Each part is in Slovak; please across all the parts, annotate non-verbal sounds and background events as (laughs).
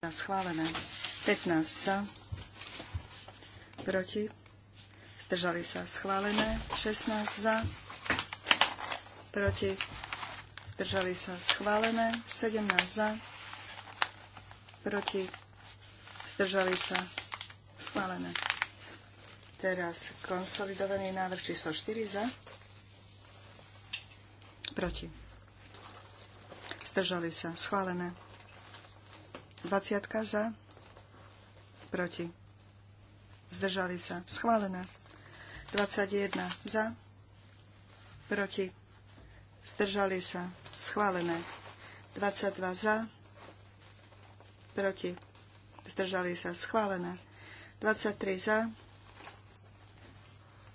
Schválené. 15 za. Proti. Zdržali sa. Schválené. 16 za. Proti. Zdržali sa. Schválené. 17 za. Proti. Zdržali sa. Schválené. Teraz konsolidovaný návrh číslo 4 za. Proti. Zdržali sa. Schválené. 20 za, proti, zdržali sa, schválená. 21 za, proti, zdržali sa, schválené. 22 za, proti, zdržali sa, schválené. 23 za,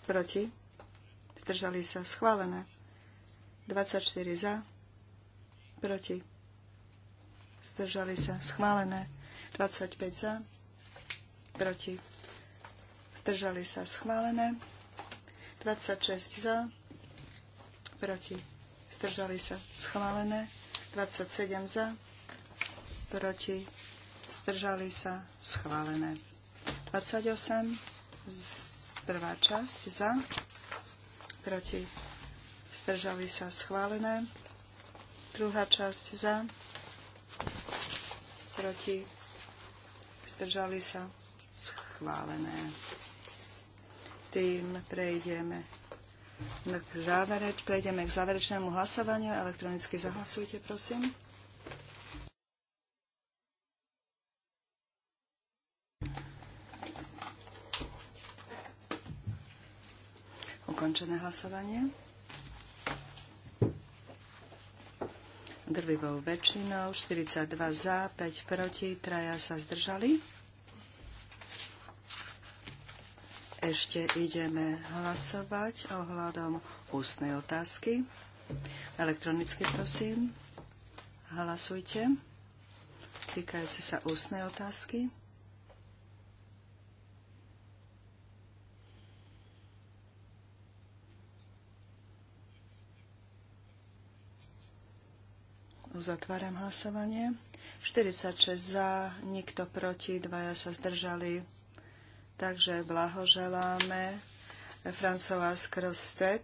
proti, zdržali sa, schválené. 24 za, proti, zdržali sa schválené. 25 za, proti, zdržali sa schválené. 26 za, proti, zdržali sa schválené. 27 za, proti, zdržali sa schválené. 28, prvá časť za, proti, zdržali sa schválené. Druhá časť za, proti, zdržali sa, schválené. Tým prejdeme k závereč, prejdeme k záverečnému hlasovaniu. Elektronicky zahlasujte, prosím. Ukončené hlasovanie. trvivou väčšinou, 42 za, 5 proti, traja sa zdržali. Ešte ideme hlasovať ohľadom ústnej otázky. Elektronicky prosím, hlasujte. Týkajúce sa ústnej otázky. Uzatváram hlasovanie. 46 za, nikto proti, dvaja sa zdržali. Takže blahoželáme Francová Skrostet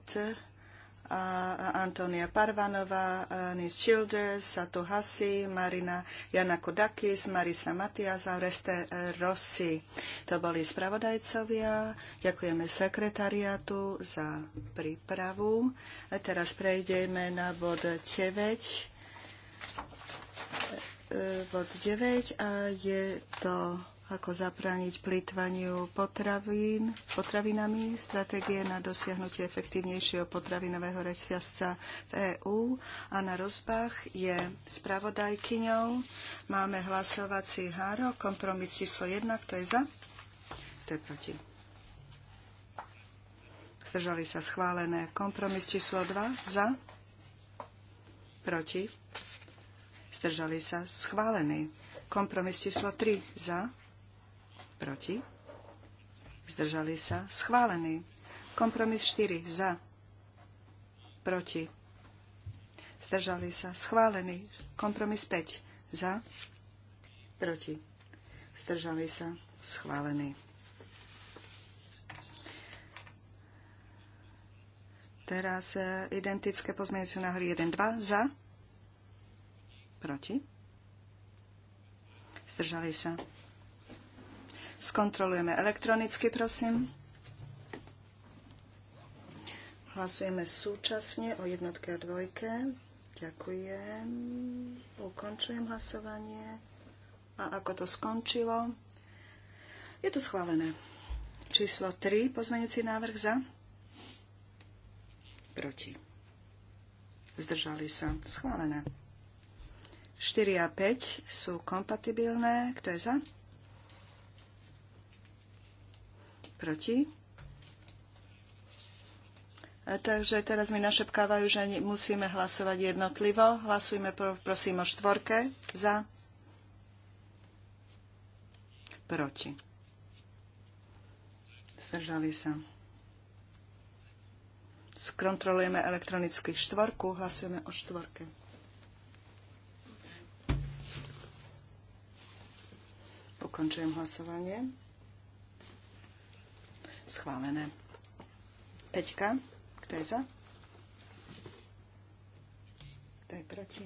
a Antonia Parvanová, Nis Childers, Satu Hasi, Marina Jana Kudakis, Marisa Matias a Reste Rossi. To boli spravodajcovia. Ďakujeme sekretariatu za prípravu. A teraz prejdeme na bod 9 bod 9 a je to ako zabrániť plýtvaniu potravín, potravinami, stratégie na dosiahnutie efektívnejšieho potravinového reťazca v EÚ. A na rozbách je spravodajkyňou. Máme hlasovací háro, kompromis číslo 1, kto je za, kto je proti. Zdržali sa schválené. Kompromis číslo 2, za, proti zdržali sa, schválený. Kompromis číslo 3 za, proti, zdržali sa, schválený. Kompromis 4 za, proti, zdržali sa, schválený. Kompromis 5 za, proti, zdržali sa, schválený. Teraz eh, identické pozmeňujúce návrhy 1, 2 za, Proti? Zdržali sa. Skontrolujeme elektronicky, prosím. Hlasujeme súčasne o jednotke a dvojke. Ďakujem. Ukončujem hlasovanie. A ako to skončilo? Je to schválené. Číslo 3, pozmeňujúci návrh za. Proti. Zdržali sa. Schválené. 4 a 5 sú kompatibilné. Kto je za? Proti? E, takže teraz mi našepkávajú, že musíme hlasovať jednotlivo. Hlasujme prosím o štvorke. Za? Proti? Zdržali sa. Skontrolujeme elektronicky štvorku. Hlasujeme o štvorke. Ukončujem hlasovanie. Schválené. Peťka. Kto je za? Kto je proti?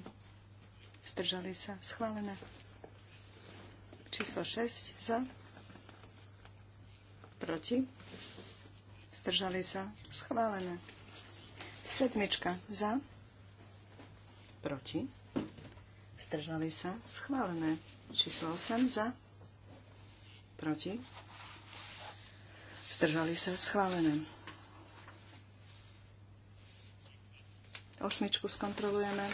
Zdržali sa. Schválené. Číslo 6. Za. Proti. Zdržali sa. Schválené. Sedmička. Za. Proti. Zdržali sa. Schválené. Číslo 8. Za Proti? Zdržali sa schválené. Osmičku skontrolujeme.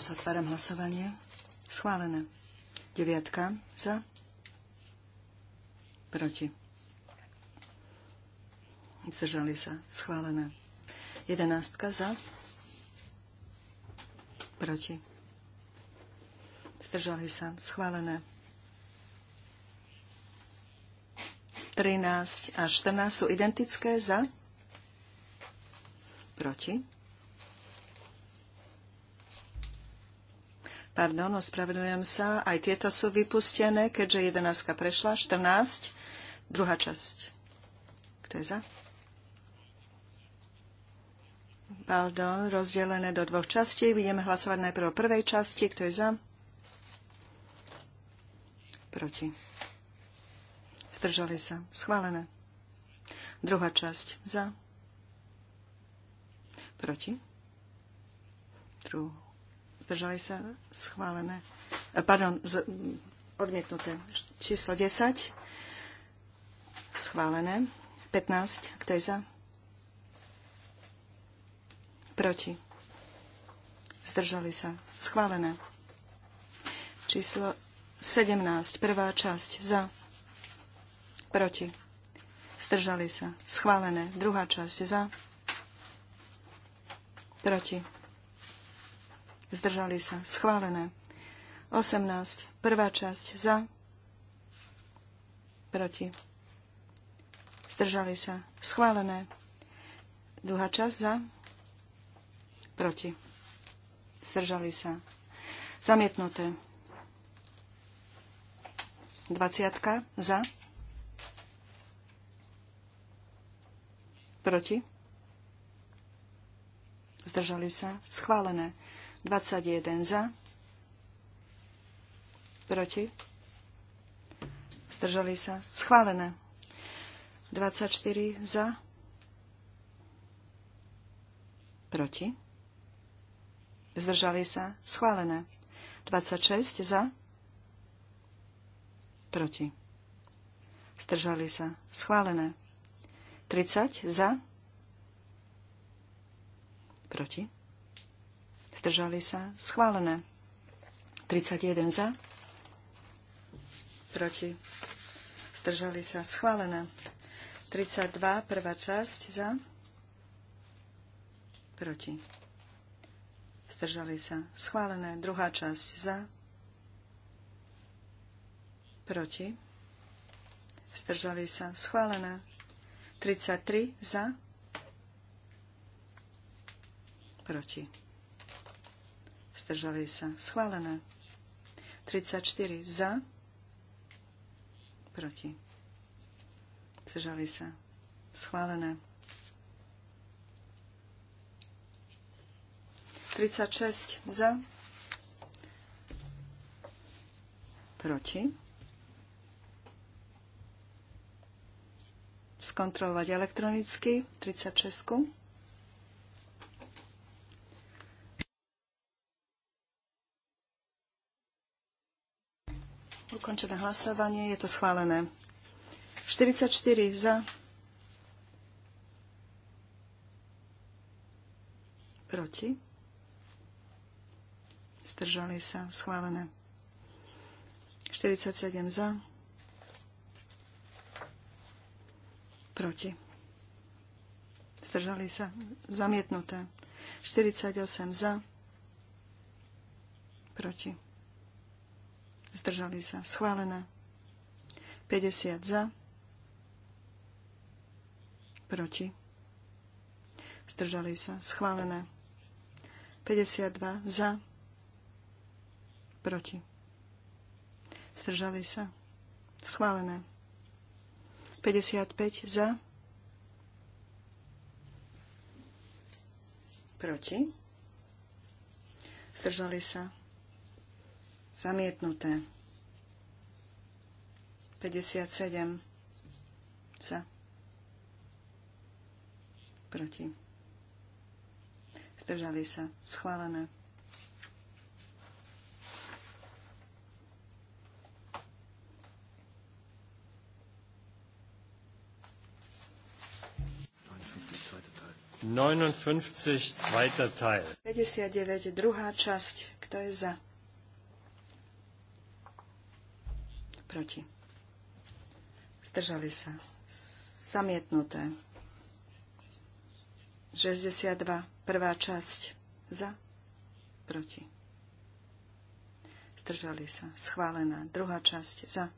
Uzatváram hlasovanie. Schválené. Deviatka za. Proti. Zdržali sa. Schválené. Jedenáctka za. Proti. Zdržali sa. Schválené. 13 a 14 sú identické za. Proti. Pardon, ospravedlňujem sa. Aj tieto sú vypustené, keďže 11 prešla. 14. Druhá časť. Kto je za? pardon, rozdelené do dvoch častí. Budeme hlasovať najprv o prvej časti. Kto je za? Proti. Zdržali sa. Schválené. Druhá časť. Za. Proti. Dru. Zdržali sa. Schválené. E, pardon, z, odmietnuté. Číslo 10. Schválené. 15. Kto je za? Proti. Zdržali sa. Schválené. Číslo 17. Prvá časť. Za. Proti. Zdržali sa. Schválené. Druhá časť. Za. Proti. Zdržali sa. Schválené. 18. Prvá časť. Za. Proti. Zdržali sa. Schválené. Druhá časť. Za Proti. Zdržali sa. Zamietnuté. 20 za. Proti. Zdržali sa. Schválené. 21 za. Proti. Zdržali sa. Schválené. 24 za. Proti zdržali sa, schválené. 26 za, proti, zdržali sa, schválené. 30 za, proti, zdržali sa, schválené. 31 za, proti, zdržali sa, schválené. 32, prvá časť za, proti zdržali sa. Schválené. Druhá časť za, proti, zdržali sa. Schválené. 33 za, proti, zdržali sa. Schválené. 34 za, proti, zdržali sa. Schválené. 36 za, proti. Skontrolovať elektronicky 36. Ukončené hlasovanie, je to schválené. 44 za, proti zdržali sa, schválené. 47 za, proti, zdržali sa, zamietnuté. 48 za, proti, zdržali sa, schválené. 50 za, proti, zdržali sa, schválené. 52 za, Proti. Zdržali sa. Schválené. 55 za. Proti. Zdržali sa. Zamietnuté. 57 za. Proti. Zdržali sa. Schválené. 59, zweiter 59, druhá časť. Kto je za? Proti. Zdržali sa. Zamietnuté. 62, prvá časť. Za? Proti. Zdržali sa. Schválená. Druhá časť. Za?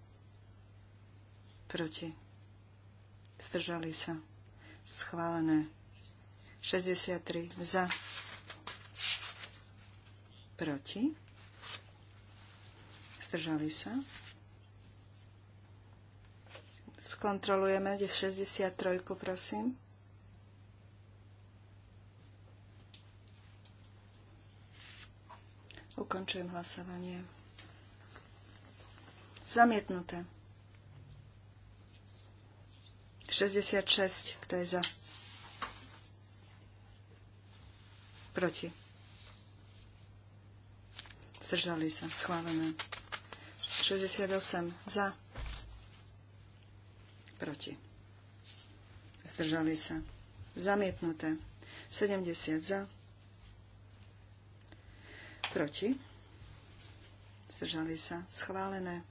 Proti. Zdržali sa. Schválené. 63 za, proti, zdržali sa. Skontrolujeme 63, prosím. Ukončujem hlasovanie. Zamietnuté. 66. Kto je za? Proti. Zdržali sa. Schválené. 68 za. Proti. Zdržali sa. Zamietnuté. 70 za. Proti. Zdržali sa. Schválené.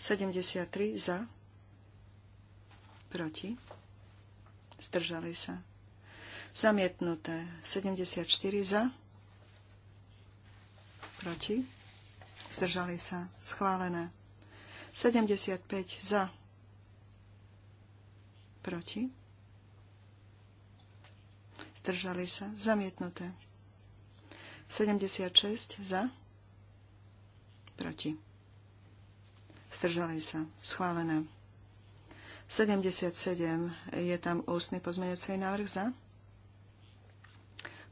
73 za. Proti. Zdržali sa. Zamietnuté. 74 za. Proti. Zdržali sa. Schválené. 75 za. Proti. Zdržali sa. Zamietnuté. 76 za. Proti. Zdržali sa. Schválené. 77. Je tam ústny pozmeňovací návrh za?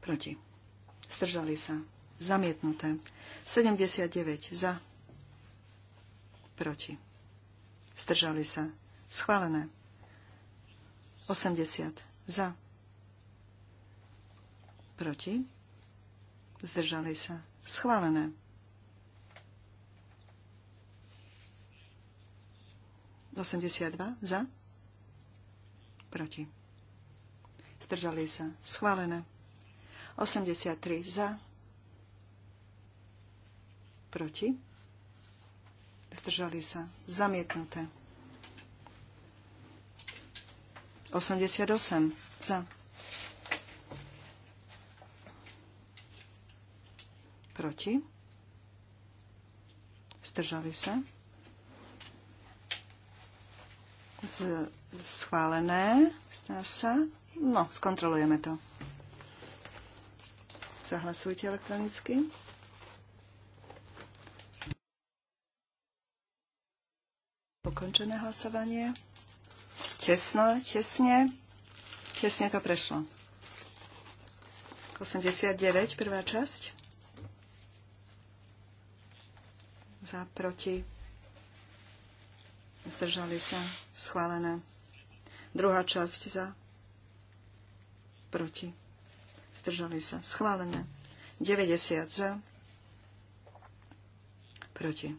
Proti. Zdržali sa. Zamietnuté. 79 za. Proti. Zdržali sa. Schválené. 80 za. Proti. Zdržali sa. Schválené. 82 za. Proti. Zdržali sa. Schválené. 83 za, proti, zdržali sa, zamietnuté. 88 za, proti, zdržali sa, Z, schválené, zdá sa, no, skontrolujeme to. Zahlasujte elektronicky. Ukončené hlasovanie. Tesno, tesne. Tesne to prešlo. 89, prvá časť. Za, proti. Zdržali sa. Schválené. Druhá časť za. Proti Zdržali sa. Schválené. 90 za. Proti.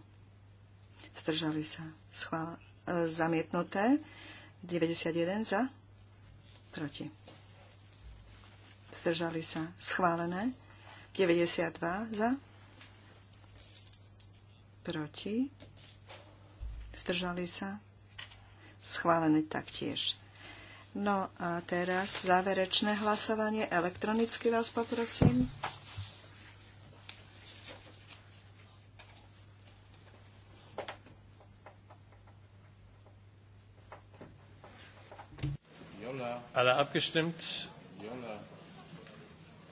Zdržali sa. Schvál... E, zamietnuté. 91 za. Proti. Zdržali sa. Schválené. 92 za. Proti. Zdržali sa. Schválené taktiež. No a teraz záverečné hlasovanie. Elektronicky vás poprosím. Alle abgestimmt?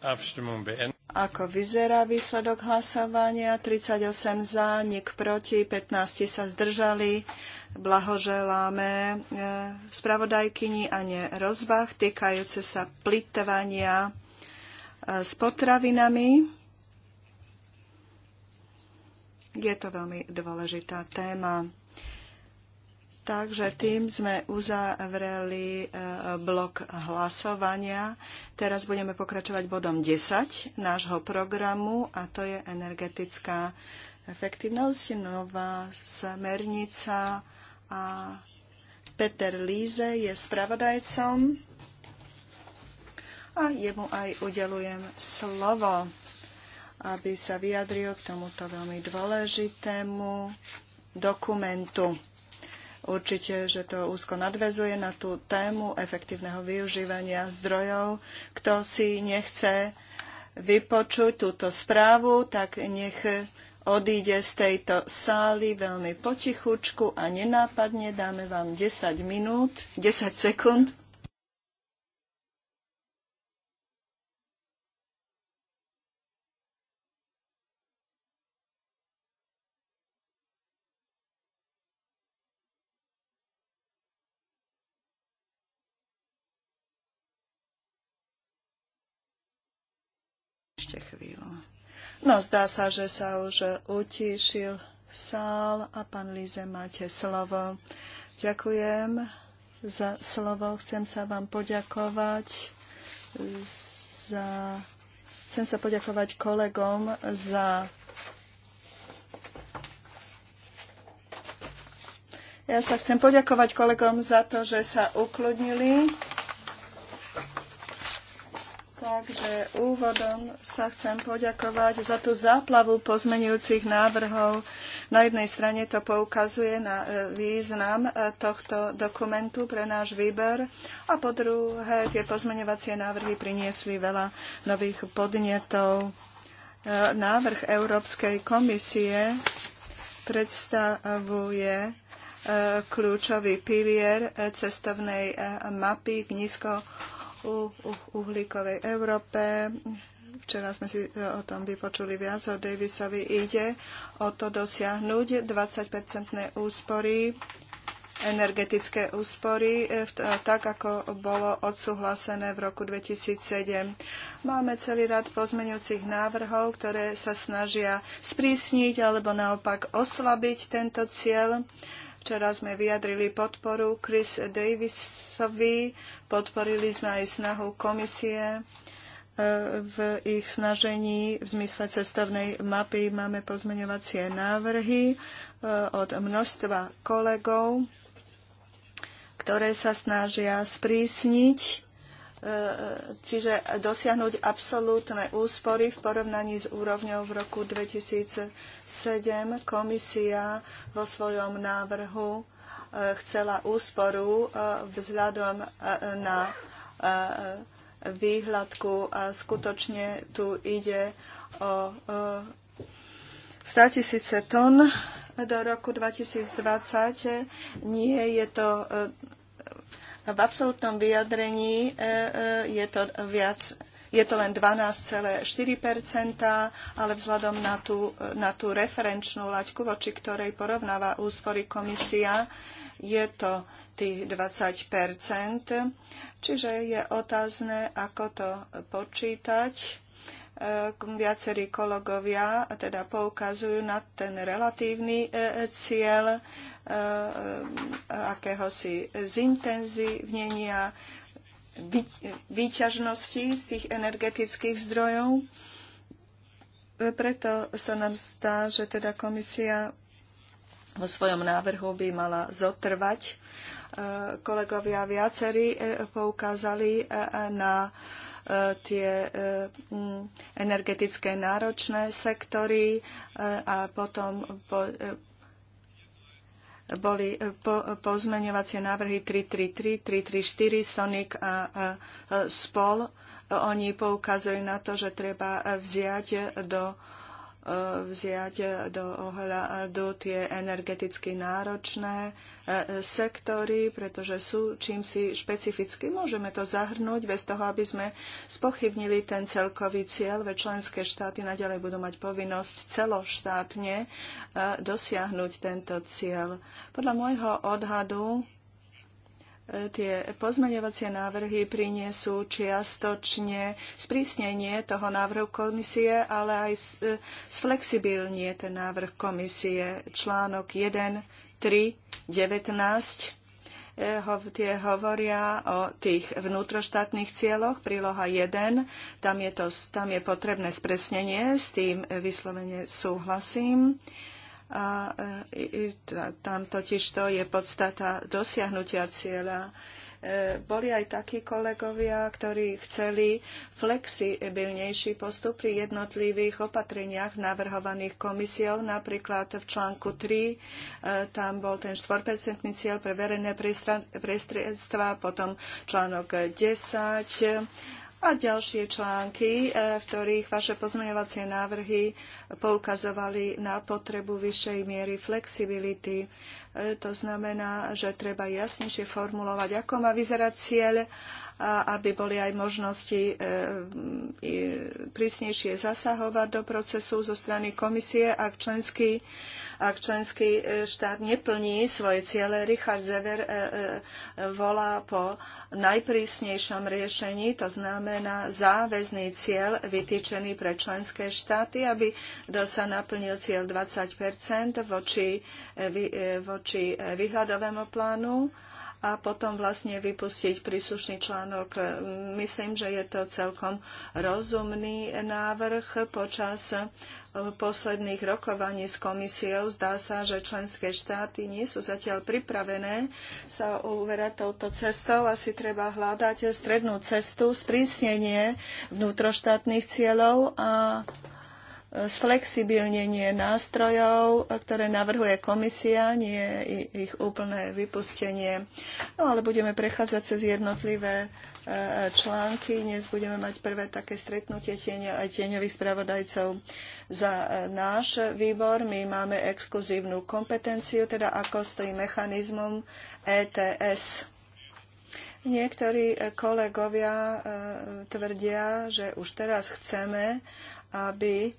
Abstimmung beendet. Ako vyzerá výsledok hlasovania? 38 za, nik proti, 15 sa zdržali. Blahoželáme e, spravodajkyni Ane Rozbach týkajúce sa plitvania e, s potravinami. Je to veľmi dôležitá téma. Takže tým sme uzavreli eh, blok hlasovania. Teraz budeme pokračovať bodom 10 nášho programu a to je energetická efektivnosť, nová smernica a Peter Líze je spravodajcom a jemu aj udelujem slovo, aby sa vyjadril k tomuto veľmi dôležitému dokumentu. Určite, že to úzko nadvezuje na tú tému efektívneho využívania zdrojov. Kto si nechce vypočuť túto správu, tak nech odíde z tejto sály veľmi potichučku a nenápadne. Dáme vám 10 minút, 10 sekúnd No, zdá sa, že sa už utíšil sál a pán Líze, máte slovo. Ďakujem za slovo. Chcem sa vám poďakovať za... Chcem sa poďakovať kolegom za Ja sa chcem poďakovať kolegom za to, že sa ukludnili. Takže úvodom sa chcem poďakovať za tú záplavu pozmenujúcich návrhov. Na jednej strane to poukazuje na e, význam e, tohto dokumentu pre náš výber a po druhé tie pozmenovacie návrhy priniesli veľa nových podnetov. E, návrh Európskej komisie predstavuje kľúčový pilier cestovnej mapy k nízko uhlíkovej Európe. Včera sme si e, o tom vypočuli viac o Davisovi. Ide o to dosiahnuť 20-percentné úspory energetické úspory, e, e, tak ako bolo odsúhlasené v roku 2007. Máme celý rad pozmeňujúcich návrhov, ktoré sa snažia sprísniť alebo naopak oslabiť tento cieľ. Včera sme vyjadrili podporu Chris Davisovi, podporili sme aj snahu komisie e, v ich snažení v zmysle cestovnej mapy. Máme pozmeňovacie návrhy e, od množstva kolegov, ktoré sa snažia sprísniť E, čiže dosiahnuť absolútne úspory v porovnaní s úrovňou v roku 2007. Komisia vo svojom návrhu e, chcela úsporu e, vzhľadom na výhľadku a skutočne tu ide o 100 tisíce tón do roku 2020. Nie je to v absolútnom vyjadrení e, e, je to viac je to len 12,4 ale vzhľadom na tú, na tú referenčnú laťku, voči ktorej porovnáva úspory komisia, je to tých 20 Čiže je otázne, ako to počítať Ehm, viacerí kolegovia teda poukazujú na ten relatívny e, cieľ e, e, akéhosi zintenzívnenia výťažnosti z tých energetických zdrojov. Preto sa nám zdá, že teda komisia vo svojom návrhu by mala zotrvať. Kolegovia viacerí poukázali na tie eh, energetické náročné sektory eh, a potom eh, boli pozmeňovacie návrhy 333, 334, Sonic a Spol. Oni poukazujú na to, že treba vziať do vziať do ohľadu tie energeticky náročné e, sektory, pretože sú čím si špecificky. Môžeme to zahrnúť bez toho, aby sme spochybnili ten celkový cieľ, veď členské štáty nadalej budú mať povinnosť celoštátne e, dosiahnuť tento cieľ. Podľa môjho odhadu tie pozmeňovacie návrhy priniesú čiastočne sprísnenie toho návrhu komisie, ale aj e, sflexibilnie ten návrh komisie. Článok 1, 3, 19 tie hovoria o tých vnútroštátnych cieľoch, príloha 1, tam je, to, tam je potrebné spresnenie, s tým vyslovene súhlasím a e, tam totiž to je podstata dosiahnutia cieľa. E, boli aj takí kolegovia, ktorí chceli flexibilnejší postup pri jednotlivých opatreniach navrhovaných komisiou. Napríklad v článku 3 e, tam bol ten 4-percentný cieľ pre verejné priestredstva, potom článok 10 a ďalšie články, e, v ktorých vaše pozmeňovacie návrhy poukazovali na potrebu vyššej miery flexibility. E, to znamená, že treba jasnejšie formulovať, ako má vyzerať cieľ a aby boli aj možnosti e, prísnejšie zasahovať do procesu zo strany komisie, ak členský, ak členský e, štát neplní svoje ciele. Richard Zever e, volá po najprísnejšom riešení, to znamená záväzný cieľ vytýčený pre členské štáty, aby sa naplnil cieľ 20 voči, voči vyhľadovému plánu a potom vlastne vypustiť príslušný článok. Myslím, že je to celkom rozumný návrh počas eh, posledných rokovaní s komisiou. Zdá sa, že členské štáty nie sú zatiaľ pripravené sa uverať touto cestou. Asi treba hľadať strednú cestu, sprísnenie vnútroštátnych cieľov a sflexibilnenie nástrojov, ktoré navrhuje komisia, nie ich úplné vypustenie. No ale budeme prechádzať cez jednotlivé e, články. Dnes budeme mať prvé také stretnutie tieňa aj tieňových spravodajcov za e, náš výbor. My máme exkluzívnu kompetenciu, teda ako stojí mechanizmom ETS. Niektorí e, kolegovia tvrdia, že už teraz chceme, aby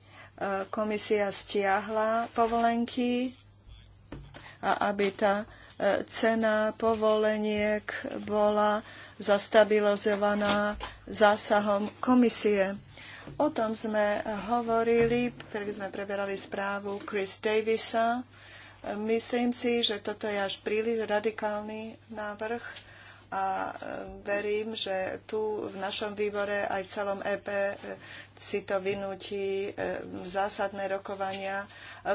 komisia stiahla povolenky a aby tá e, cena povoleniek bola zastabilizovaná zásahom komisie. O tom sme hovorili, keď sme preberali správu Chris Davisa. Myslím si, že toto je až príliš radikálny návrh a e, verím, že tu v našom výbore aj v celom EP e, si to vynúti e, zásadné rokovania.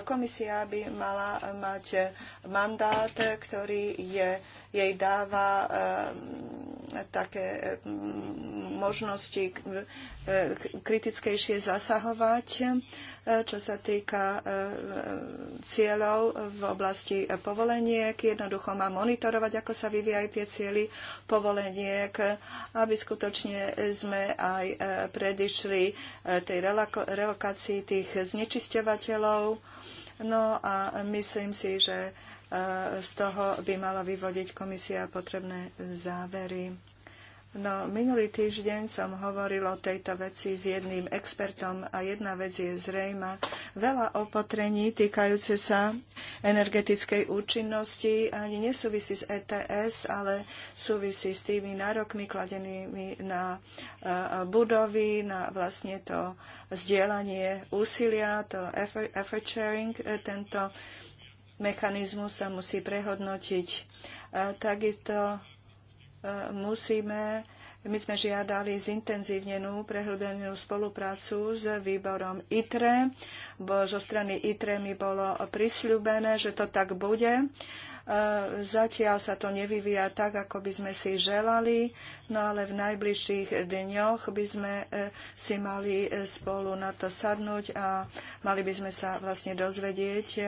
Komisia by mala mať mandát, ktorý je, jej dáva také e, možnosti e, kritickejšie zasahovať, e, čo sa týka cieľov v oblasti povoleniek. Jednoducho má monitorovať, ako sa vyvíjajú tie cieľy povoleniek, aby skutočne sme aj predišli tej relokácii tých znečisťovateľov. No a myslím si, že E, z toho by mala vyvodiť komisia potrebné závery. No, minulý týždeň som hovoril o tejto veci s jedným expertom a jedna vec je zrejma. Veľa opatrení týkajúce sa energetickej účinnosti ani nesúvisí s ETS, ale súvisí s tými nárokmi kladenými na e, budovy, na vlastne to zdieľanie úsilia, to effort sharing, e, tento mechanizmus sa musí prehodnotiť. Takisto e, musíme my sme žiadali zintenzívnenú, prehlbenú spoluprácu s výborom ITRE. Bo zo strany ITRE mi bolo prisľúbené, že to tak bude. Zatiaľ sa to nevyvíja tak, ako by sme si želali, no ale v najbližších dňoch by sme e, si mali e, spolu na to sadnúť a mali by sme sa vlastne dozvedieť, e,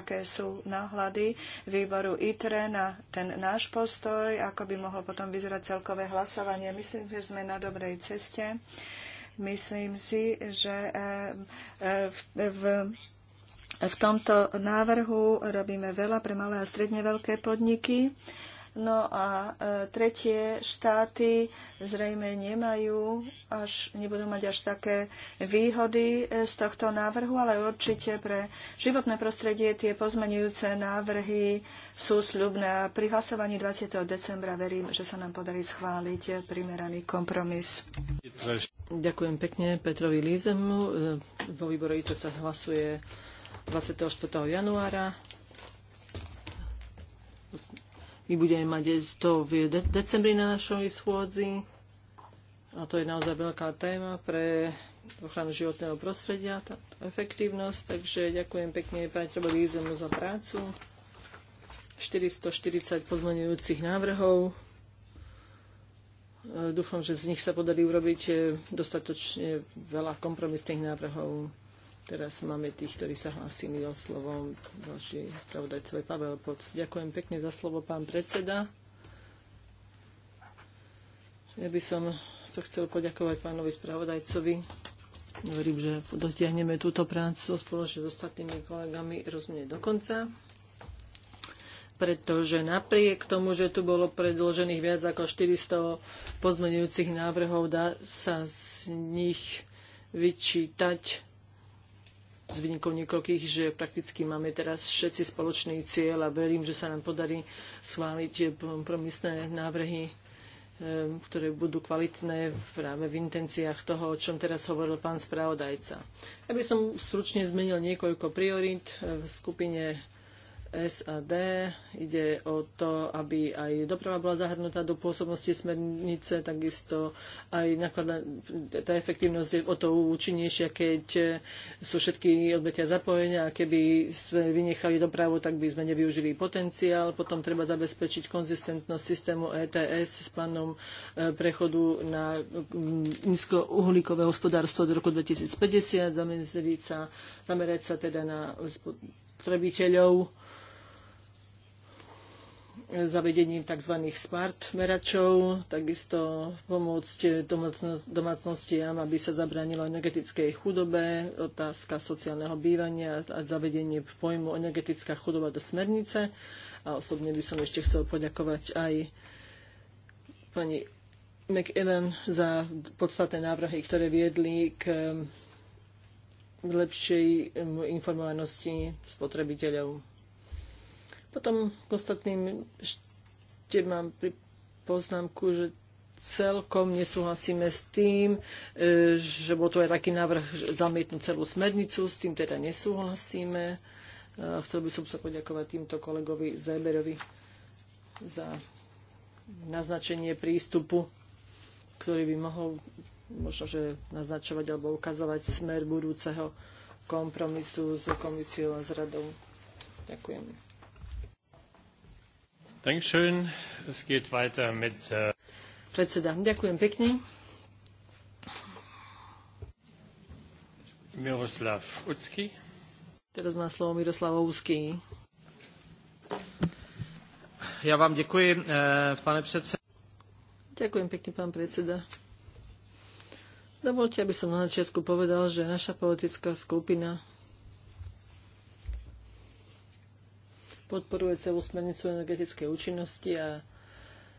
aké sú náhľady výboru ITRE na ten náš postoj, ako by mohlo potom vyzerať celkové hlasovanie. Myslím, že sme na dobrej ceste. Myslím si, že v, v tomto návrhu robíme veľa pre malé a stredne veľké podniky. No a e, tretie štáty zrejme nemajú až, nebudú mať až také výhody e, z tohto návrhu, ale určite pre životné prostredie tie pozmenujúce návrhy sú sľubné. pri hlasovaní 20. decembra verím, že sa nám podarí schváliť primeraný kompromis. Ďakujem pekne Petrovi Lízemu. E, vo výbore to sa hlasuje 24. januára. My budeme mať to v decembri na našom schôdzi. A to je naozaj veľká téma pre ochranu životného prostredia, tá efektívnosť. Takže ďakujem pekne Pátrovi Zemu za prácu. 440 pozmenujúcich návrhov. Dúfam, že z nich sa podarí urobiť eh, dostatočne veľa kompromisných návrhov. Teraz máme tých, ktorí sa hlásili o slovom Ďalší spravodajcovi Pavel Poc. Ďakujem pekne za slovo, pán predseda. Ja by som sa chcel poďakovať pánovi spravodajcovi. Verím, že dotiahneme túto prácu spoločne s ostatnými kolegami rozumne do konca pretože napriek tomu, že tu bolo predložených viac ako 400 pozmenujúcich návrhov, dá sa z nich vyčítať s výnikou niekoľkých, že prakticky máme teraz všetci spoločný cieľ a verím, že sa nám podarí schváliť eh, kompromisné návrhy, eh, ktoré budú kvalitné práve v intenciách toho, o čom teraz hovoril pán spravodajca. Ja by som stručne zmenil niekoľko priorít eh, v skupine SAD. Ide o to, aby aj doprava bola zahrnutá do pôsobnosti smernice, takisto aj tá efektívnosť je o to účinnejšia, keď sú všetky odbetia zapojenia a keby sme vynechali dopravu, tak by sme nevyužili potenciál. Potom treba zabezpečiť konzistentnosť systému ETS s plánom e, prechodu na mm, nízkouhlíkové hospodárstvo do roku 2050, sa, zamerať sa teda na spotrebiteľov zavedením tzv. smart meračov, takisto pomôcť domácnostiam, aby sa zabránilo energetickej chudobe, otázka sociálneho bývania a zavedenie pojmu energetická chudoba do smernice. A osobne by som ešte chcel poďakovať aj pani McEwen za podstatné návrhy, ktoré viedli k lepšej informovanosti spotrebiteľov. Potom k ostatným ešte mám poznámku, že celkom nesúhlasíme s tým, e, že bol to aj taký návrh zamietnúť celú smernicu, s tým teda nesúhlasíme. E, chcel by som sa poďakovať týmto kolegovi Zeberovi za naznačenie prístupu, ktorý by mohol možno, že naznačovať alebo ukazovať smer budúceho kompromisu s komisiou a s radou. Ďakujem. Äh, predseda, ďakujem pekne. Miroslav Ucký. Teraz má slovo Miroslav Ucký. Ja vám děkuji, eh, pane predseda. Ďakujem pekne, pán predseda. Dovolte, aby som na začiatku povedal, že naša politická skupina podporuje celú smernicu energetickej účinnosti a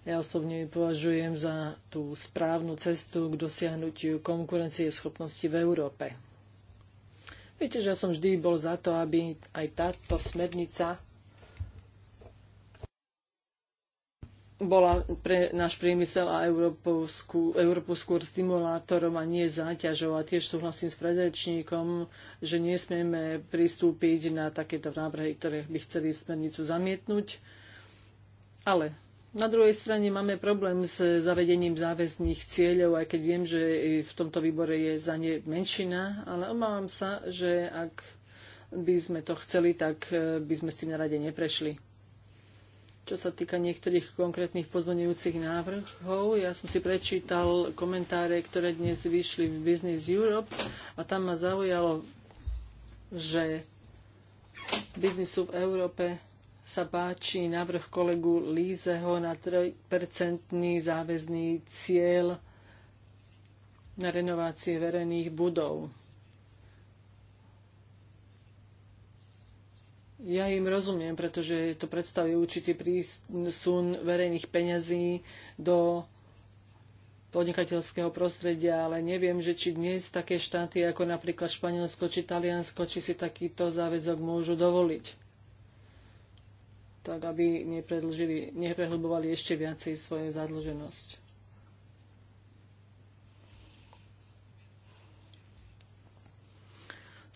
ja osobne ju považujem za tú správnu cestu k dosiahnutiu konkurencie schopnosti v Európe. Viete, že ja som vždy bol za to, aby aj táto smernica bola pre náš priemysel a Európu, skôr stimulátorom a nie záťažou. A tiež súhlasím s predrečníkom, že nesmieme pristúpiť na takéto návrhy, ktoré by chceli smernicu zamietnúť. Ale na druhej strane máme problém s zavedením záväzných cieľov, aj keď viem, že v tomto výbore je za ne menšina, ale obávam sa, že ak by sme to chceli, tak eh, by sme s tým na rade neprešli. Čo sa týka niektorých konkrétnych pozmeňujúcich návrhov, ja som si prečítal komentáre, ktoré dnes vyšli v Business Europe a tam ma zaujalo, že biznisu v Európe sa páči návrh kolegu Lízeho na 3-percentný záväzný cieľ na renovácie verejných budov. Ja im rozumiem, pretože to predstavuje určitý prísun verejných peňazí do podnikateľského prostredia, ale neviem, že či dnes také štáty ako napríklad Španielsko či Taliansko, či si takýto záväzok môžu dovoliť. Tak, aby neprehlbovali ešte viacej svoju zadlženosť.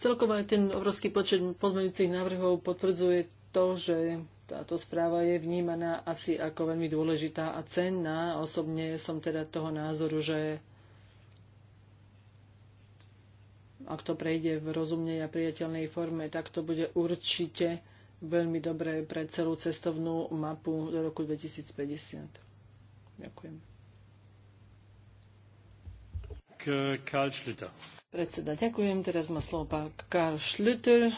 Celkovo aj ten obrovský počet pozmeňujúcich návrhov potvrdzuje to, že táto správa je vnímaná asi ako veľmi dôležitá a cenná. Osobne som teda toho názoru, že ak to prejde v rozumnej a priateľnej forme, tak to bude určite veľmi dobré pre celú cestovnú mapu do roku 2050. Ďakujem. Karl Schlitter. Predseda, ďakujem. Teraz má slovo pán Karl Schlüter.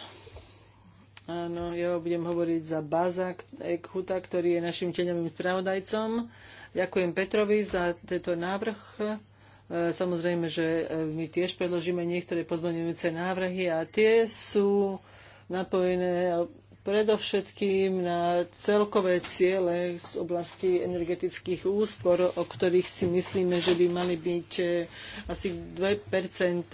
Áno, ja budem hovoriť za Baza Ekhuta, ktorý je našim teňovým spravodajcom. Ďakujem Petrovi za tento návrh. E, samozrejme, že e, my tiež predložíme niektoré pozmeňujúce návrhy a tie sú napojené predovšetkým na celkové ciele z oblasti energetických úspor, o ktorých si myslíme, že by mali byť eh, asi 2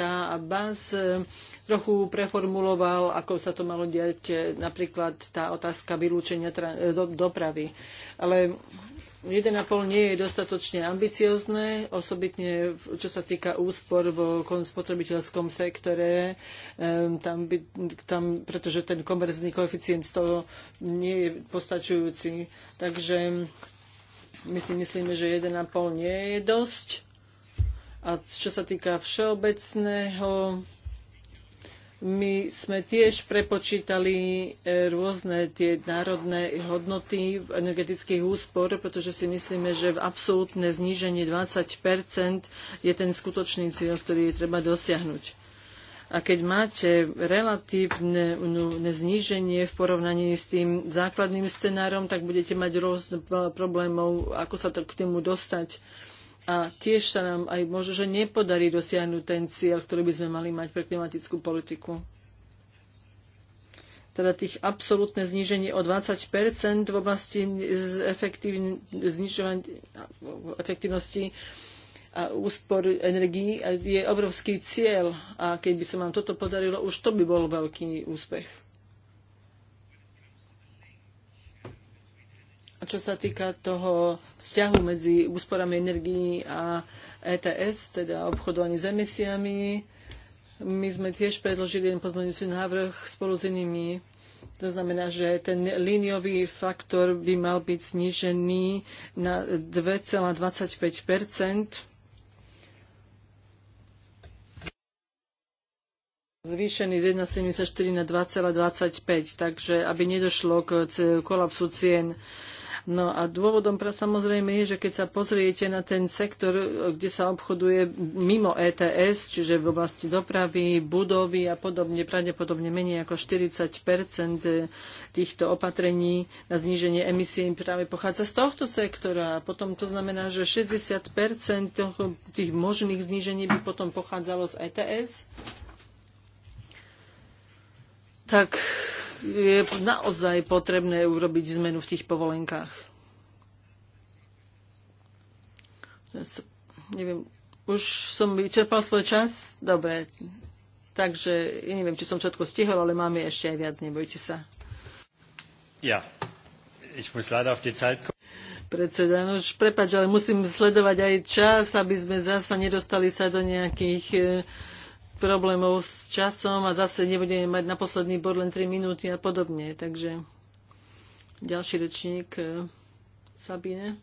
a BAS eh, trochu preformuloval, ako sa to malo diať eh, napríklad tá otázka vylúčenia dopravy. Ale 1,5 nie je dostatočne ambiciozne, osobitne čo sa týka úspor vo spotrebiteľskom sektore, tam by, tam, pretože ten komerzný koeficient toho nie je postačujúci. Takže my si myslíme, že 1,5 nie je dosť. A čo sa týka všeobecného my sme tiež prepočítali e, rôzne tie národné hodnoty energetických úspor, pretože si myslíme, že v absolútne zníženie 20 je ten skutočný cieľ, ktorý je treba dosiahnuť. A keď máte relatívne no, zníženie v porovnaní s tým základným scenárom, tak budete mať rôzne problémov, ako sa to k tomu dostať a tiež sa nám aj možno, že nepodarí dosiahnuť ten cieľ, ktorý by sme mali mať pre klimatickú politiku. Teda tých absolútne zníženie o 20 v oblasti efektivnosti a úspor energií je obrovský cieľ. A keď by sa vám toto podarilo, už to by bol veľký úspech. čo sa týka toho vzťahu medzi úsporami energií a ETS, teda obchodovaní s emisiami, my sme tiež predložili jeden pozmeňujúci návrh spolu s inými. To znamená, že ten líniový faktor by mal byť znížený na 2,25 zvýšený z 1,74 na 2,25, takže aby nedošlo k kolapsu cien No a dôvodom pre samozrejme je, že keď sa pozriete na ten sektor, kde sa obchoduje mimo ETS, čiže v oblasti dopravy, budovy a podobne, pravdepodobne menej ako 40 eh, týchto opatrení na zníženie emisí práve pochádza z tohto sektora. A potom to znamená, že 60 tých možných znížení by potom pochádzalo z ETS. Tak je naozaj potrebné urobiť zmenu v tých povolenkách. Ja sa, neviem, už som vyčerpal svoj čas? Dobre. Takže ja neviem, či som všetko stihol, ale máme ešte aj viac, nebojte sa. Ja. Ich muss leider auf die Zeit kommen. Predseda, no už prepač, ale musím sledovať aj čas, aby sme zasa nedostali sa do nejakých e, problémov s časom a zase nebudeme mať na posledný bod len 3 minúty a podobne. Takže ďalší rečník e, Sabine.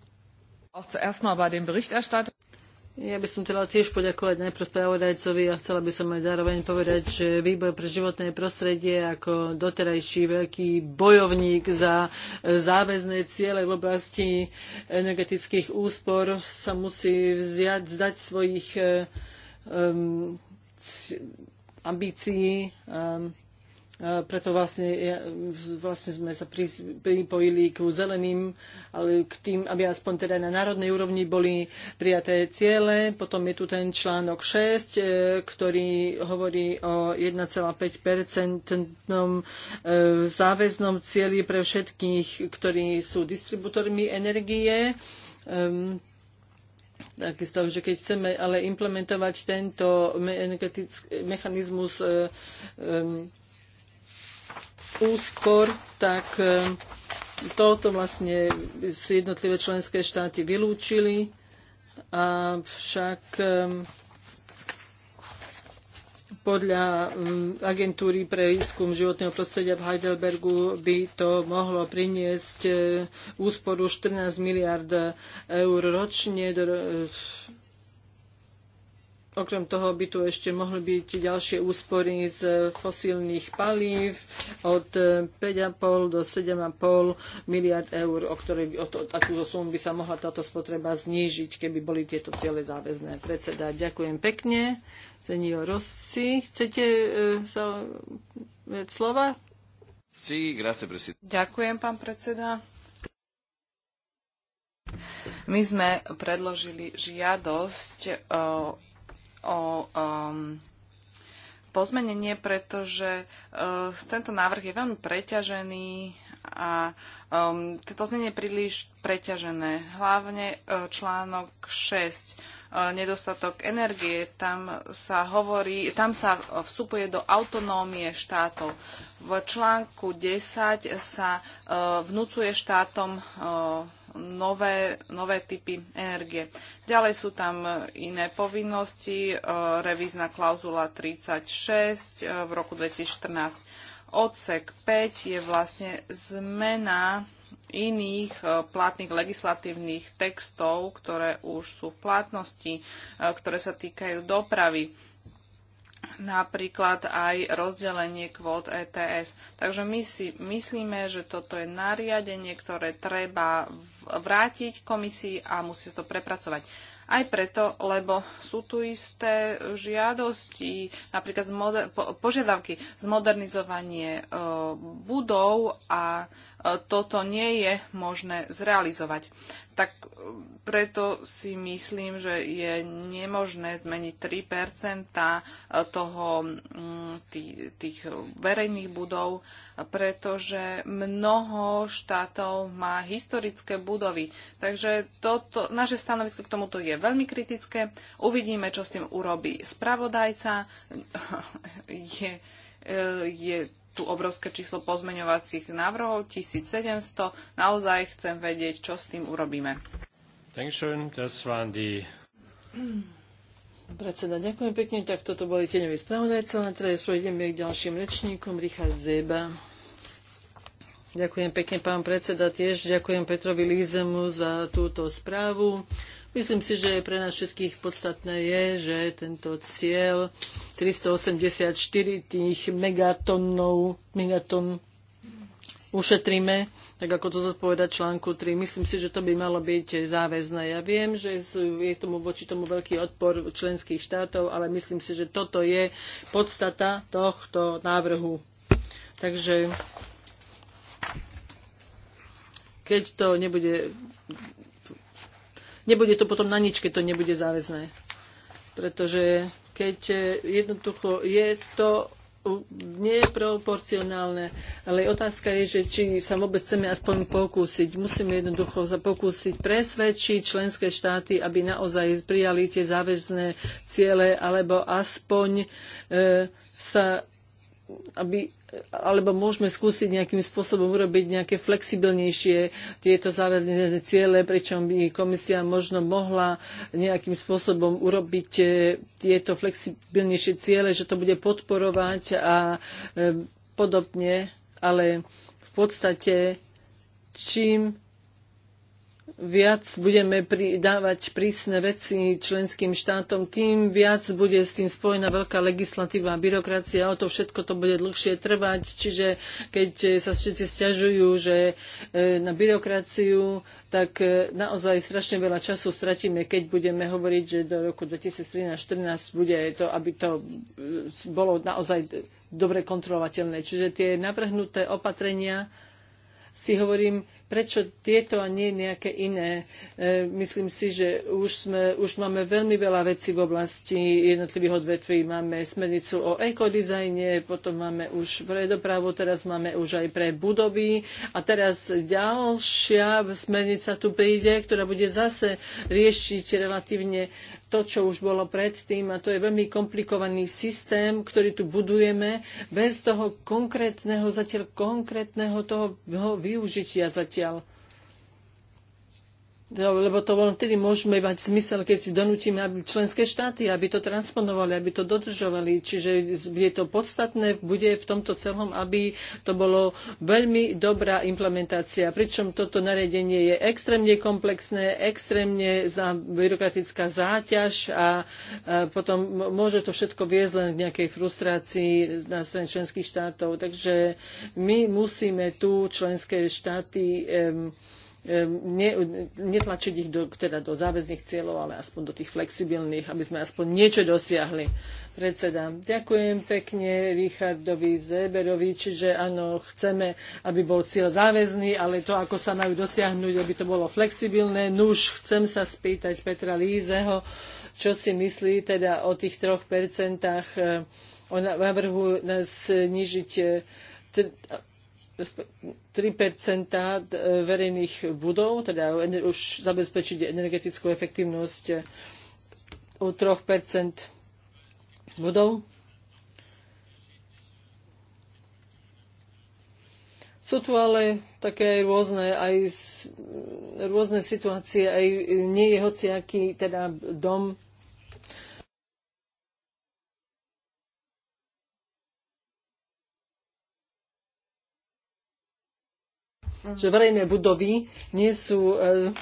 Ja by som chcela tiež poďakovať najprv spravodajcovi a chcela by som aj zároveň povedať, že výbor pre životné prostredie ako doterajší veľký bojovník za e, záväzné ciele v oblasti energetických úspor sa musí vziať, zdať svojich um, ambícií. Um, preto vlastne, vlastne sme sa pripojili k zeleným, ale k tým, aby aspoň teda na národnej úrovni boli prijaté ciele. Potom je tu ten článok 6, eh, ktorý hovorí o 1,5-percentnom eh, záväznom cieli pre všetkých, ktorí sú distribútormi energie. Ehm, takisto, že keď chceme ale implementovať tento mechanizmus e, e, úspor, tak e, toto vlastne jednotlivé členské štáty vylúčili, avšak podľa mm, agentúry pre výskum životného prostredia v Heidelbergu by to mohlo priniesť e, úsporu 14 miliard eur ročne e, Okrem toho by tu ešte mohli byť ďalšie úspory z fosílnych palív od 5,5 e, do 7,5 miliard eur, o, ktorej, o to, takúto sumu by sa mohla táto spotreba znížiť, keby boli tieto ciele záväzné. Predseda, ďakujem pekne senior Rossi. Chcete e, sa, e, slova? Sí, grazie, presidente. Ďakujem, pán predseda. My sme predložili žiadosť e, o, o o pozmenenie, pretože o, e, tento návrh je veľmi preťažený a um, toto znenie je príliš preťažené. Hlavne uh, článok 6 E, nedostatok energie, tam sa hovorí, tam sa vstupuje do autonómie štátov. V článku 10 sa e, vnúcuje štátom e, nové, nové typy energie. Ďalej sú tam iné povinnosti, revízna klauzula 36 v roku 2014. Odsek 5 je vlastne zmena iných e, platných legislatívnych textov, ktoré už sú v platnosti, e, ktoré sa týkajú dopravy. Napríklad aj rozdelenie kvót ETS. Takže my si myslíme, že toto je nariadenie, ktoré treba vrátiť komisii a musí sa to prepracovať. Aj preto, lebo sú tu isté žiadosti, napríklad z po- požiadavky zmodernizovanie e, budov a e, toto nie je možné zrealizovať tak e, preto si myslím, že je nemožné zmeniť 3 e, toho, mm, tých, tých verejných budov, pretože mnoho štátov má historické budovy. Takže toto, naše stanovisko k tomuto je veľmi kritické. Uvidíme, čo s tým urobí spravodajca. (laughs) Je, e, je tu obrovské číslo pozmeňovacích návrhov, 1700. Naozaj chcem vedieť, čo s tým urobíme. Predseda, ďakujem pekne. Tak toto boli tieňoví spravodajce. A teraz prejdeme k ďalším rečníkom. Richard Zeba. Ďakujem pekne, pán predseda. Tiež ďakujem Petrovi Lízemu za túto správu. Myslím si, že pre nás všetkých podstatné je, že tento cieľ 384 tých megatonov, megaton ušetríme, tak ako to zodpoveda článku 3. Myslím si, že to by malo byť záväzné. Ja viem, že je tomu voči tomu veľký odpor členských štátov, ale myslím si, že toto je podstata tohto návrhu. Takže keď to nebude nebude to potom na nič, keď to nebude záväzné. Pretože keď e, jednoducho je to neproporcionálne. Ale otázka je, že či sa vôbec chceme aspoň pokúsiť. Musíme jednoducho sa pokúsiť presvedčiť členské štáty, aby naozaj prijali tie záväzné ciele, alebo aspoň e, sa aby alebo môžeme skúsiť nejakým spôsobom urobiť nejaké flexibilnejšie tieto záverné ciele, pričom by komisia možno mohla nejakým spôsobom urobiť eh, tieto flexibilnejšie ciele, že to bude podporovať a eh, podobne, ale v podstate čím viac budeme dávať prísne veci členským štátom, tým viac bude s tým spojená veľká legislatíva a byrokracia. O to všetko to bude dlhšie trvať. Čiže keď sa všetci stiažujú, že e, na byrokraciu, tak e, naozaj strašne veľa času stratíme, keď budeme hovoriť, že do roku 2013-2014 bude to, aby to e, bolo naozaj dobre kontrolovateľné. Čiže tie navrhnuté opatrenia si hovorím, Prečo tieto a nie nejaké iné? E, myslím si, že už, sme, už máme veľmi veľa vecí v oblasti jednotlivých odvetví. Máme smernicu o ekodizajne, potom máme už pre dopravu, teraz máme už aj pre budovy a teraz ďalšia smernica tu príde, ktorá bude zase riešiť relatívne to, čo už bolo predtým a to je veľmi komplikovaný systém, ktorý tu budujeme bez toho konkrétneho, zatiaľ konkrétneho toho využitia zatiaľ odtiaľ. No, lebo to len vtedy môžeme mať zmysel, keď si donútime aby členské štáty, aby to transponovali, aby to dodržovali. Čiže je to podstatné, bude v tomto celom, aby to bolo veľmi dobrá implementácia. Pričom toto nariadenie je extrémne komplexné, extrémne za byrokratická záťaž a, potom môže to všetko viesť len k nejakej frustrácii na strane členských štátov. Takže my musíme tu členské štáty Ehm, ne, netlačiť ich do, teda do záväzných cieľov, ale aspoň do tých flexibilných, aby sme aspoň niečo dosiahli. Predseda, ďakujem pekne Richardovi Zeberovi, čiže áno, chceme, aby bol cieľ záväzný, ale to, ako sa majú dosiahnuť, aby to bolo flexibilné. Nuž, chcem sa spýtať Petra Lízeho, čo si myslí teda o tých troch percentách ehm, navrhuje nás znižiť eh, 3 e, verejných budov, teda už zabezpečiť energetickú efektívnosť e, u 3 budov. Sú tu ale také aj rôzne, aj rôzne situácie, aj nie je hociaký teda dom že verejné budovy nie sú eh,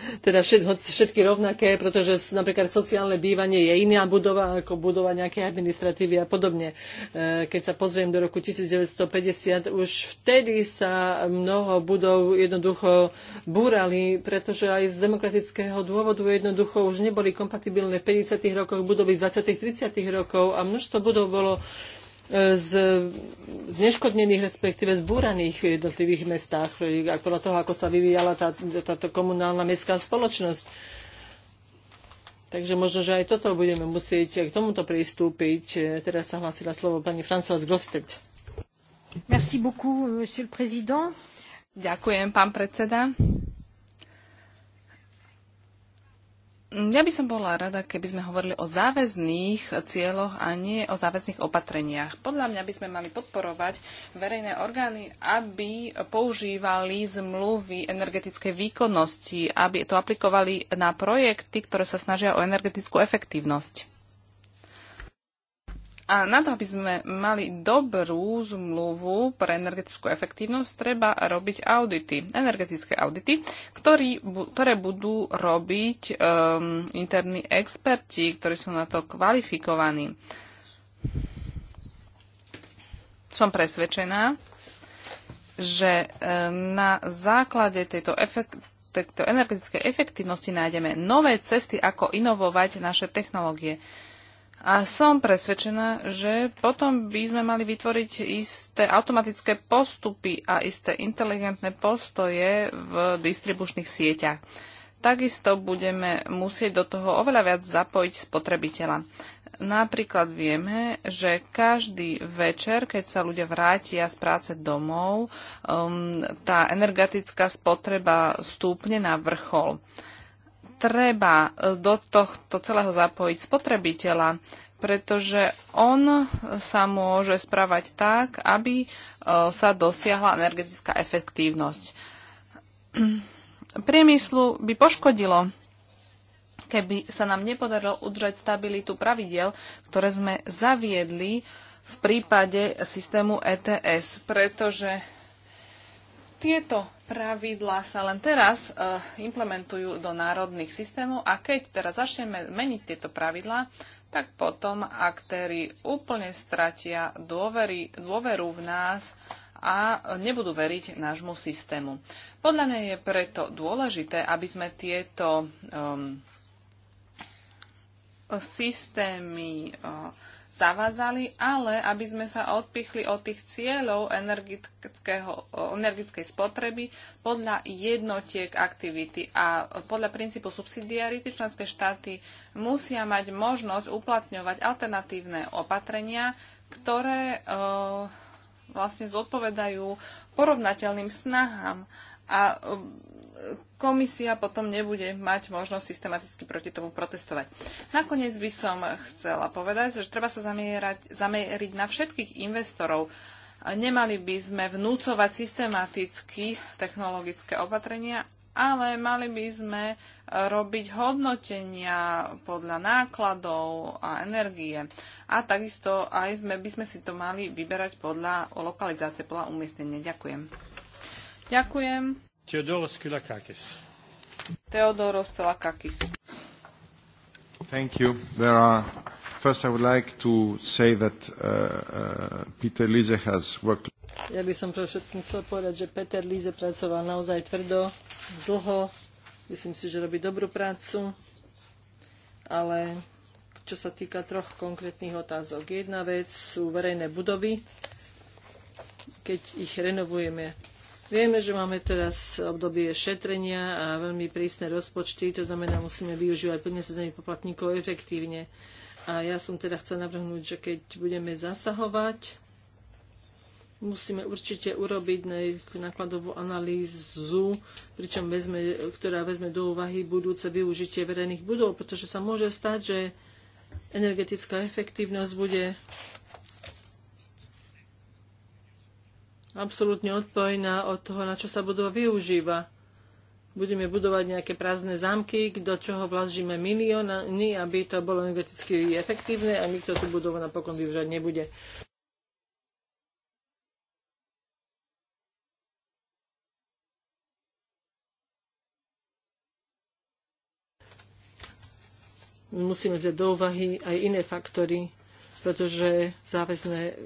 teda všet, všetky rovnaké, pretože napríklad sociálne bývanie je iná budova ako budova nejakej administratívy a podobne. Eh, keď sa pozriem do roku 1950, už vtedy sa mnoho budov jednoducho búrali, pretože aj z demokratického dôvodu jednoducho už neboli kompatibilné v 50. rokoch budovy z 20. 30. rokov a množstvo budov bolo z, zneškodnených, respektíve zbúraných v jednotlivých mestách, podľa toho, ako sa vyvíjala tá, táto komunálna mestská spoločnosť. Takže možno, že aj toto budeme musieť k tomuto pristúpiť. Teraz sa hlásila slovo pani Françoise Grostet. Merci beaucoup, monsieur le président. Ďakujem, pán predseda. Ja by som bola rada, keby sme hovorili o záväzných cieľoch a nie o záväzných opatreniach. Podľa mňa by sme mali podporovať verejné orgány, aby používali zmluvy energetickej výkonnosti, aby to aplikovali na projekty, ktoré sa snažia o energetickú efektívnosť. A na to, aby sme mali dobrú zmluvu pre energetickú efektívnosť, treba robiť audity, energetické audity, ktorý, ktoré budú robiť um, interní experti, ktorí sú na to kvalifikovaní. Som presvedčená, že um, na základe tejto efekt, tejto energetickej efektívnosti nájdeme nové cesty, ako inovovať naše technológie. A som presvedčená, že potom by sme mali vytvoriť isté automatické postupy a isté inteligentné postoje v distribučných sieťach. Takisto budeme musieť do toho oveľa viac zapojiť spotrebiteľa. Napríklad vieme, že každý večer, keď sa ľudia vrátia z práce domov, um, tá energetická spotreba stúpne na vrchol treba e, do tohto celého zapojiť spotrebiteľa, pretože on sa môže správať tak, aby e, sa dosiahla energetická efektívnosť. Priemyslu by poškodilo, keby sa nám nepodarilo udržať stabilitu pravidel, ktoré sme zaviedli v prípade systému ETS, pretože tieto pravidlá sa len teraz e, implementujú do národných systémov a keď teraz začneme meniť tieto pravidlá, tak potom aktéry úplne stratia dôvery, dôveru v nás a nebudú veriť nášmu systému. Podľa mňa je preto dôležité, aby sme tieto um, systémy uh, zavádzali, ale aby sme sa odpichli od tých cieľov energetickej spotreby podľa jednotiek aktivity a podľa princípu subsidiarity členské štáty musia mať možnosť uplatňovať alternatívne opatrenia, ktoré e, vlastne zodpovedajú porovnateľným snahám a komisia potom nebude mať možnosť systematicky proti tomu protestovať. Nakoniec by som chcela povedať, že treba sa zamierať, zameriť na všetkých investorov. Nemali by sme vnúcovať systematicky technologické opatrenia, ale mali by sme robiť hodnotenia podľa nákladov a energie. A takisto aj sme, by sme si to mali vyberať podľa lokalizácie, podľa umiestnenia. Ďakujem. Ďakujem. Theodoros Kylakakis. Theodoros Kylakakis. Thank you. There are, first I would like to say that uh, uh, Peter Lise has worked. Ja by som pre všetkým chcel povedať, že Peter Líze pracoval naozaj tvrdo, dlho. Myslím si, že robí dobrú prácu. Ale čo sa týka troch konkrétnych otázok. Jedna vec sú verejné budovy. Keď ich renovujeme, Vieme, že máme teraz obdobie šetrenia a veľmi prísne rozpočty, to znamená, musíme využívať peniaze poplatníkov efektívne. A ja som teda chcel navrhnúť, že keď budeme zasahovať, musíme určite urobiť nákladovú analýzu, pričom vezme, ktorá vezme do úvahy budúce využitie verejných budov, pretože sa môže stať, že energetická efektívnosť bude absolútne odpojená od toho, na čo sa budova využíva. Budeme budovať nejaké prázdne zámky, do čoho vlažíme milióny, aby to bolo energeticky efektívne a nikto tú budovu napokon využívať nebude. Musíme vziať do úvahy aj iné faktory, pretože záväzné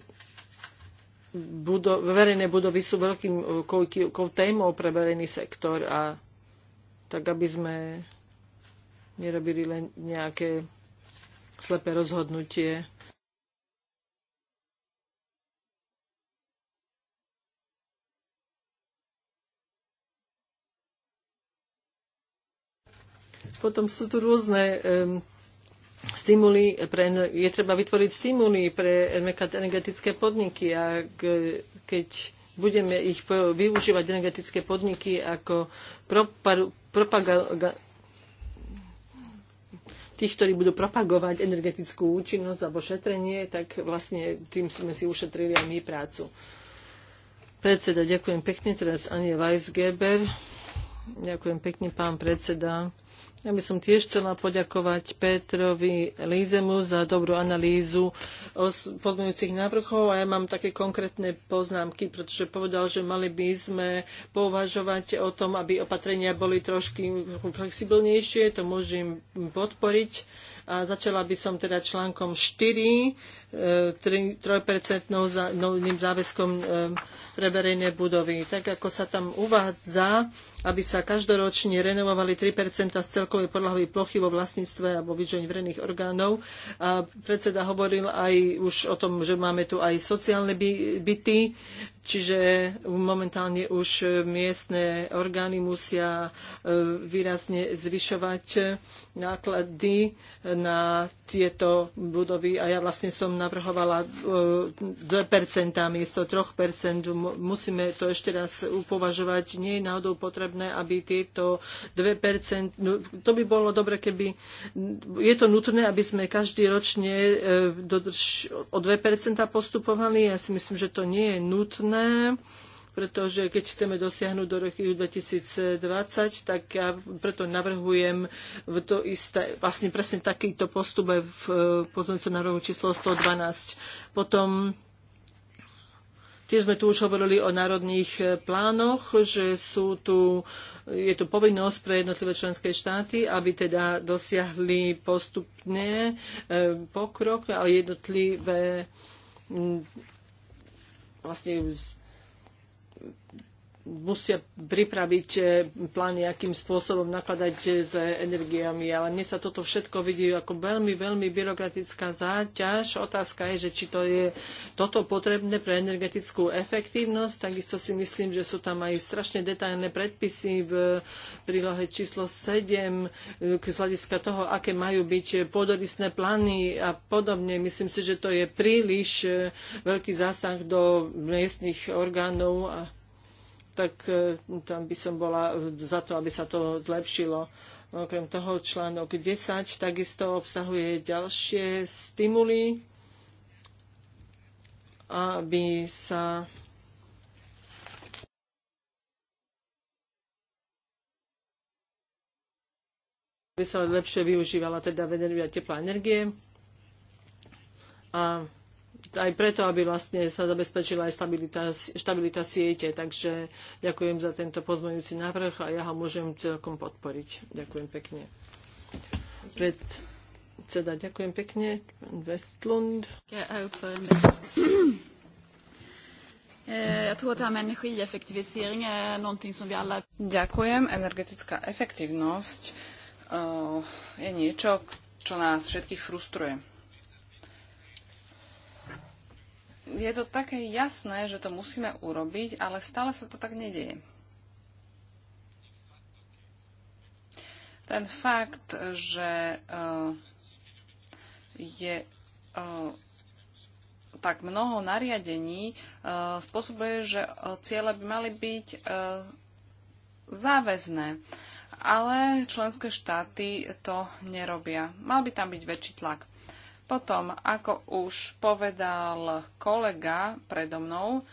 budo- verejné budovy sú veľkým eh, témou pre verejný sektor a tak, aby sme nerobili len nejaké slepé rozhodnutie. Potom sú tu rôzne um, Stimuli pre, je treba vytvoriť stimuly pre energetické podniky a keď budeme ich využívať energetické podniky ako propaganda tých, ktorí budú propagovať energetickú účinnosť alebo šetrenie, tak vlastne tým sme si ušetrili aj my prácu. Predseda, ďakujem pekne. Teraz Anie Weisgeber. Ďakujem pekne, pán predseda. Ja by som tiež chcela poďakovať Petrovi Lízemu za dobrú analýzu podmienujúcich návrhov a ja mám také konkrétne poznámky, pretože povedal, že mali by sme považovať o tom, aby opatrenia boli trošky flexibilnejšie. To môžem podporiť a začala by som teda článkom 4, 3% e, novým záväzkom e, pre verejné budovy. Tak ako sa tam uvádza, aby sa každoročne renovovali 3% z celkovej podlahovej plochy vo vlastníctve alebo vyžení verejných orgánov. A predseda hovoril aj už o tom, že máme tu aj sociálne byty, Čiže momentálne už e, miestne orgány musia e, výrazne zvyšovať e, náklady na tieto budovy a ja vlastne som navrhovala 2% miesto 3%. Musíme to ešte raz upovažovať. Nie je náhodou potrebné, aby tieto 2%, no, to by bolo dobre, keby je to nutné, aby sme každý ročne o 2% postupovali. Ja si myslím, že to nie je nutné potrebné pretože keď chceme dosiahnuť do roku 2020, tak ja preto navrhujem v to isté, vlastne presne takýto postup aj v eh, pozornicu na rohu číslo 112. Potom Tiež sme tu už hovorili o národných eh, plánoch, že sú tu, je tu povinnosť pre jednotlivé členské štáty, aby teda dosiahli postupne eh, pokrok a jednotlivé mm, vlastne musia pripraviť e, plány, akým spôsobom nakladať s energiami. Ale mne sa toto všetko vidí ako veľmi, veľmi byrokratická záťaž. Otázka je, že či to je toto potrebné pre energetickú efektívnosť. Takisto si myslím, že sú tam aj strašne detailné predpisy v prílohe číslo 7 e, z hľadiska toho, aké majú byť pôdorisné plány a podobne. Myslím si, že to je príliš e, veľký zásah do miestnych orgánov a tak e, tam by som bola za to, aby sa to zlepšilo. Okrem toho článok 10 takisto obsahuje ďalšie stimuly, aby sa aby sa lepšie využívala teda a teplá energie. A aj preto, aby vlastne sa zabezpečila aj stabilita, stabilita siete. Takže ďakujem za tento pozmeňujúci návrh a ja ho môžem celkom podporiť. Ďakujem pekne. Pred teda ďakujem pekne, pán Westlund. Eh, ďakujem. Energetická efektívnosť eh, je niečo, čo nás všetkých frustruje. je to také jasné, že to musíme urobiť, ale stále sa to tak nedieje. Ten fakt, že uh, je uh, tak mnoho nariadení, uh, spôsobuje, že uh, ciele by mali byť uh, záväzné. Ale členské štáty to nerobia. Mal by tam byť väčší tlak. Potom, ako už povedal kolega predo mnou,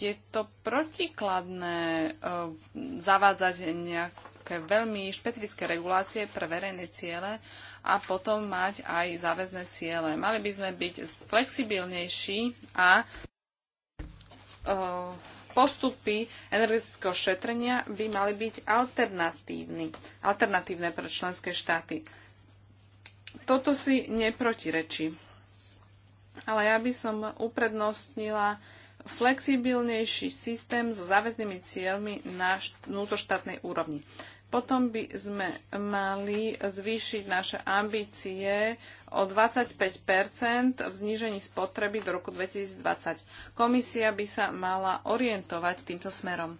je to protikladné eh, zavádzať nejaké veľmi špecifické regulácie pre verejné ciele a potom mať aj záväzné ciele. Mali by sme byť flexibilnejší a eh, postupy energetického šetrenia by mali byť alternatívne pre členské štáty toto si neprotirečí. Ale ja by som uprednostnila flexibilnejší systém so záväznými cieľmi na vnútroštátnej úrovni. Potom by sme mali zvýšiť naše ambície o 25 v znížení spotreby do roku 2020. Komisia by sa mala orientovať týmto smerom.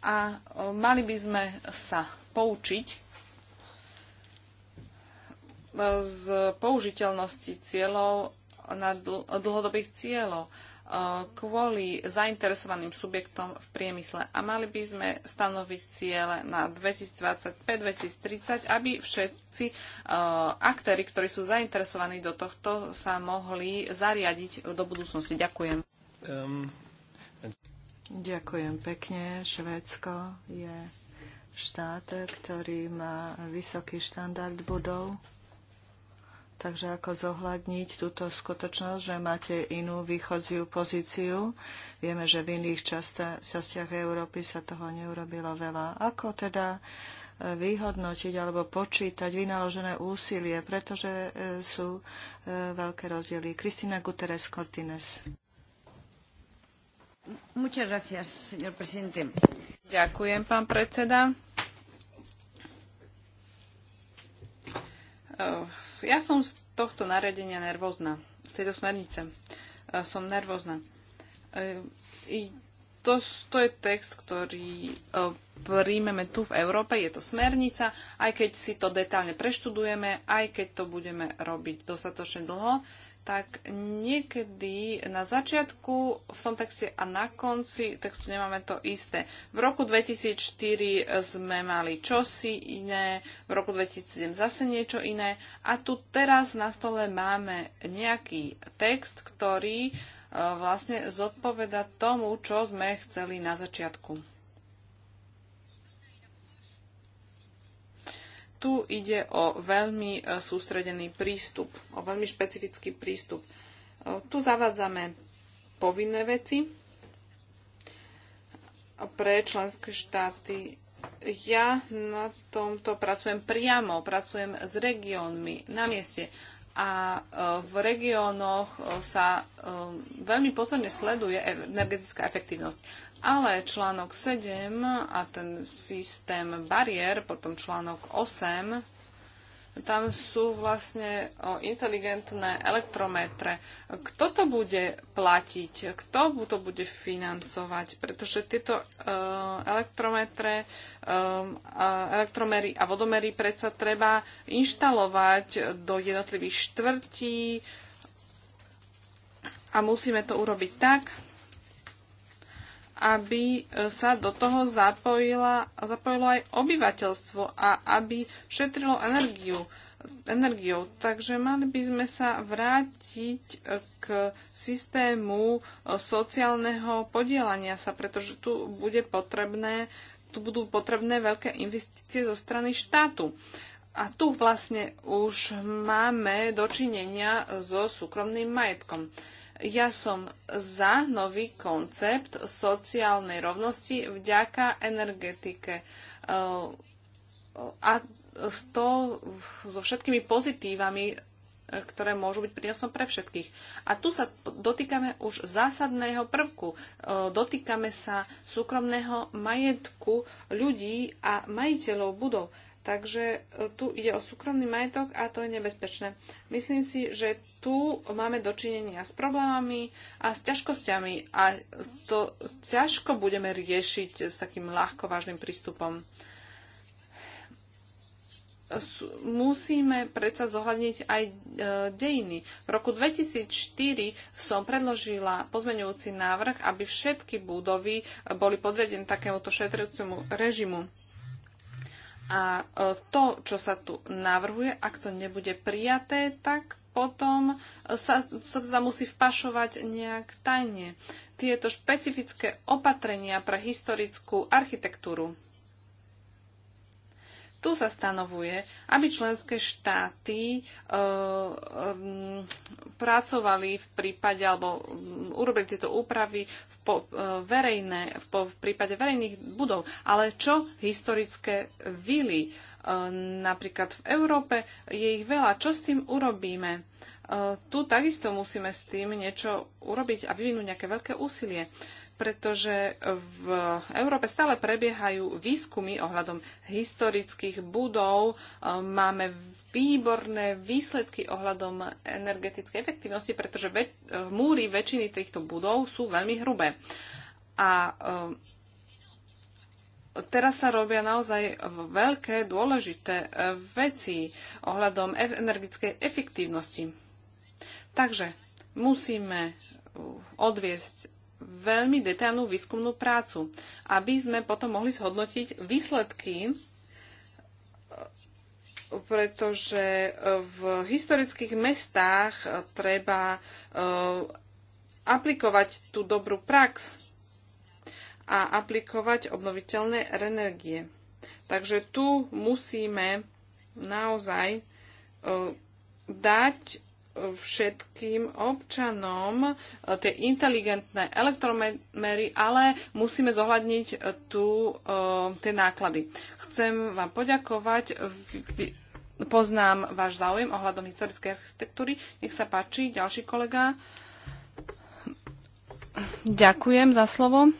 A mali by sme sa poučiť z použiteľnosti cieľov na dl- dlhodobých cieľov e, kvôli zainteresovaným subjektom v priemysle. A mali by sme stanoviť ciele na 2025-2030, aby všetci e, aktéry, ktorí sú zainteresovaní do tohto, sa mohli zariadiť do budúcnosti. Ďakujem. Um, and... Ďakujem pekne. Švédsko je štát, ktorý má vysoký štandard budov Takže ako zohľadniť túto skutočnosť, že máte inú východziu pozíciu? Vieme, že v iných častiach Európy sa toho neurobilo veľa. Ako teda e, vyhodnotiť alebo počítať vynaložené úsilie, pretože e, sú e, veľké rozdiely. Kristina Guterres Cortines. Ďakujem, pán predseda. Oh ja som z tohto nariadenia nervózna, z tejto smernice. E, som nervózna. E, to, to je text, ktorý e, príjmeme tu v Európe, je to smernica, aj keď si to detálne preštudujeme, aj keď to budeme robiť dostatočne dlho, tak niekedy na začiatku v tom texte a na konci textu nemáme to isté. V roku 2004 sme mali čosi iné, v roku 2007 zase niečo iné a tu teraz na stole máme nejaký text, ktorý e, vlastne zodpoveda tomu, čo sme chceli na začiatku. tu ide o veľmi e, sústredený prístup, o veľmi špecifický prístup. E, tu zavádzame povinné veci pre členské štáty. Ja na tomto pracujem priamo, pracujem s regiónmi na mieste a e, v regiónoch sa veľmi pozorne sleduje energetická efektívnosť. Ale článok 7 a ten systém bariér, potom článok 8, tam sú vlastne o, inteligentné elektrometre. Kto to bude platiť? Kto to bude financovať? Pretože tieto e, elektrometre, e, elektromery a vodomery predsa treba inštalovať do jednotlivých štvrtí a musíme to urobiť tak, aby e, sa do toho zapojila, zapojilo aj obyvateľstvo a aby šetrilo energiu, energiou. Takže mali by sme sa vrátiť e, k systému e, sociálneho podielania sa, pretože tu bude potrebné tu budú potrebné veľké investície zo strany štátu. A tu vlastne už máme dočinenia so súkromným majetkom. Uh, ja som za nový koncept sociálnej rovnosti vďaka energetike. Eh, a to so všetkými pozitívami, eh, ktoré môžu byť prínosom pre všetkých. A tu sa dotýkame už zásadného prvku. Eh, dotýkame sa súkromného majetku ľudí a majiteľov budov. Takže tu ide o súkromný majetok a to je nebezpečné. Myslím si, že tu máme dočinenia s problémami a s ťažkosťami a to ťažko budeme riešiť s takým ľahko vážnym prístupom. Musíme predsa zohľadniť aj e, dejiny. V roku 2004 som predložila pozmeňujúci návrh, aby všetky budovy boli podriadené takémuto šetrujúcemu režimu. A e, to, čo sa tu navrhuje, ak to nebude prijaté, tak potom sa, sa teda musí vpašovať nejak tajne. Tieto špecifické opatrenia pre historickú architektúru. Tu sa stanovuje, aby členské štáty e, e, pracovali v prípade, alebo mm, urobili tieto úpravy v, po, e, verejné, v, po, v prípade verejných budov. Ale čo historické vily? E, napríklad v Európe je ich veľa. Čo s tým urobíme? E, tu takisto musíme s tým niečo urobiť a vyvinúť nejaké veľké úsilie, pretože v Európe stále prebiehajú výskumy ohľadom historických budov, e, máme výborné výsledky ohľadom energetickej efektivnosti, pretože e, múry väčšiny týchto budov sú veľmi hrubé. A teraz sa robia naozaj veľké dôležité e, veci ohľadom e- energetickej efektívnosti. Takže musíme e, odviesť veľmi detailnú výskumnú prácu, aby sme potom mohli zhodnotiť výsledky, pretože v historických mestách treba aplikovať tú dobrú prax a aplikovať obnoviteľné energie. Takže tu musíme naozaj e, dať všetkým občanom e, tie inteligentné elektromery, ale musíme zohľadniť e, tu tie náklady. Chcem vám poďakovať. Poznám váš záujem ohľadom historickej architektúry. Nech sa páči, ďalší kolega. Ďakujem za slovo.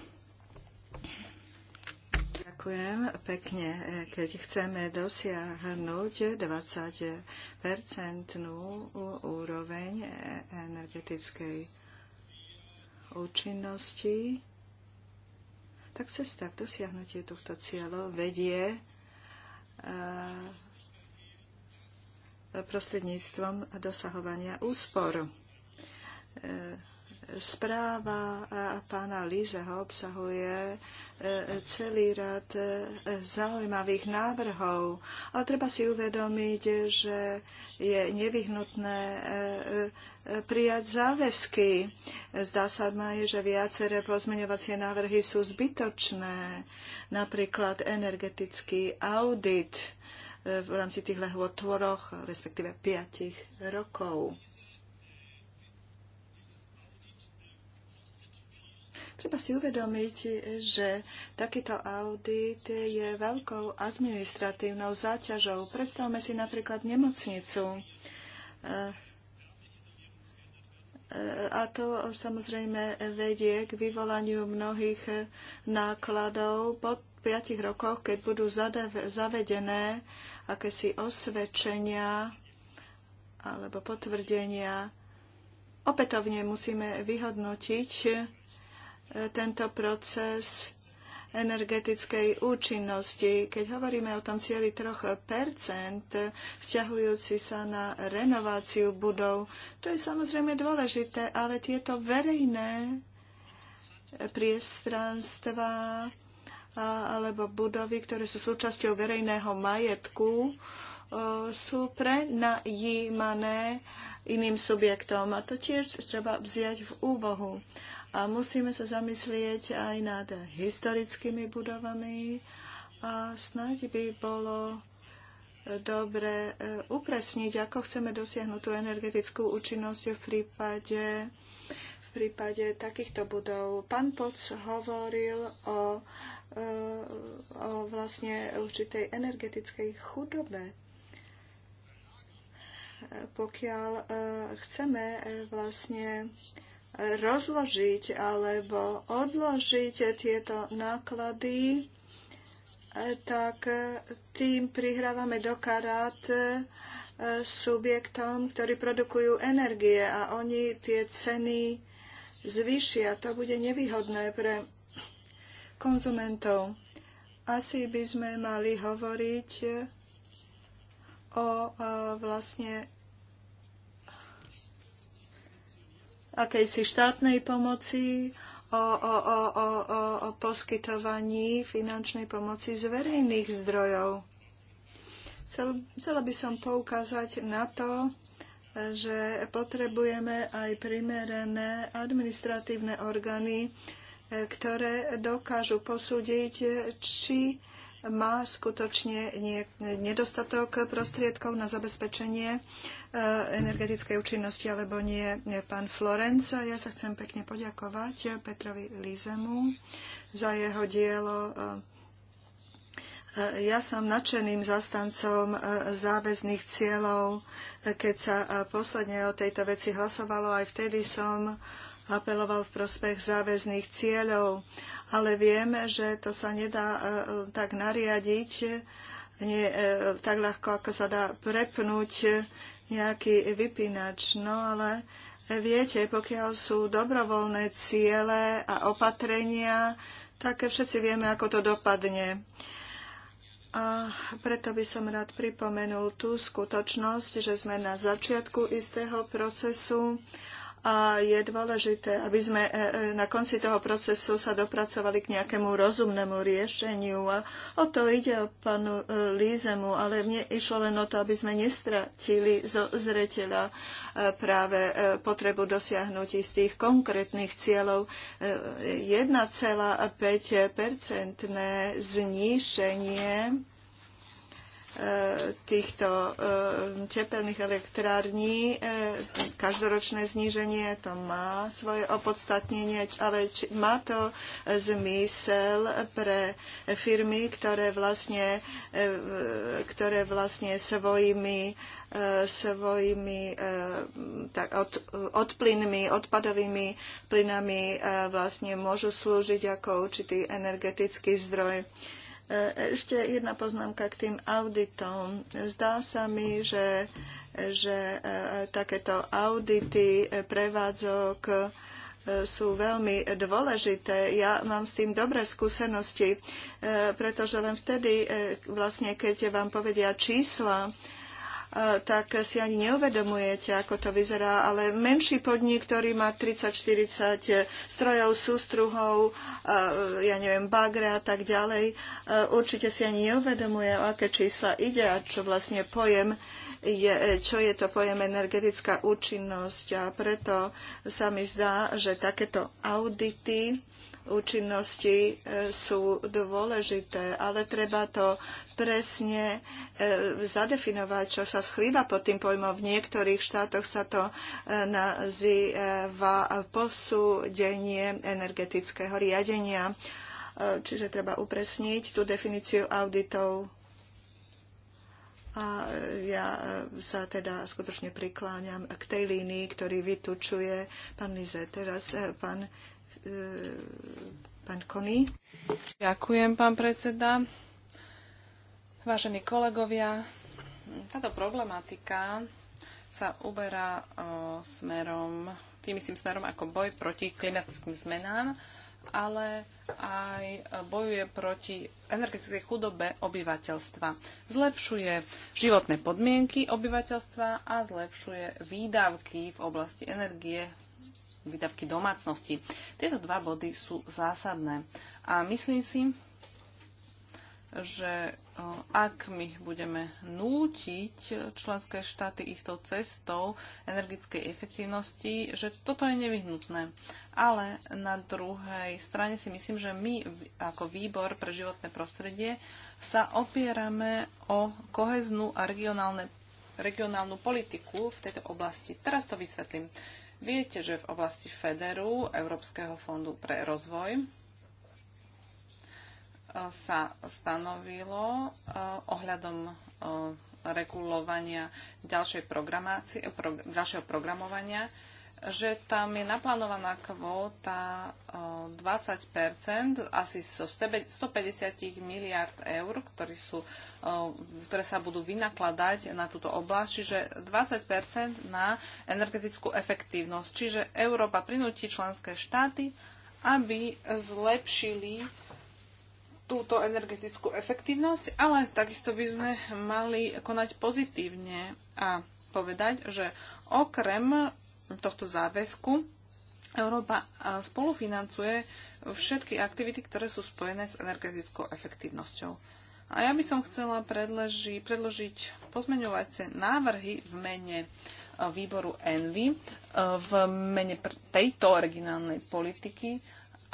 Ďakujem pekne. Keď chceme dosiahnuť 20-percentnú úroveň energetickej účinnosti, tak cesta k dosiahnutiu tohto cieľov vedie eh, prostredníctvom dosahovania úspor eh, Správa e, pána Lízeho obsahuje e, celý rad e, zaujímavých návrhov, ale treba si uvedomiť, že je nevyhnutné prijať záväzky. Zdá sa ma, že viaceré pozmeňovacie návrhy sú zbytočné, napríklad energetický audit v rámci tých lehotvoroch, respektíve piatich rokov. Treba si uvedomiť, že takýto audit je veľkou administratívnou záťažou. Predstavme si napríklad nemocnicu. A to samozrejme vedie k vyvolaniu mnohých nákladov po piatich rokoch, keď budú zavedené akési osvedčenia alebo potvrdenia. Opätovne musíme vyhodnotiť E, tento proces energetickej účinnosti. Keď hovoríme o tom cieli 3 e, vzťahujúci sa na renováciu budov, to je samozrejme dôležité, ale tieto verejné priestranstva alebo budovy, ktoré sú súčasťou verejného majetku, e, sú prenajímané iným subjektom. A to tiež treba vziať v úvahu. A musíme sa zamyslieť aj nad historickými budovami a snáď by bolo dobre e, upresniť, ako chceme dosiahnuť tú energetickú účinnosť v prípade, v prípade takýchto budov. Pán Poc hovoril o, e, o vlastne určitej energetickej chudobe. E, pokiaľ chceme vlastne rozložiť alebo odložiť tieto náklady, tak tým prihrávame do karát e, subjektom, ktorí produkujú energie a oni tie ceny zvýšia. To bude nevýhodné pre konzumentov. Asi by sme mali hovoriť o e, vlastne akejsi štátnej pomoci, o, o, o, o, o, o poskytovaní finančnej pomoci z verejných zdrojov. Chcel, chcela by som poukázať na to, že potrebujeme aj primerené administratívne orgány, ktoré dokážu posúdiť, či má skutočne nedostatok prostriedkov na zabezpečenie e, energetickej účinnosti alebo nie. Pán Florenc. ja sa chcem pekne poďakovať Petrovi Lízemu za jeho dielo e, e, ja som nadšeným zastancom záväzných cieľov. Keď sa posledne o tejto veci hlasovalo, aj vtedy som apeloval v prospech záväzných cieľov ale viem, že to sa nedá e, e, tak nariadiť, nie e, tak ľahko, ako sa dá prepnúť nejaký vypínač. No ale viete, pokiaľ sú dobrovoľné ciele a opatrenia, tak všetci vieme, ako to dopadne. A preto by som rád pripomenul tú skutočnosť, že sme na začiatku istého procesu a je dôležité, aby sme e, e, na konci toho procesu sa dopracovali k nejakému rozumnému riešeniu. A o to ide o panu e, Lízemu, ale mne išlo len o to, aby sme nestratili zo zreteľa práve potrebu dosiahnuť z tých konkrétnych cieľov 1,5-percentné zníšenie týchto tepelných eh, elektrární eh, každoročné zníženie to má svoje opodstatnenie, ale má to eh, zmysel pre firmy, ktoré vlastne, ktoré vlastne svojimi svojimi tak od, odplynmi, odpadovými plynami vlastne môžu slúžiť ako určitý energetický zdroj. E, ešte jedna poznámka k tým auditom. Zdá sa mi, že, že e, takéto audity e, prevádzok sú veľmi dôležité. Ja mám s tým dobré skúsenosti, pretože len vtedy, vlastne, keď vám povedia čísla, tak si ani neuvedomujete, ako to vyzerá, ale menší podnik, ktorý má 30-40 strojov, sústruhov, ja neviem, bagre a tak ďalej, určite si ani neuvedomuje, o aké čísla ide a čo vlastne pojem je, čo je to pojem energetická účinnosť a preto sa mi zdá, že takéto audity účinnosti e, sú dôležité, ale treba to presne e, zadefinovať, čo sa schlída pod tým pojmom. V niektorých štátoch sa to e, nazýva posúdenie energetického riadenia, čiže treba upresniť tú definíciu auditov. A ja sa teda skutočne prikláňam k tej línii, ktorý vytučuje pán Lize. Teraz pán pán Kony. Ďakujem, pán predseda. Vážení kolegovia, táto problematika sa uberá smerom, tým myslím smerom ako boj proti klimatickým zmenám, ale aj bojuje proti energetickej chudobe obyvateľstva. Zlepšuje životné podmienky obyvateľstva a zlepšuje výdavky v oblasti energie výdavky domácnosti. Tieto dva body sú zásadné. A myslím si, že ak my budeme nútiť členské štáty istou cestou energetickej efektívnosti, že toto je nevyhnutné. Ale na druhej strane si myslím, že my ako výbor pre životné prostredie sa opierame o koheznú a regionálnu politiku v tejto oblasti. Teraz to vysvetlím. Viete, že v oblasti FEDERu, Európskeho fondu pre rozvoj, e, sa stanovilo e, ohľadom e, regulovania ďalšej programácie, pro, ďalšieho programovania, že tam je naplánovaná kvóta 20 asi zo 150 miliard eur, ktoré, sú, ktoré sa budú vynakladať na túto oblasť, čiže 20 na energetickú efektívnosť. Čiže Európa prinúti členské štáty, aby zlepšili túto energetickú efektívnosť, ale takisto by sme mali konať pozitívne a povedať, že okrem tohto záväzku Európa spolufinancuje všetky aktivity, ktoré sú spojené s energetickou efektívnosťou. A ja by som chcela predloži, predložiť pozmeňovacie návrhy v mene výboru ENVY, v mene tejto originálnej politiky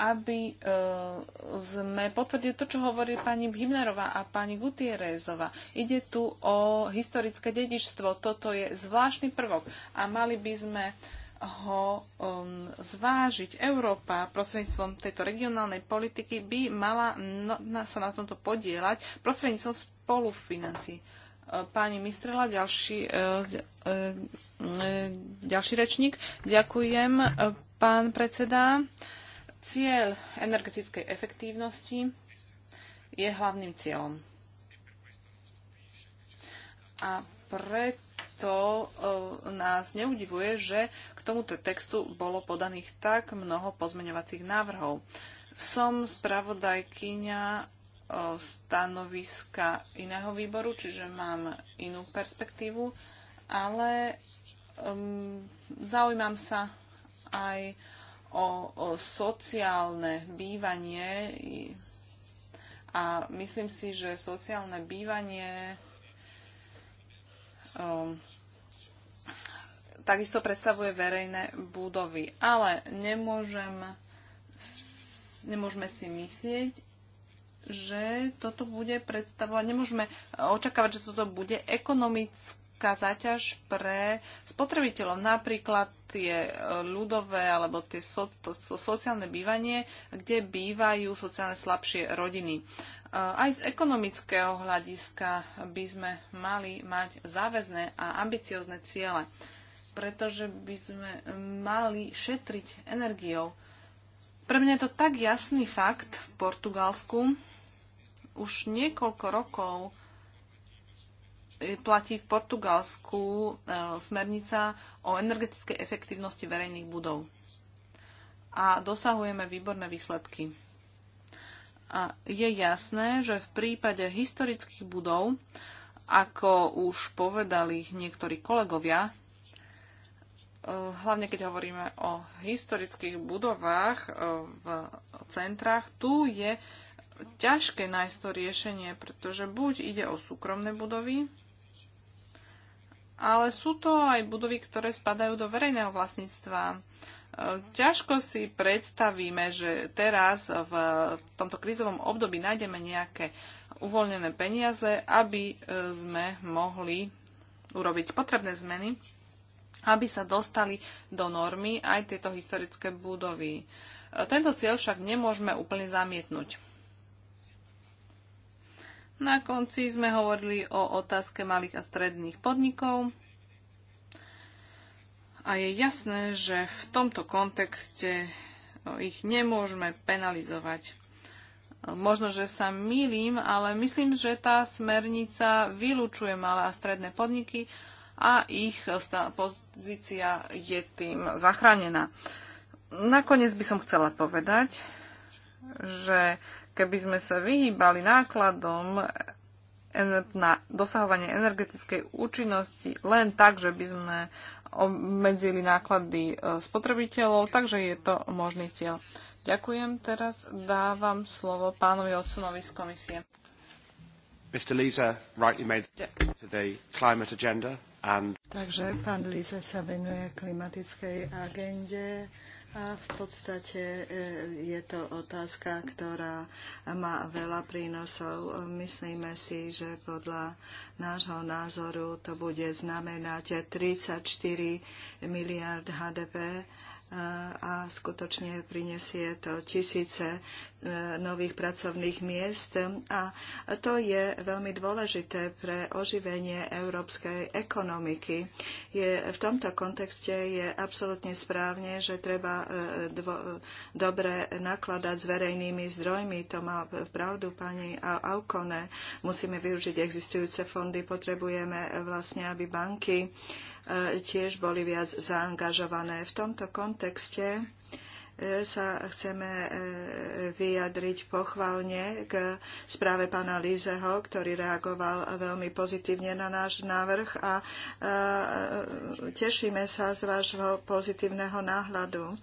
aby e, sme potvrdili to, čo hovorí pani Himnerová a pani Gutierrezová. Ide tu o historické dedičstvo. Toto je zvláštny prvok a mali by sme ho um, zvážiť. Európa prostredníctvom tejto regionálnej politiky by mala no, na, sa na tomto podielať prostredníctvom spolufinancí. E, pani Mistrela, ďalší, e, ďalší rečník. Ďakujem, pán predseda. Cieľ energetickej efektívnosti je hlavným cieľom. A preto e, nás neudivuje, že k tomuto textu bolo podaných tak mnoho pozmeňovacích návrhov. Som spravodajkyňa e, stanoviska iného výboru, čiže mám inú perspektívu, ale um, zaujímam sa aj o, o sociálne bývanie a myslím si, že sociálne bývanie um, takisto predstavuje verejné budovy. Ale nemôžem, nemôžeme si myslieť, že toto bude predstavovať, nemôžeme eh, očakávať, že toto bude ekonomické veľká záťaž pre spotrebiteľov. Napríklad tie e, ľudové alebo tie so, to, to sociálne bývanie, kde bývajú sociálne slabšie rodiny. E, aj z ekonomického hľadiska by sme mali mať záväzné a ambiciozne ciele, pretože by sme mali šetriť energiou. Pre mňa je to tak jasný fakt v Portugalsku. Už niekoľko rokov E, platí v Portugalsku e, smernica o energetickej efektívnosti verejných budov. A dosahujeme výborné výsledky. A je jasné, že v prípade historických budov, ako už povedali niektorí kolegovia, e, hlavne keď hovoríme o historických budovách v centrách, tu je ťažké nájsť to riešenie, pretože buď ide o súkromné budovy, ale sú to aj budovy, ktoré spadajú do verejného vlastníctva. E, ťažko si predstavíme, že teraz v tomto krízovom období nájdeme nejaké uvoľnené peniaze, aby e, sme mohli urobiť potrebné zmeny, aby sa dostali do normy aj tieto historické budovy. E, tento cieľ však nemôžeme úplne zamietnúť. Na konci sme hovorili o otázke malých a stredných podnikov. A je jasné, že v tomto kontexte eh, ich nemôžeme penalizovať. Eh, možno, že sa milím, ale myslím, že tá smernica vylúčuje malé a stredné podniky a ich eh, pozícia je tým zachránená. Nakoniec by som chcela povedať, že Keby sme sa vyhýbali nákladom na dosahovanie energetickej účinnosti len tak, že by sme obmedzili náklady e, spotrebiteľov, takže je to možný cieľ. Ďakujem. Teraz dávam slovo pánovi Odsunovi z komisie. Mr. Lisa rightly made to the climate agenda and... Takže pán Lisa sa venuje klimatickej agende a v podstate e, je to otázka, ktorá má veľa prínosov. Myslíme si, že podľa nášho názoru to bude znamenať 34 miliard HDP a skutočne prinesie to tisíce e, nových pracovných miest a to je veľmi dôležité pre oživenie európskej ekonomiky. Je, v tomto kontexte je absolútne správne, že treba e, dvo, dobre nakladať s verejnými zdrojmi. To má pravdu pani Aukone. Musíme využiť existujúce fondy, potrebujeme e, vlastne, aby banky tiež boli viac zaangažované. V tomto kontexte sa chceme e, vyjadriť pochválne k správe pána Lízeho, ktorý reagoval veľmi pozitívne na náš návrh a e, tešíme sa z vášho pozitívneho náhľadu. E,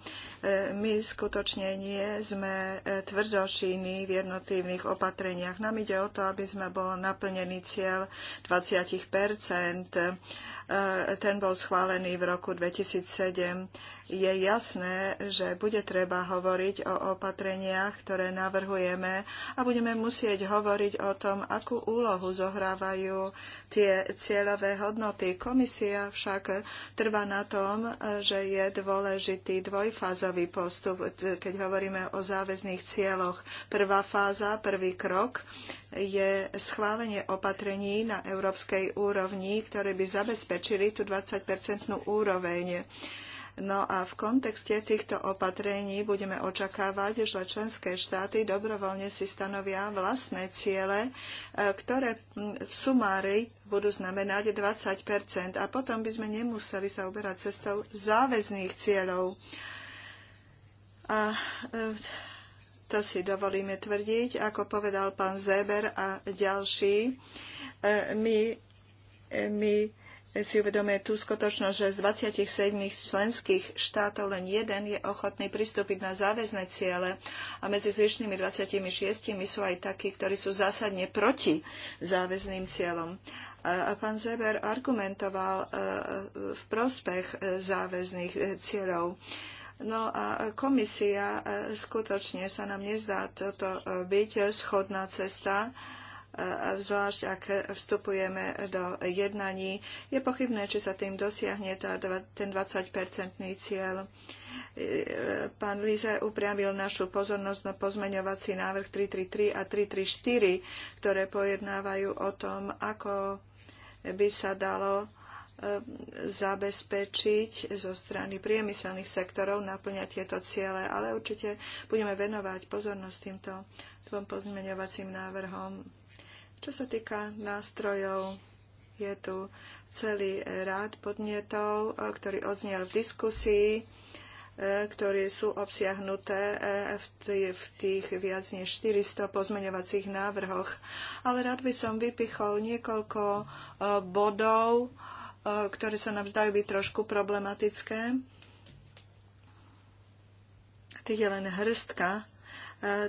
my skutočne nie sme tvrdošíni v jednotlivých opatreniach. Nám ide o to, aby sme bol naplnený cieľ 20 Ten bol schválený v roku 2007 je jasné, že bude treba hovoriť o opatreniach, ktoré navrhujeme a budeme musieť hovoriť o tom, akú úlohu zohrávajú tie cieľové hodnoty. Komisia však trvá na tom, že je dôležitý dvojfázový postup, keď hovoríme o záväzných cieľoch. Prvá fáza, prvý krok je schválenie opatrení na európskej úrovni, ktoré by zabezpečili tú 20-percentnú úroveň. No a v kontexte týchto opatrení budeme očakávať, že členské štáty dobrovoľne si stanovia vlastné ciele, e, ktoré v sumári budú znamenať 20 a potom by sme nemuseli sa uberať cestou záväzných cieľov. A e, to si dovolíme tvrdiť, ako povedal pán Zeber a ďalší. E, my, my si uvedomuje tú skutočnosť, že z 27 členských štátov len jeden je ochotný pristúpiť na záväzne ciele a medzi zvyšnými 26 sú aj takí, ktorí sú zásadne proti záväzným cieľom. A pán Zeber argumentoval e, e, v prospech e, záväzných cieľov. No a komisia skutočne sa nám nezdá toto byť schodná cesta zvlášť ak vstupujeme do jednaní. Je pochybné, či sa tým dosiahne tá, ten 20-percentný cieľ. E, pán Líze upriamil našu pozornosť na pozmeňovací návrh 333 a 334, ktoré pojednávajú o tom, ako by sa dalo e, zabezpečiť zo strany priemyselných sektorov naplňať tieto ciele, ale určite budeme venovať pozornosť týmto dvom pozmeňovacím návrhom. Čo sa týka nástrojov, je tu celý rád podnetov, e, ktorý odznel v diskusii, e, ktoré sú obsiahnuté e, v tých viac než 400 pozmeňovacích návrhoch. Ale rád by som vypichol niekoľko bodov, ktoré sa nám zdajú byť trošku problematické. Tých je len hrstka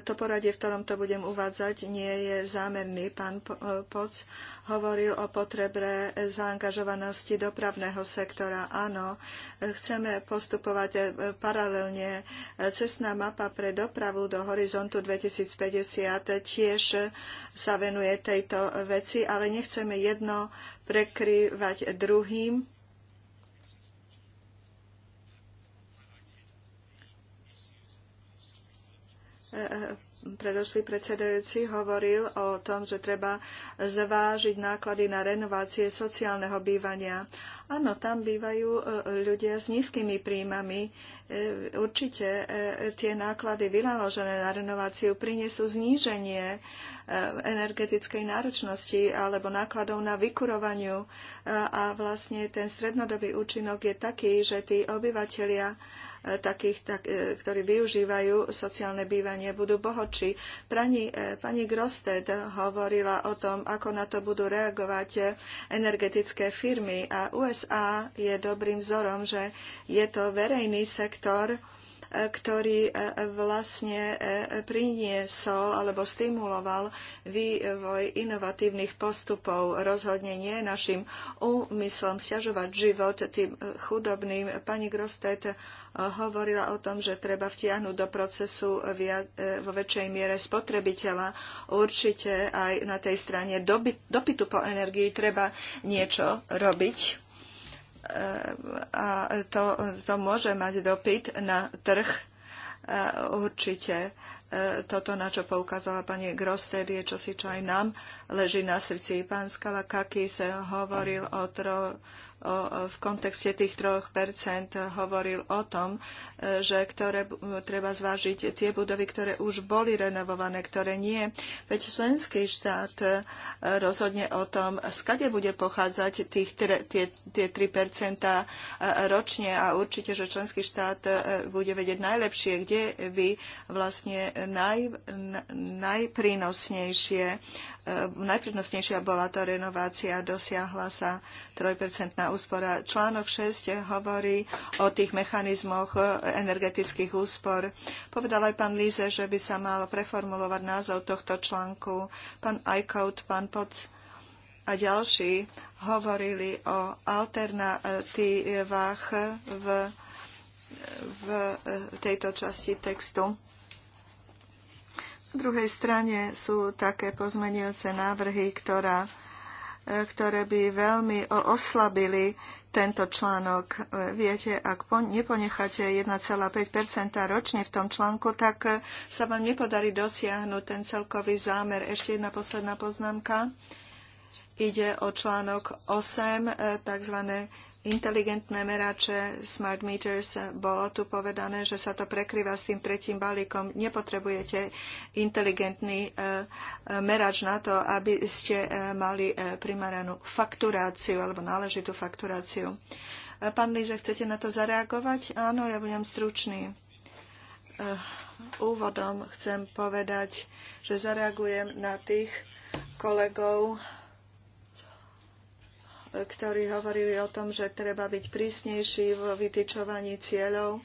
to poradie, v ktorom to budem uvádzať, nie je zámerný. Pán e, Poc hovoril o potrebe zaangažovanosti dopravného sektora. Áno, chceme postupovať e, paralelne. Cestná mapa pre dopravu do horizontu 2050 tiež sa venuje tejto veci, ale nechceme jedno prekrývať druhým predošlý predsedajúci hovoril o tom, že treba zvážiť náklady na renovácie sociálneho bývania. Áno, tam bývajú e, ľudia s nízkymi príjmami. E, určite e, tie náklady vynaložené na renováciu prinesú zníženie energetickej náročnosti alebo nákladov na vykurovaniu. A vlastne ten strednodobý účinok je taký, že tí obyvateľia E, takých, tak, e, ktorí využívajú sociálne bývanie, budú bohočí. Pani, e, pani Grosted hovorila o tom, ako na to budú reagovať energetické firmy a USA je dobrým vzorom, že je to verejný sektor, ktorý e, vlastne e, priniesol alebo stimuloval vývoj inovatívnych postupov. Rozhodne nie našim úmyslom stiažovať život tým chudobným. Pani Grostet e, hovorila o tom, že treba vtiahnuť do procesu vo väčšej miere spotrebiteľa. Určite aj na tej strane dopytu po energii treba niečo robiť a to, to môže mať dopyt na trh e, určite e, toto, na čo poukázala pani Groster, je čosi, čo aj nám leží na srdci. Pán Skalakakis hovoril o, tro, v kontexte tých 3% hovoril o tom, že ktoré treba zvážiť tie budovy, ktoré už boli renovované, ktoré nie. Veď členský štát e, rozhodne o tom, skade bude pochádzať tých, tie, tie 3% e, ročne a určite, že členský štát e, bude vedieť najlepšie, kde by vlastne naj, najprínosnejšie E, najprednostnejšia bola to renovácia, dosiahla sa 3% úspora. Článok 6 hovorí o tých mechanizmoch e, energetických úspor. Povedal aj pán Líze, že by sa mal preformulovať názov tohto článku. Pán Eichhout, pán Poc a ďalší hovorili o alternatívach v, v e, tejto časti textu druhej strane sú také pozmenujúce návrhy, ktorá, e, ktoré by veľmi oslabili tento článok. E, viete, ak neponecháte 1,5 ročne v tom článku, tak e, sa vám nepodarí dosiahnuť ten celkový zámer. Ešte jedna posledná poznámka. Ide o článok 8, tzv inteligentné merače, smart meters, bolo tu povedané, že sa to prekryva s tým tretím balíkom. Nepotrebujete inteligentný e, e, merač na to, aby ste e, mali primeranú fakturáciu alebo náležitú fakturáciu. Pán Líze, chcete na to zareagovať? Áno, ja budem stručný. Úvodom chcem povedať, že zareagujem na tých kolegov, ktorí hovorili o tom, že treba byť prísnejší v vytýčovaní cieľov.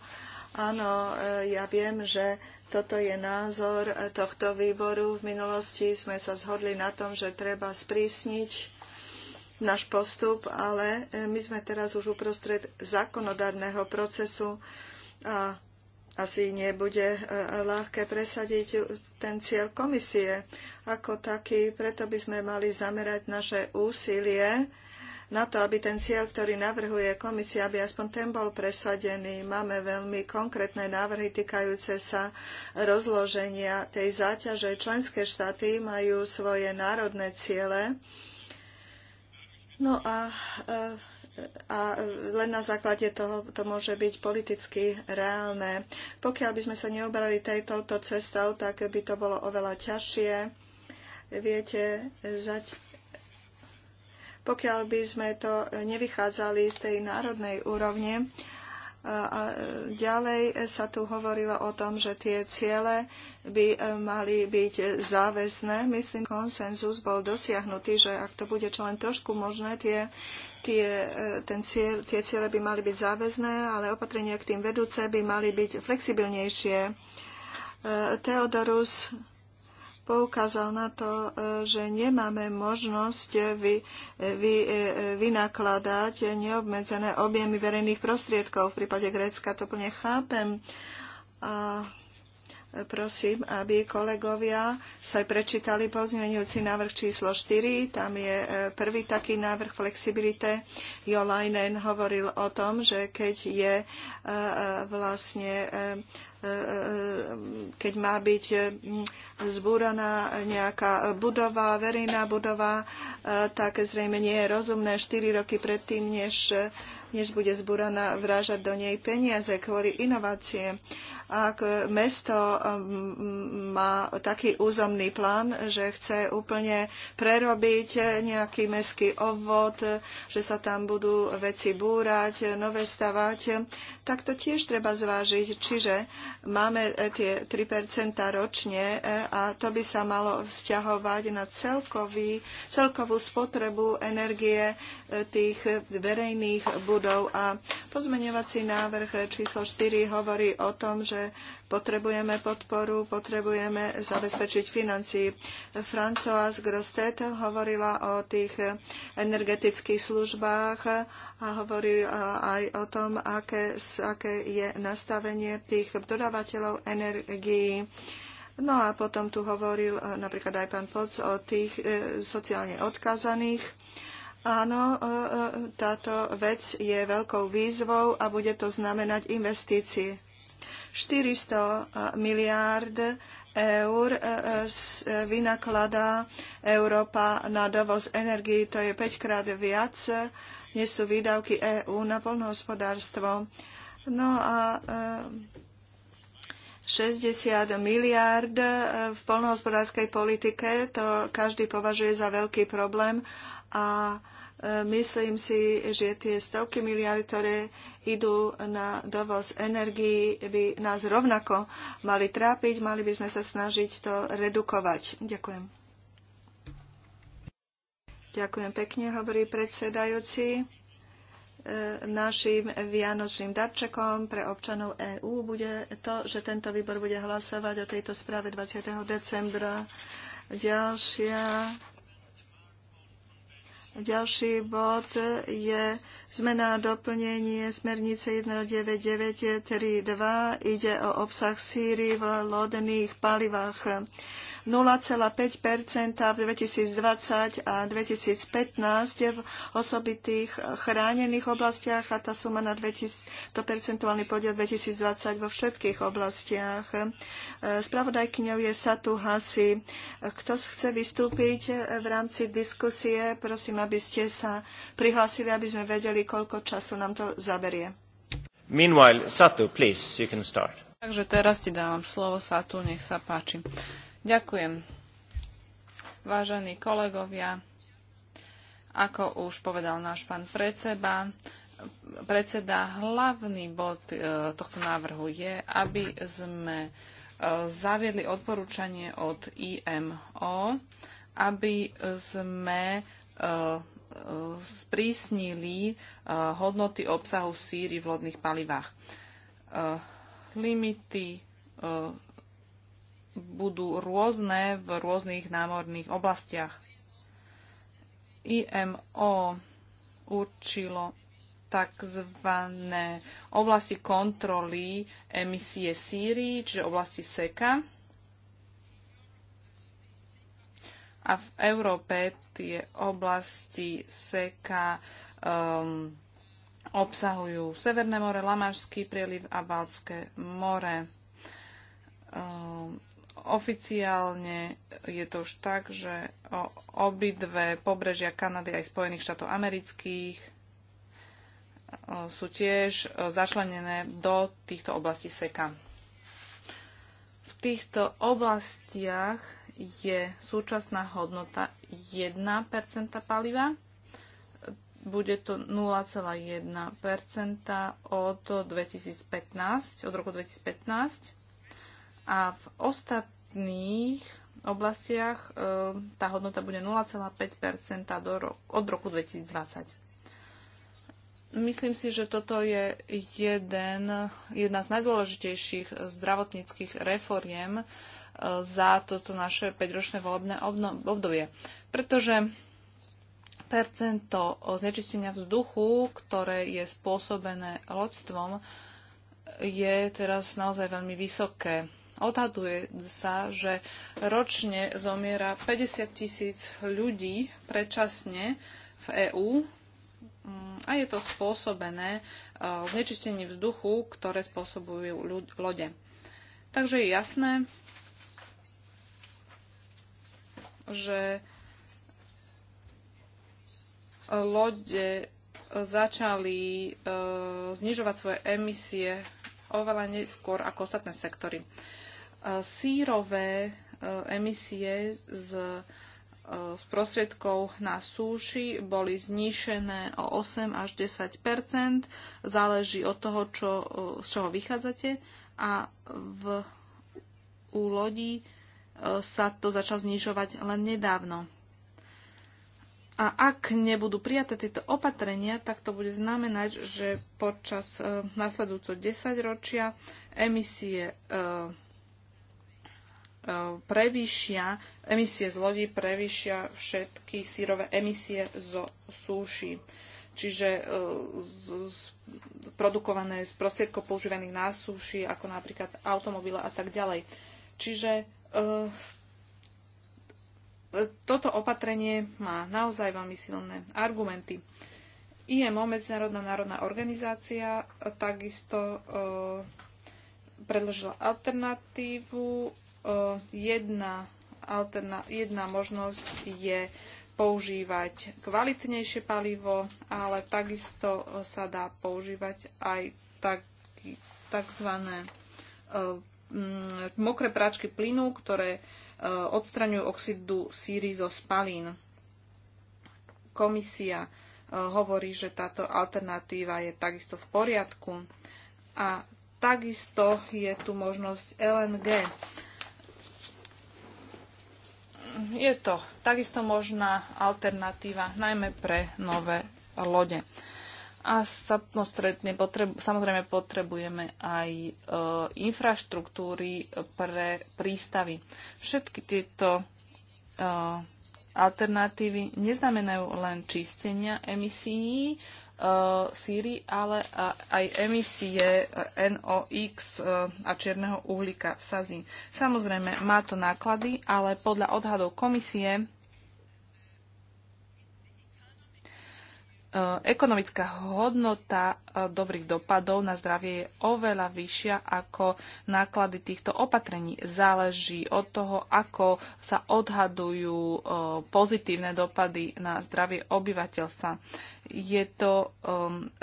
Áno, e, ja viem, že toto je názor e, tohto výboru. V minulosti sme sa zhodli na tom, že treba sprísniť náš postup, ale e, my sme teraz už uprostred zákonodárneho procesu a asi nebude ľahké presadiť ten cieľ komisie ako taký. Preto by sme mali zamerať naše úsilie na to, aby ten cieľ, ktorý navrhuje komisia, aby aspoň ten bol presadený. Máme veľmi konkrétne návrhy týkajúce sa rozloženia tej záťaže. Členské štáty majú svoje národné ciele. No a e, a len na základe toho to môže byť politicky reálne. Pokiaľ by sme sa neobrali touto cestou, tak by to bolo oveľa ťažšie. Viete, pokiaľ by sme to e, nevychádzali z tej národnej úrovne, a ďalej sa tu hovorilo o tom, že tie ciele by e, mali byť záväzné. Myslím, konsenzus bol dosiahnutý, že ak to bude čo len trošku možné, tie, tie, e, ten cieľ, tie ciele by mali byť záväzné, ale opatrenia k tým vedúce by mali byť flexibilnejšie. Teodorus poukázal na to, e, že nemáme možnosť vy, e, vy, e, vynakladať neobmedzené objemy verejných prostriedkov. V prípade Grécka to plne chápem. A prosím, aby kolegovia sa prečítali pozmeňujúci návrh číslo 4. Tam je e, prvý taký návrh flexibilite. Leinen hovoril o tom, že keď je e, e, vlastne keď má byť zbúraná nejaká budova, verejná budova, tak zrejme nie je rozumné 4 roky predtým, než než bude zburaná vrážať do nej peniaze kvôli inovácie. Ak mesto um, má taký územný plán, že chce úplne prerobiť nejaký mestský obvod, že sa tam budú veci búrať, nové stavať, tak to tiež treba zvážiť. Čiže máme e, tie 3% ročne e, a to by sa malo vzťahovať na celkový, celkovú spotrebu energie e, tých verejných budov. A pozmeňovací návrh číslo 4 hovorí o tom, že Potrebujeme podporu, potrebujeme zabezpečiť financí. Françoise Grostet hovorila o tých energetických službách a hovorila e, aj o tom, aké, aké je nastavenie tých dodávateľov energií. No a potom tu hovoril e, napríklad aj pán Poc o tých e, sociálne odkazaných. Áno, táto vec je veľkou výzvou a bude to znamenať investície. 400 miliárd eur e, e, e, vynakladá Európa na dovoz energii. To je 5 krát viac, než sú výdavky EÚ na polnohospodárstvo. No a 60 miliárd v polnohospodárskej politike, to každý považuje za veľký problém a E, myslím si, že tie stovky miliard, ktoré idú na dovoz energií, by nás rovnako mali trápiť, mali by sme sa snažiť to redukovať. Ďakujem. Ďakujem pekne, hovorí predsedajúci. E, našim vianočným darčekom pre občanov EÚ bude to, že tento výbor bude hlasovať o tejto správe 20. decembra. Ďalšia ďalší bod je zmena a doplnenie smernice 1993.2. Ide o obsah síry v lodných palivách. 0,5 v 2020 a 2015 v osobitých chránených oblastiach a tá suma na 2000, to percentuálny podiel 2020 vo všetkých oblastiach. E, Spravodajkňou je Satu Hasi. Kto chce vystúpiť v rámci diskusie, prosím, aby ste sa prihlásili, aby sme vedeli, koľko času nám to zaberie. Meanwhile, Satu, please, you can start. Takže teraz ti dávam slovo, Satu, nech sa páči. Ďakujem. Vážení kolegovia, ako už povedal náš pán predseba, predseda, hlavný bod e, tohto návrhu je, aby sme e, zaviedli odporúčanie od IMO, aby sme e, sprísnili hodnoty obsahu síry v lodných palivách. Limity budú rôzne v rôznych námorných oblastiach. IMO určilo tzv. oblasti kontroly emisie síry, čiže oblasti SEKA. A v Európe tie oblasti SEKA um, obsahujú Severné more, Lamašský prieliv a Balcké more. Um, Oficiálne je to už tak, že obidve pobrežia Kanady aj Spojených štátov amerických sú tiež začlenené do týchto oblastí SEKA. V týchto oblastiach je súčasná hodnota 1% paliva. Bude to 0,1% od 2015, od roku 2015. A v ostatných ostatných oblastiach e, tá hodnota bude 0,5 do od roku 2020. Myslím si, že toto je jeden, jedna z najdôležitejších zdravotníckých reforiem e, za toto naše 5-ročné volebné obdobie. Pretože percento znečistenia vzduchu, ktoré je spôsobené loďstvom, je teraz naozaj veľmi vysoké Odhaduje sa, že ročne zomiera 50 tisíc ľudí predčasne v EÚ mm, a je to spôsobené e, nečistení vzduchu, ktoré spôsobujú lode. Takže je jasné, že lode začali e, znižovať svoje emisie oveľa neskôr ako ostatné sektory sírové e, emisie z, e, z prostriedkov na súši boli znišené o 8 až 10 záleží od toho, čo, e, z čoho vychádzate a v, u lodí sa to začalo znižovať len nedávno. A ak nebudú prijaté tieto opatrenia, tak to bude znamenať, že počas e, 10 ročia emisie e, prevýšia, emisie z lodí prevýšia všetky sírové emisie zo súši. Čiže e, z, z, produkované z prostriedkov používaných na súši, ako napríklad automobile a tak ďalej. Čiže e, e, toto opatrenie má naozaj veľmi silné argumenty. IMO, Medzinárodná národná organizácia, takisto e, predložila alternatívu Jedna, alterna, jedna možnosť je používať kvalitnejšie palivo, ale takisto sa dá používať aj tak, tzv. E, mm, mokré práčky plynu, ktoré e, odstraňujú oxidu síry zo spalín. Komisia e, hovorí, že táto alternatíva je takisto v poriadku. A takisto je tu možnosť LNG je to takisto možná alternatíva, najmä pre nové lode. A potrebu, samozrejme potrebujeme aj e, infraštruktúry pre prístavy. Všetky tieto e, alternatívy neznamenajú len čistenia emisií, Eh, síry, ale aj emisie eh, NOx eh, a čierneho uhlíka sa Samozrejme, má to náklady, ale podľa odhadov komisie E, ekonomická hodnota e, dobrých dopadov na zdravie je oveľa vyššia ako náklady týchto opatrení. Záleží od toho, ako sa odhadujú e, pozitívne dopady na zdravie obyvateľstva. Je to 2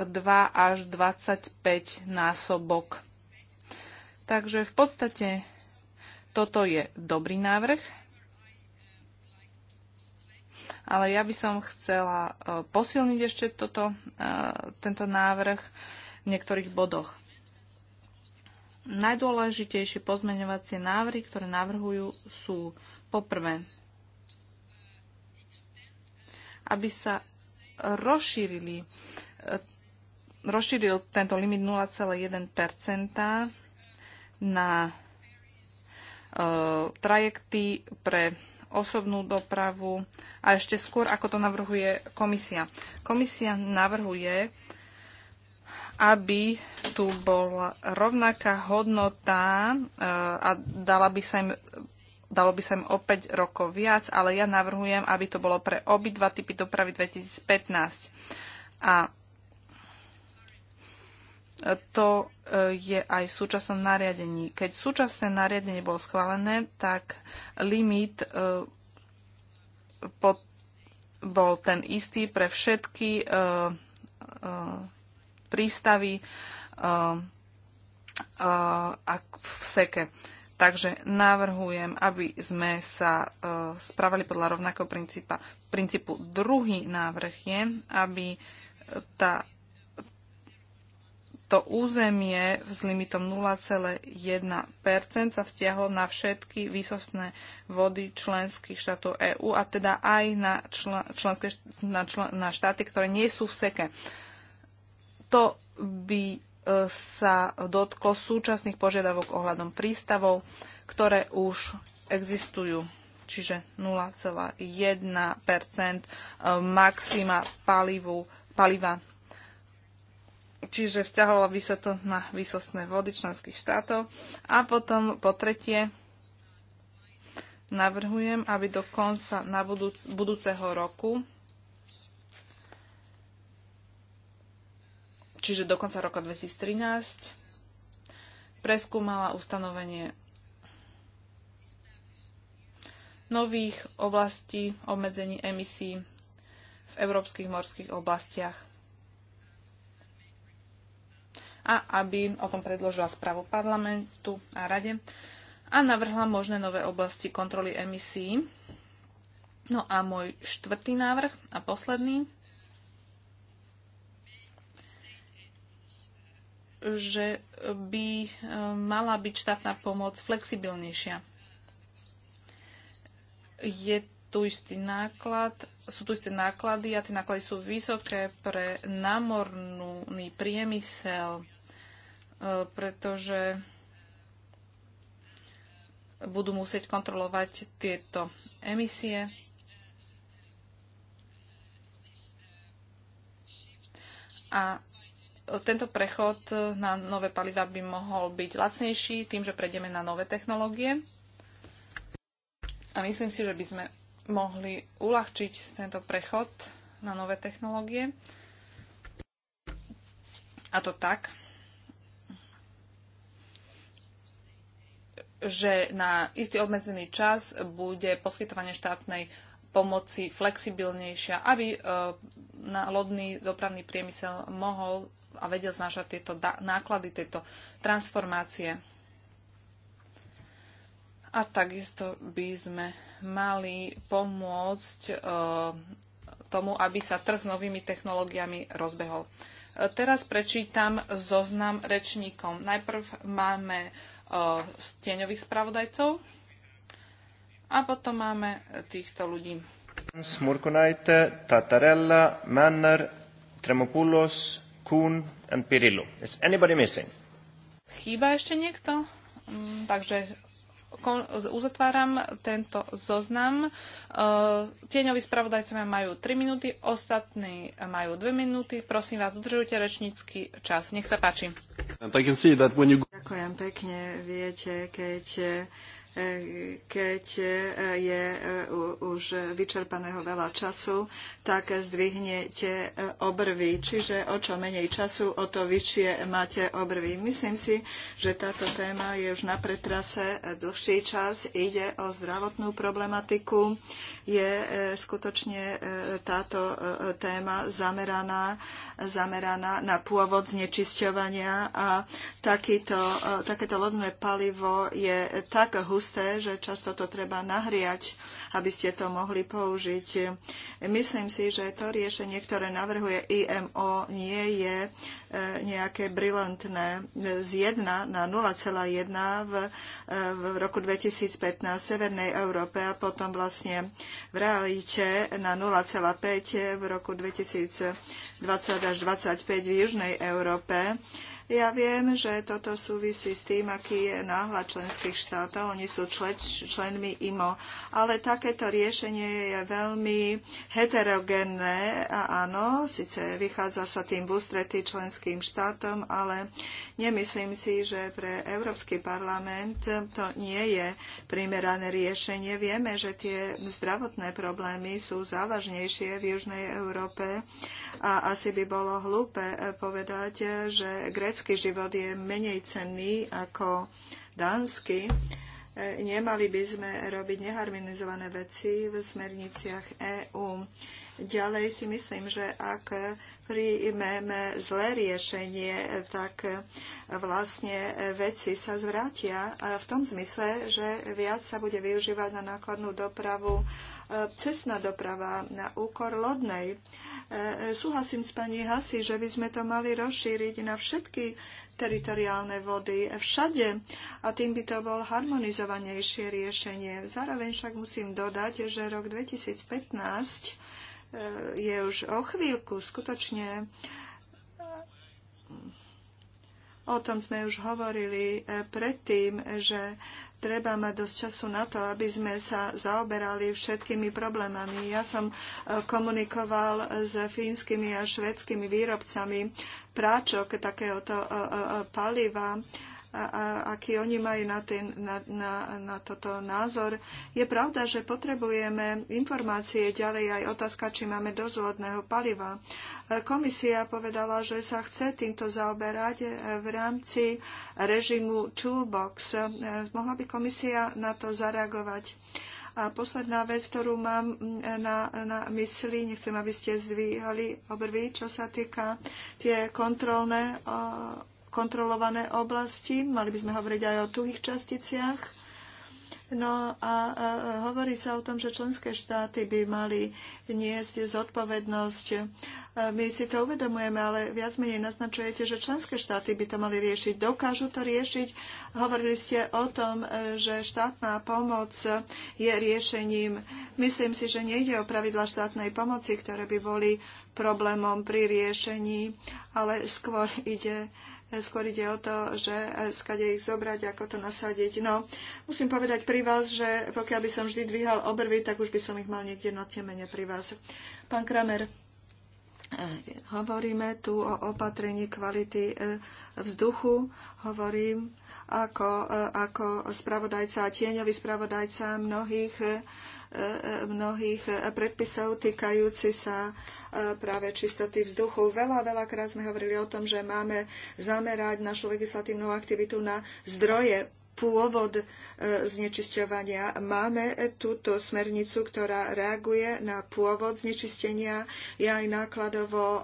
až 25 násobok. Takže v podstate toto je dobrý návrh ale ja by som chcela e, posilniť ešte toto, e, tento návrh v niektorých bodoch. Najdôležitejšie pozmeňovacie návrhy, ktoré navrhujú, sú poprvé, aby sa rozšírili, e, rozšíril tento limit 0,1 na trajekty pre osobnú dopravu, a ešte skôr, ako to navrhuje komisia. Komisia navrhuje, aby tu bola rovnaká hodnota e, a dala by sa im dalo by sa im o 5 rokov viac, ale ja navrhujem, aby to bolo pre obidva typy dopravy 2015. A to e, je aj v súčasnom nariadení. Keď súčasné nariadenie bolo schválené, tak limit e, pod, bol ten istý pre všetky e, e, prístavy e, e a v seke. Takže navrhujem, aby sme sa e, spravili podľa rovnakého princípa. Princípu druhý návrh je, aby tá to územie s limitom 0,1 sa vzťahlo na všetky výsostné vody členských štátov EÚ a teda aj na, členské, na, člen, na štáty, ktoré nie sú v seke. To by e, sa dotklo súčasných požiadavok ohľadom prístavov, ktoré už existujú čiže 0,1 e, maxima palivu, paliva čiže vzťahovalo by sa to na výsostné vody členských štátov. A potom po tretie navrhujem, aby do konca na budúc- budúceho roku čiže do konca roka 2013 preskúmala ustanovenie nových oblastí obmedzení emisí v európskych morských oblastiach a aby o tom predložila správu parlamentu a rade a navrhla možné nové oblasti kontroly emisí. No a môj štvrtý návrh a posledný, že by e, mala byť štátna pomoc flexibilnejšia je tu istý náklad, sú tu isté náklady a tie náklady sú vysoké pre námorný priemysel, e, pretože budú musieť kontrolovať tieto emisie. A tento prechod na nové paliva by mohol byť lacnejší tým, že prejdeme na nové technológie. A myslím si, že by sme mohli uľahčiť tento prechod na nové technológie. A to tak, že na istý obmedzený čas bude poskytovanie štátnej pomoci flexibilnejšia, aby e, na lodný dopravný priemysel mohol a vedel znášať tieto náklady, tieto transformácie. A takisto by sme mali pomôcť e, tomu, aby sa trh s novými technológiami rozbehol. E, teraz prečítam zoznam rečníkom. Najprv máme stieňových e, spravodajcov a potom máme týchto ľudí. Smurkunaite, Tatarella, Manner, Tremopoulos, Kuhn and Pirillo. Is anybody missing? Chýba ešte niekto? Mm, takže uzatváram tento zoznam. E, tieňoví spravodajcovia majú 3 minúty, ostatní majú 2 minúty. Prosím vás, dodržujte rečnícky čas. Nech sa páči. Ďakujem pekne. Viete, keď keď e, je e, už vyčerpaného veľa času, tak zdvihnete e, obrvy. Čiže o čo menej času, o to vyššie máte obrvy. Myslím si, že táto téma je už na pretrase dlhší čas. Ide o zdravotnú problematiku. Je skutočne táto téma zameraná, zameraná na pôvod znečisťovania a takýto, takéto lodné palivo je tak husté, husté, že často to treba nahriať, aby ste to mohli použiť. Myslím si, že to riešenie, ktoré navrhuje IMO, nie je e, nejaké brilantné. Z 1 na 0,1 v, e, v roku 2015 v Severnej Európe a potom vlastne v realite na 0,5 v roku 2020 až 2025 v Južnej Európe. Ja viem, že toto súvisí s tým, aký je náhľad členských štátov. Oni sú člen, členmi IMO. Ale takéto riešenie je veľmi heterogénne a áno, síce vychádza sa tým v ústretí členským štátom, ale nemyslím si, že pre Európsky parlament to nie je primerané riešenie. Vieme, že tie zdravotné problémy sú závažnejšie v Južnej Európe a asi by bolo hlúpe povedať, že Grécko grécky život je menej cenný ako dánsky, e, nemali by sme robiť neharmonizované veci v smerniciach EÚ. Ďalej si myslím, že ak príjmeme zlé riešenie, tak vlastne veci sa zvrátia v tom zmysle, že viac sa bude využívať na nákladnú dopravu cestná doprava na úkor lodnej. E, súhlasím s pani Hasi, že by sme to mali rozšíriť na všetky teritoriálne vody všade a tým by to bol harmonizovanejšie riešenie. Zároveň však musím dodať, že rok 2015 e, je už o chvíľku skutočne O tom sme už hovorili e, predtým, že treba mať dosť času na to, aby sme sa zaoberali všetkými problémami. Ja som e, komunikoval s fínskymi a švedskými výrobcami práčok takéhoto e, e, paliva a, a aký oni majú na, ten, na, na, na toto názor. Je pravda, že potrebujeme informácie ďalej aj otázka, či máme dosť paliva. E, komisia povedala, že sa chce týmto zaoberať e, v rámci režimu Toolbox. E, mohla by komisia na to zareagovať? A posledná vec, ktorú mám na, na mysli, nechcem, aby ste zvíhali obrvy, čo sa týka tie kontrolné kontrolované oblasti. Mali by sme hovoriť aj o tuhých časticiach. No a hovorí sa o tom, že členské štáty by mali niesť zodpovednosť. E, my si to uvedomujeme, ale viac menej naznačujete, že členské štáty by to mali riešiť. Dokážu to riešiť? Hovorili ste o tom, e, že štátna pomoc je riešením. Myslím si, že nejde o pravidla štátnej pomoci, ktoré by boli problémom pri riešení, ale skôr ide Skôr ide o to, že skade ich zobrať, ako to nasadiť. No, musím povedať pri vás, že pokiaľ by som vždy dvíhal obrvy, tak už by som ich mal niekde na temene pri vás. Pán Kramer, eh, hovoríme tu o opatrení kvality eh, vzduchu, hovorím ako, eh, ako spravodajca a tieňový spravodajca mnohých mnohých predpisov týkajúci sa e, práve čistoty vzduchu. Veľa, veľakrát sme hovorili o tom, že máme zamerať našu legislatívnu aktivitu na zdroje pôvod e, znečisťovania. Máme túto smernicu, ktorá reaguje na pôvod znečistenia, je aj nákladovo e,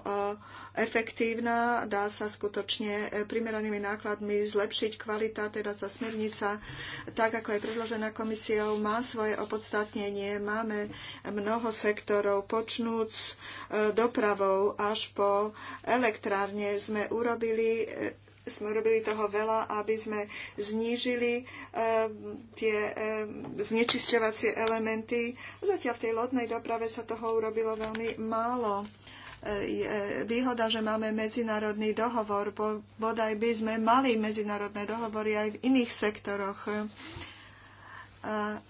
efektívna, dá sa skutočne e, primeranými nákladmi zlepšiť kvalita, teda tá smernica, tak ako je predložená komisiou, má svoje opodstatnenie. Máme mnoho sektorov, počnúc dopravou až po elektrárne. Sme urobili sme robili toho veľa, aby sme znížili eh, tie eh, znečisťovacie elementy. Zatiaľ v tej lodnej doprave sa toho urobilo veľmi málo eh, výhoda, že máme medzinárodný dohovor. Bodaj by sme mali medzinárodné dohovory aj v iných sektoroch.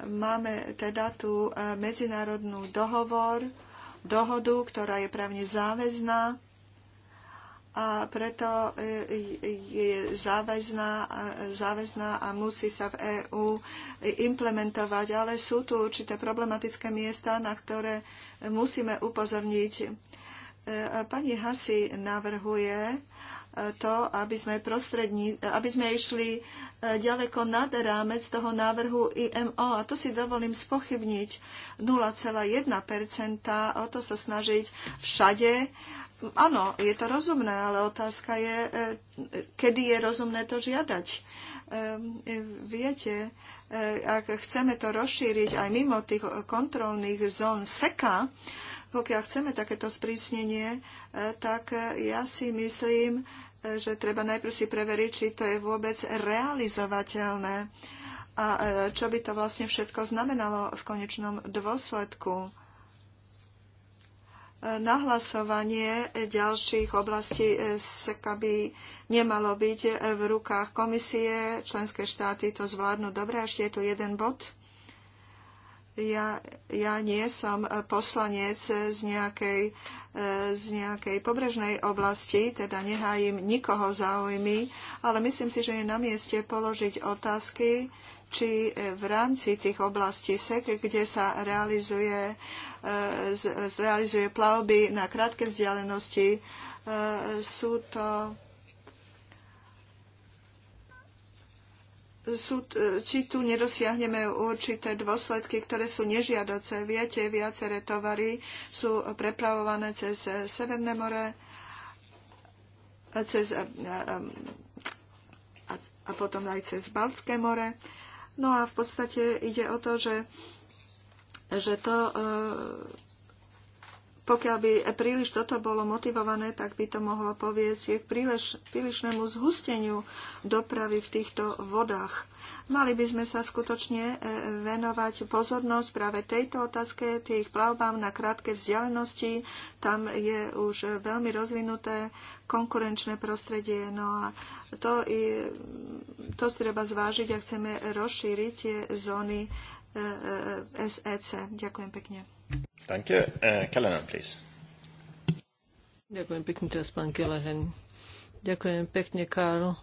Máme teda tú medzinárodnú dohovor, dohodu, ktorá je právne záväzná a preto e, e, je záväzná, e, záväzná a musí sa v EÚ implementovať. Ale sú tu určité problematické miesta, na ktoré musíme upozorniť. Pani Hasi navrhuje to, aby sme, prostrední, aby sme išli ďaleko nad rámec toho návrhu IMO. A to si dovolím spochybniť 0,1%. O to sa snažiť všade Áno, je to rozumné, ale otázka je, e, kedy je rozumné to žiadať. E, e, viete, ak chceme to rozšíriť aj mimo tých kontrolných zón SEKA, pokiaľ chceme takéto sprísnenie, tak ja si myslím, že treba najprv si preveriť, či to je vôbec realizovateľné a čo by to vlastne všetko znamenalo v konečnom dôsledku nahlasovanie ďalších oblastí eh, by nemalo byť eh, v rukách komisie. Členské štáty to zvládnu dobre, ešte je tu jeden bod. Ja, ja nie som eh, poslanec z nejakej, z nejakej pobrežnej oblasti, teda nehájim nikoho záujmy, ale myslím si, že je na mieste položiť otázky, či v rámci tých oblastí SEK, kde sa realizuje, e, realizuje plavby na krátke vzdialenosti, e, sú to sú, e, či tu nedosiahneme určité dôsledky, ktoré sú nežiadoce. Viete, viaceré tovary sú prepravované cez Severné more, cez, a, a potom aj cez Baltské more. No a v podstate ide o to, že, že to, e, pokiaľ by príliš toto bolo motivované, tak by to mohlo poviesť k príliš, prílišnému zhusteniu dopravy v týchto vodách. Mali by sme sa skutočne e, venovať pozornosť práve tejto otázke, tých plavbám na krátke vzdialenosti. Tam je už veľmi rozvinuté konkurenčné prostredie. No a to, i, to treba zvážiť, ak chceme rozšíriť tie zóny e, e, SEC. Ďakujem pekne. Danke. Uh, please. Ďakujem pekne teraz, pán Ďakujem pekne, Karl.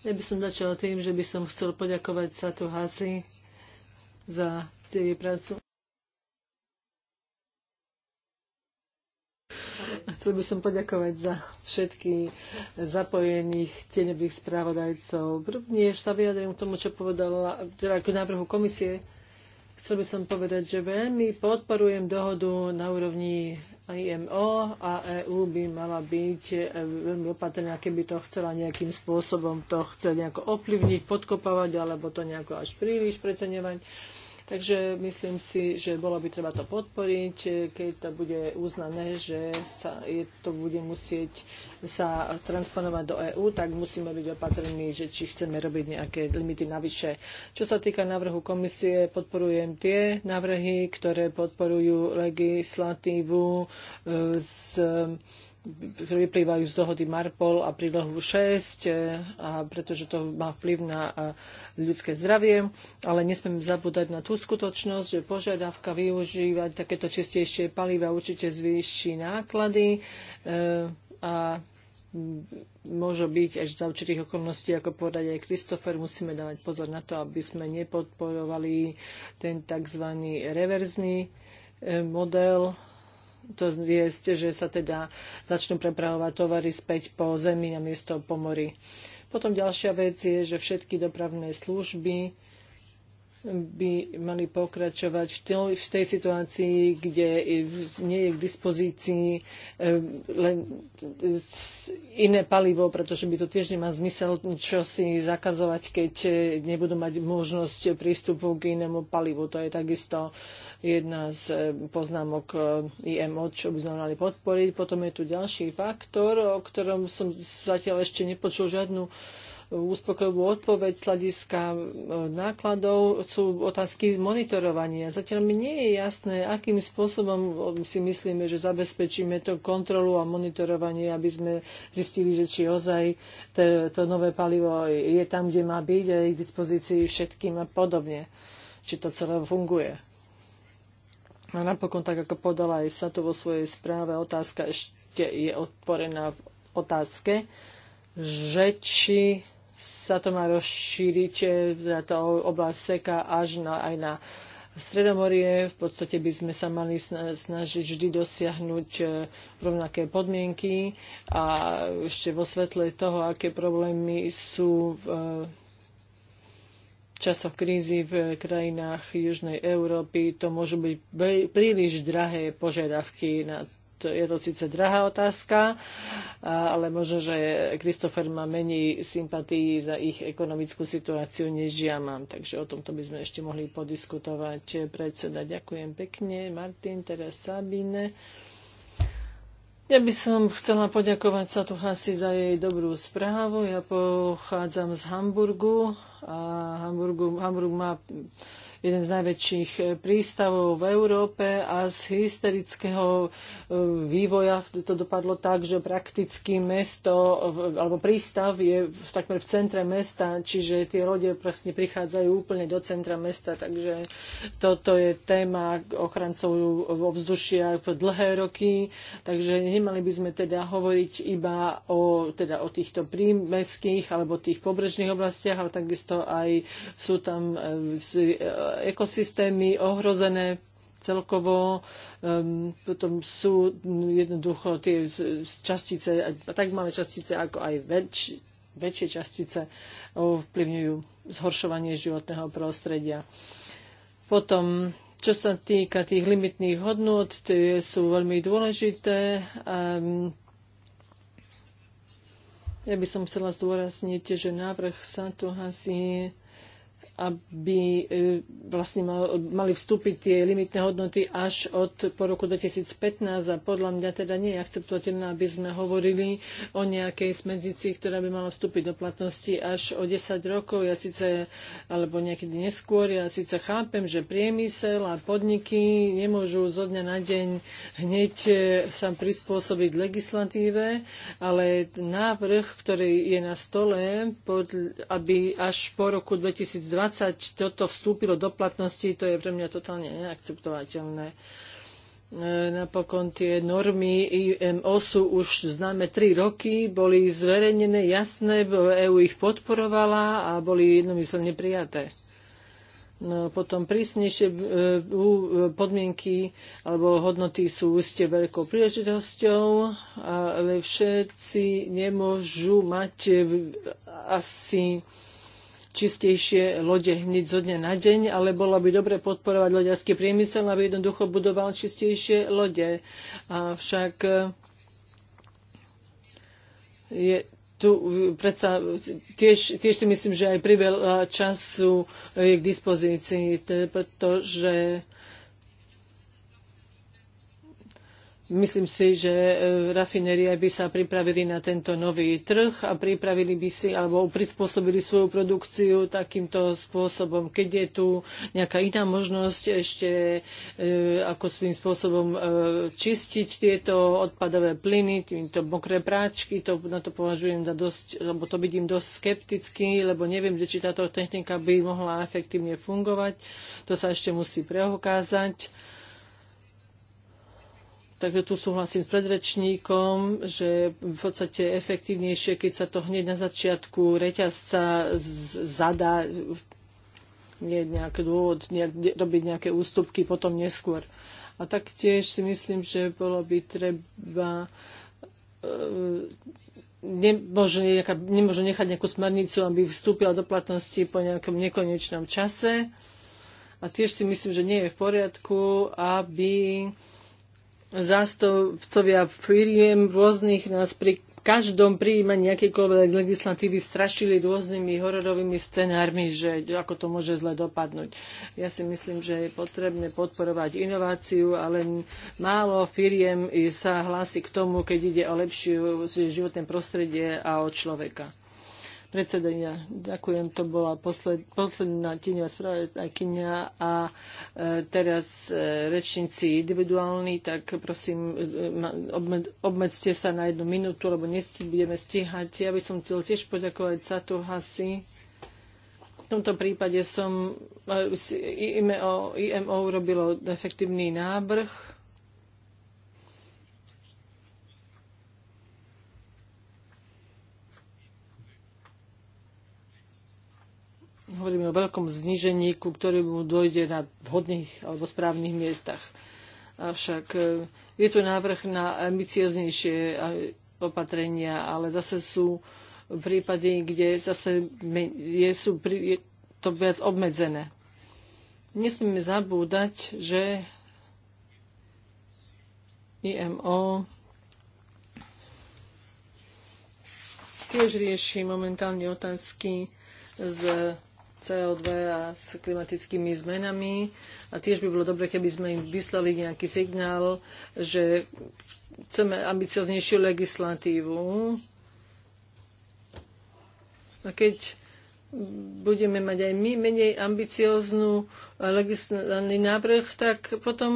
Ja by som začala tým, že by som chcel poďakovať Satu Hasi za jej prácu. Chcel by som poďakovať za všetky zapojených tieňových správodajcov. Prvnež sa vyjadrím k tomu, čo povedala teda k návrhu komisie. Chcel by som povedať, že veľmi podporujem dohodu na úrovni IMO a EÚ by mala byť e, veľmi opatrná, keby to chcela nejakým spôsobom to chce nejako ovplyvniť, podkopávať alebo to nejako až príliš preceňovať. Takže myslím si, že bolo by treba to podporiť, keď to bude uznané, že sa, je, to bude musieť sa transponovať do EÚ, tak musíme byť opatrní, že či chceme robiť nejaké limity navyše. Čo sa týka návrhu komisie, podporujem tie návrhy, ktoré podporujú legislatívu e, z vyplývajú z dohody Marpol a prílohu 6, e, a pretože to má vplyv na e, ľudské zdravie, ale nesmieme zabúdať na tú skutočnosť, že požiadavka využívať takéto čistejšie paliva určite zvýši náklady e, a môže byť až za určitých okolností, ako povedať aj Kristofer, musíme dávať pozor na to, aby sme nepodporovali ten tzv. reverzný model to zviesť, že sa teda začnú prepravovať tovary späť po zemi a miesto po mori. Potom ďalšia vec je, že všetky dopravné služby by mali pokračovať v, v tej situácii, kde nie je k dispozícii e, len iné palivo, pretože by to tiež nemá zmysel čo si zakazovať, keď e, nebudú mať možnosť prístupu k inému palivu. To je takisto jedna z e, poznámok IMO, čo by sme mali podporiť. Potom je tu ďalší faktor, o ktorom som zatiaľ ešte nepočul žiadnu uspokojivú odpoveď z hľadiska e, nákladov sú otázky monitorovania. Zatiaľ mi nie je jasné, akým spôsobom si myslíme, že zabezpečíme to kontrolu a monitorovanie, aby sme zistili, že či ozaj to, to nové palivo je tam, kde má byť a je k dispozícii všetkým a podobne. Či to celé funguje. A napokon, tak ako podala aj Sato vo svojej správe, otázka ešte je otvorená v otázke, že či sa to má rozšíriť, e, teda tá oblasť seka až na, aj na Stredomorie, v podstate by sme sa mali snažiť vždy dosiahnuť e, rovnaké podmienky a ešte vo svetle toho, aké problémy sú v e, časoch krízy v krajinách Južnej Európy, to môžu byť príliš drahé požiadavky na je to síce drahá otázka, ale možno, že Kristofer má menej sympatí za ich ekonomickú situáciu, než ja mám. Takže o tomto by sme ešte mohli podiskutovať. Eh, predseda, ďakujem pekne. Martin, teraz Sabine. Ja by som chcela poďakovať Satu Hasi za jej dobrú správu. Ja pochádzam z Hamburgu a Hamburgu, Hamburg má jeden z najväčších e, prístavov v Európe a z hysterického e, vývoja to dopadlo tak, že prakticky mesto alebo prístav je takmer v centre mesta, čiže tie lode vlastne prichádzajú úplne do centra mesta, takže toto je téma ochrancov ovzdušia dlhé roky, takže nemali by sme teda hovoriť iba o, teda o týchto prímeských alebo tých pobrežných oblastiach, ale takisto aj sú tam e, ekosystémy ohrozené celkovo, um, potom sú jednoducho tie častice, tak malé častice ako aj väč, väčšie častice vplyvňujú zhoršovanie životného prostredia. Potom, čo sa týka tých limitných hodnot, tie sú veľmi dôležité. Um, ja by som chcela zdôrazniť, že návrh sa tu hasí aby e, vlastne mali vstúpiť tie limitné hodnoty až od po roku 2015 a podľa mňa teda nie je akceptovateľné, aby sme hovorili o nejakej smernici, ktorá by mala vstúpiť do platnosti až o 10 rokov. Ja síce, alebo niekedy neskôr, ja síce chápem, že priemysel a podniky nemôžu zo dňa na deň hneď e, sa prispôsobiť legislatíve, ale návrh, ktorý je na stole, aby až po roku 2020 2020 toto vstúpilo do platnosti, to je pre mňa totálne neakceptovateľné. E, napokon tie normy IMO sú už známe 3 roky, boli zverejnené jasné, EU ich podporovala a boli jednomyselne prijaté. No, potom prísnejšie e, podmienky alebo hodnoty sú ste veľkou príležitosťou, ale všetci nemôžu mať asi čistejšie lode hneď zo dňa na deň, ale bolo by dobre podporovať loďarský priemysel, aby jednoducho budoval čistejšie lode. Avšak eh, je tu eh, predsa tiež, tiež si myslím, že aj priveľa času je k dispozícii, pretože Myslím si, že e, rafinérie by sa pripravili na tento nový trh a pripravili by si alebo prispôsobili svoju produkciu takýmto spôsobom. Keď je tu nejaká iná možnosť ešte e, ako svým spôsobom e, čistiť tieto odpadové plyny, týmto mokré práčky, to, na to považujem za dosť, lebo to vidím dosť skepticky, lebo neviem, či táto technika by mohla efektívne fungovať. To sa ešte musí preukázať. Takže tu súhlasím s predrečníkom, že v podstate efektívnejšie, keď sa to hneď na začiatku reťazca zadá, nie je nejaký dôvod ne, robiť nejaké ústupky potom neskôr. A taktiež si myslím, že bolo by treba e, nemôže, nejaká, nemôže nechať nejakú smernicu, aby vstúpila do platnosti po nejakom nekonečnom čase. A tiež si myslím, že nie je v poriadku, aby zástupcovia firiem rôznych nás pri každom prijímaní akékoľvek legislatívy strašili rôznymi hororovými scenármi, že ako to môže zle dopadnúť. Ja si myslím, že je potrebné podporovať inováciu, ale málo firiem sa hlási k tomu, keď ide o lepšie životné prostredie a o človeka predsedenia. Ďakujem, to bola posled, posledná tieňová spravodajkynia a e, teraz e, rečníci individuálni, tak prosím, e, obmed, obmedzte sa na jednu minútu, lebo nestiť budeme stíhať. Ja by som chcel tiež poďakovať Satu Hasi. V tomto prípade som e, IMO, IMO urobilo efektívny návrh hovoríme o veľkom znižení, ku ktorému dojde na vhodných alebo správnych miestach. Avšak e, je tu návrh na ambicioznejšie e, opatrenia, ale zase sú prípady, kde zase je, sú je to viac obmedzené. Nesmieme zabúdať, že IMO tiež rieši momentálne otázky z CO2 a s klimatickými zmenami. A tiež by bolo dobre, keby sme im vyslali nejaký signál, že chceme ambicioznejšiu legislatívu. A keď budeme mať aj my menej ambicioznú legislatívny návrh, tak potom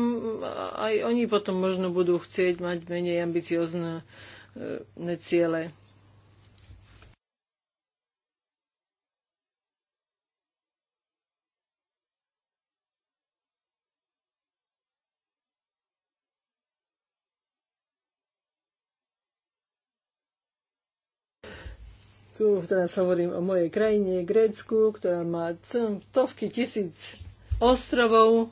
aj oni potom možno budú chcieť mať menej ambiciozne e, ciele. tu teraz hovorím o mojej krajine, Grécku, ktorá má stovky tisíc ostrovov,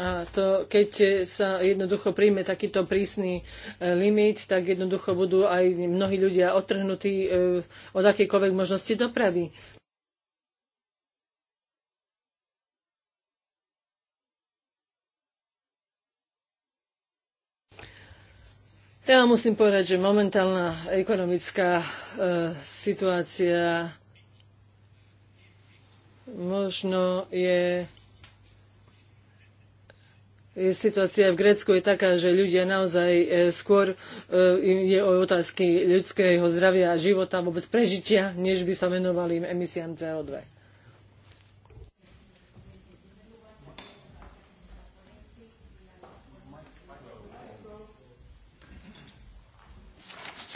A to, keď sa jednoducho príjme takýto prísny e, limit, tak jednoducho budú aj mnohí ľudia otrhnutí e, od akejkoľvek možnosti dopravy. Ja musím povedať, že momentálna ekonomická e, situácia možno je situácia v Grécku je taká, že ľudia naozaj e, skôr e, je o otázky ľudského zdravia a života, vôbec prežitia, než by sa venovali im emisiám CO2.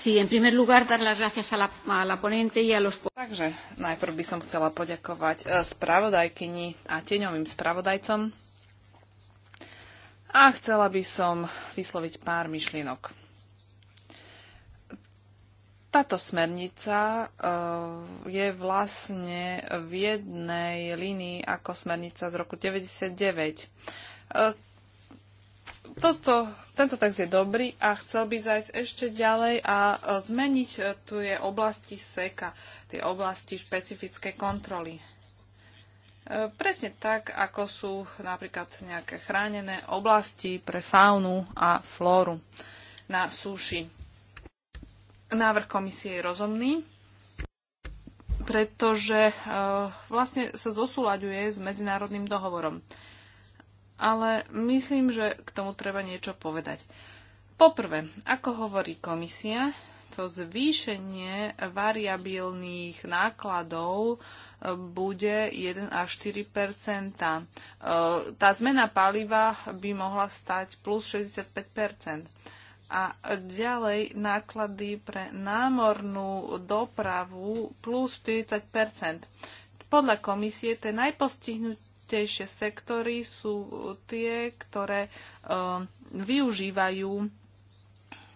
Sí, en primer lugar, dar las gracias a la, a la ponente y a los... Takže najprv by som chcela poďakovať eh, spravodajkyni a tieňovým spravodajcom a chcela by som vysloviť pár myšlienok. Táto smernica eh, je vlastne v jednej línii ako smernica z roku 99 toto, tento text je dobrý a chcel by zajsť ešte ďalej a e, zmeniť e, tu je oblasti SEKA, tie oblasti špecifické kontroly. E, presne tak, ako sú napríklad nejaké chránené oblasti pre faunu a flóru na súši. Návrh komisie je rozumný, pretože vlastne sa zosúľaďuje s medzinárodným dohovorom ale myslím, že k tomu treba niečo povedať. Poprvé, ako hovorí komisia, to zvýšenie variabilných nákladov e, bude 1 až 4 e, Tá zmena paliva by mohla stať plus 65 a ďalej náklady pre námornú dopravu plus 40 Podľa komisie tie najpostihnuté najdôležitejšie sektory sú tie, ktoré eh, využívajú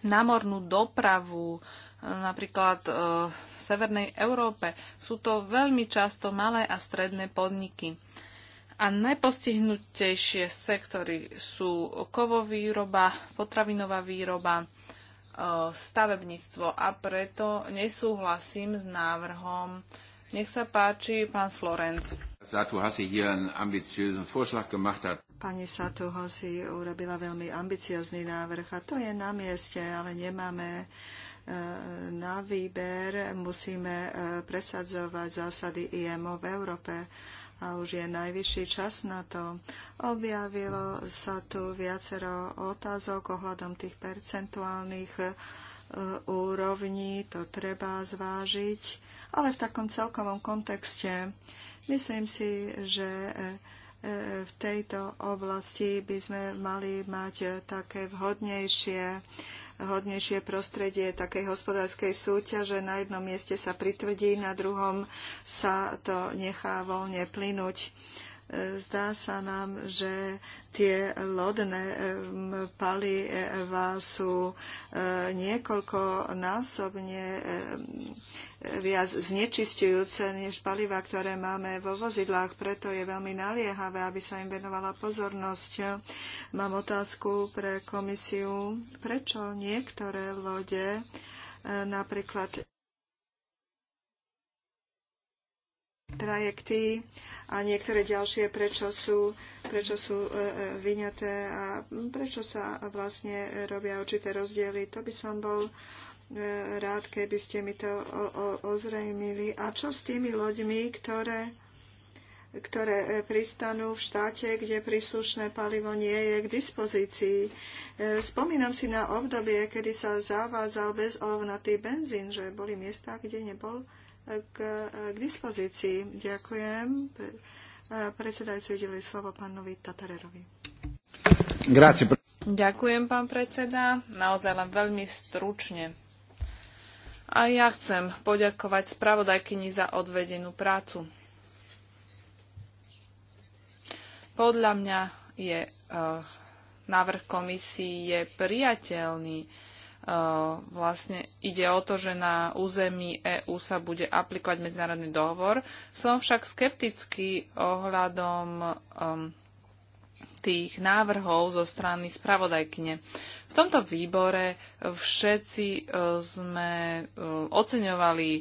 námornú dopravu, eh, napríklad eh, v Severnej Európe. Sú to veľmi často malé a stredné podniky. A najpostihnutejšie sektory sú kovovýroba, potravinová výroba, stavebníctvo a preto nesúhlasím s návrhom nech sa páči, pán Florenc. Pani Satuhasi urobila veľmi ambiciozný návrh a to je na mieste, ale nemáme e, na výber. Musíme e, presadzovať zásady IMO v Európe a už je najvyšší čas na to. Objavilo sa tu viacero otázok ohľadom tých percentuálnych e, úrovní, to treba zvážiť ale v takom celkovom kontexte myslím si, že e, e, v tejto oblasti by sme mali mať e, také vhodnejšie hodnejšie prostredie takej hospodárskej súťaže. Na jednom mieste sa pritvrdí, na druhom sa to nechá voľne plynúť. Zdá sa nám, že tie lodné eh, paliva eh, sú eh, niekoľkonásobne viac znečistujúce než paliva, ktoré máme vo vozidlách. Preto je veľmi naliehavé, aby sa im venovala pozornosť. Mám otázku pre komisiu. Prečo niektoré lode napríklad trajekty a niektoré ďalšie, prečo sú, prečo sú e, e, vyňaté a prečo sa vlastne robia určité rozdiely. To by som bol e, rád, keby ste mi to ozrejmili. A čo s tými loďmi, ktoré, ktoré pristanú v štáte, kde príslušné palivo nie je k dispozícii. Spomínam si na obdobie, kedy sa zavádzal ovnatý benzín, že boli miesta, kde nebol k, k dispozícii. Ďakujem. Predsedajúci udelili slovo pánovi Tatarerovi. Grazie. Ďakujem, pán predseda. Naozaj len veľmi stručne. A ja chcem poďakovať spravodajkyni za odvedenú prácu. Podľa mňa je uh, návrh komisii je priateľný Eh, vlastne ide o to, že na území EÚ sa bude aplikovať medzinárodný dohovor. Som však skeptický ohľadom um, tých návrhov zo strany spravodajkyne. V tomto výbore všetci eh, sme eh, oceňovali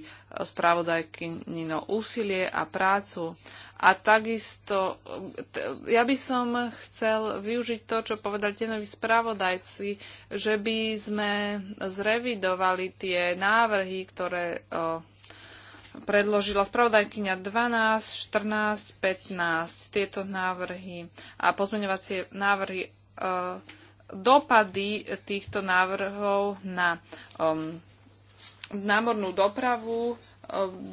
spravodajkynino úsilie a prácu a takisto, ja by som chcel využiť to, čo povedali tenovi spravodajci, že by sme zrevidovali tie návrhy, ktoré o, predložila spravodajkyňa 12, 14, 15, tieto návrhy a pozmeňovacie návrhy, o, dopady týchto návrhov na o, námornú dopravu,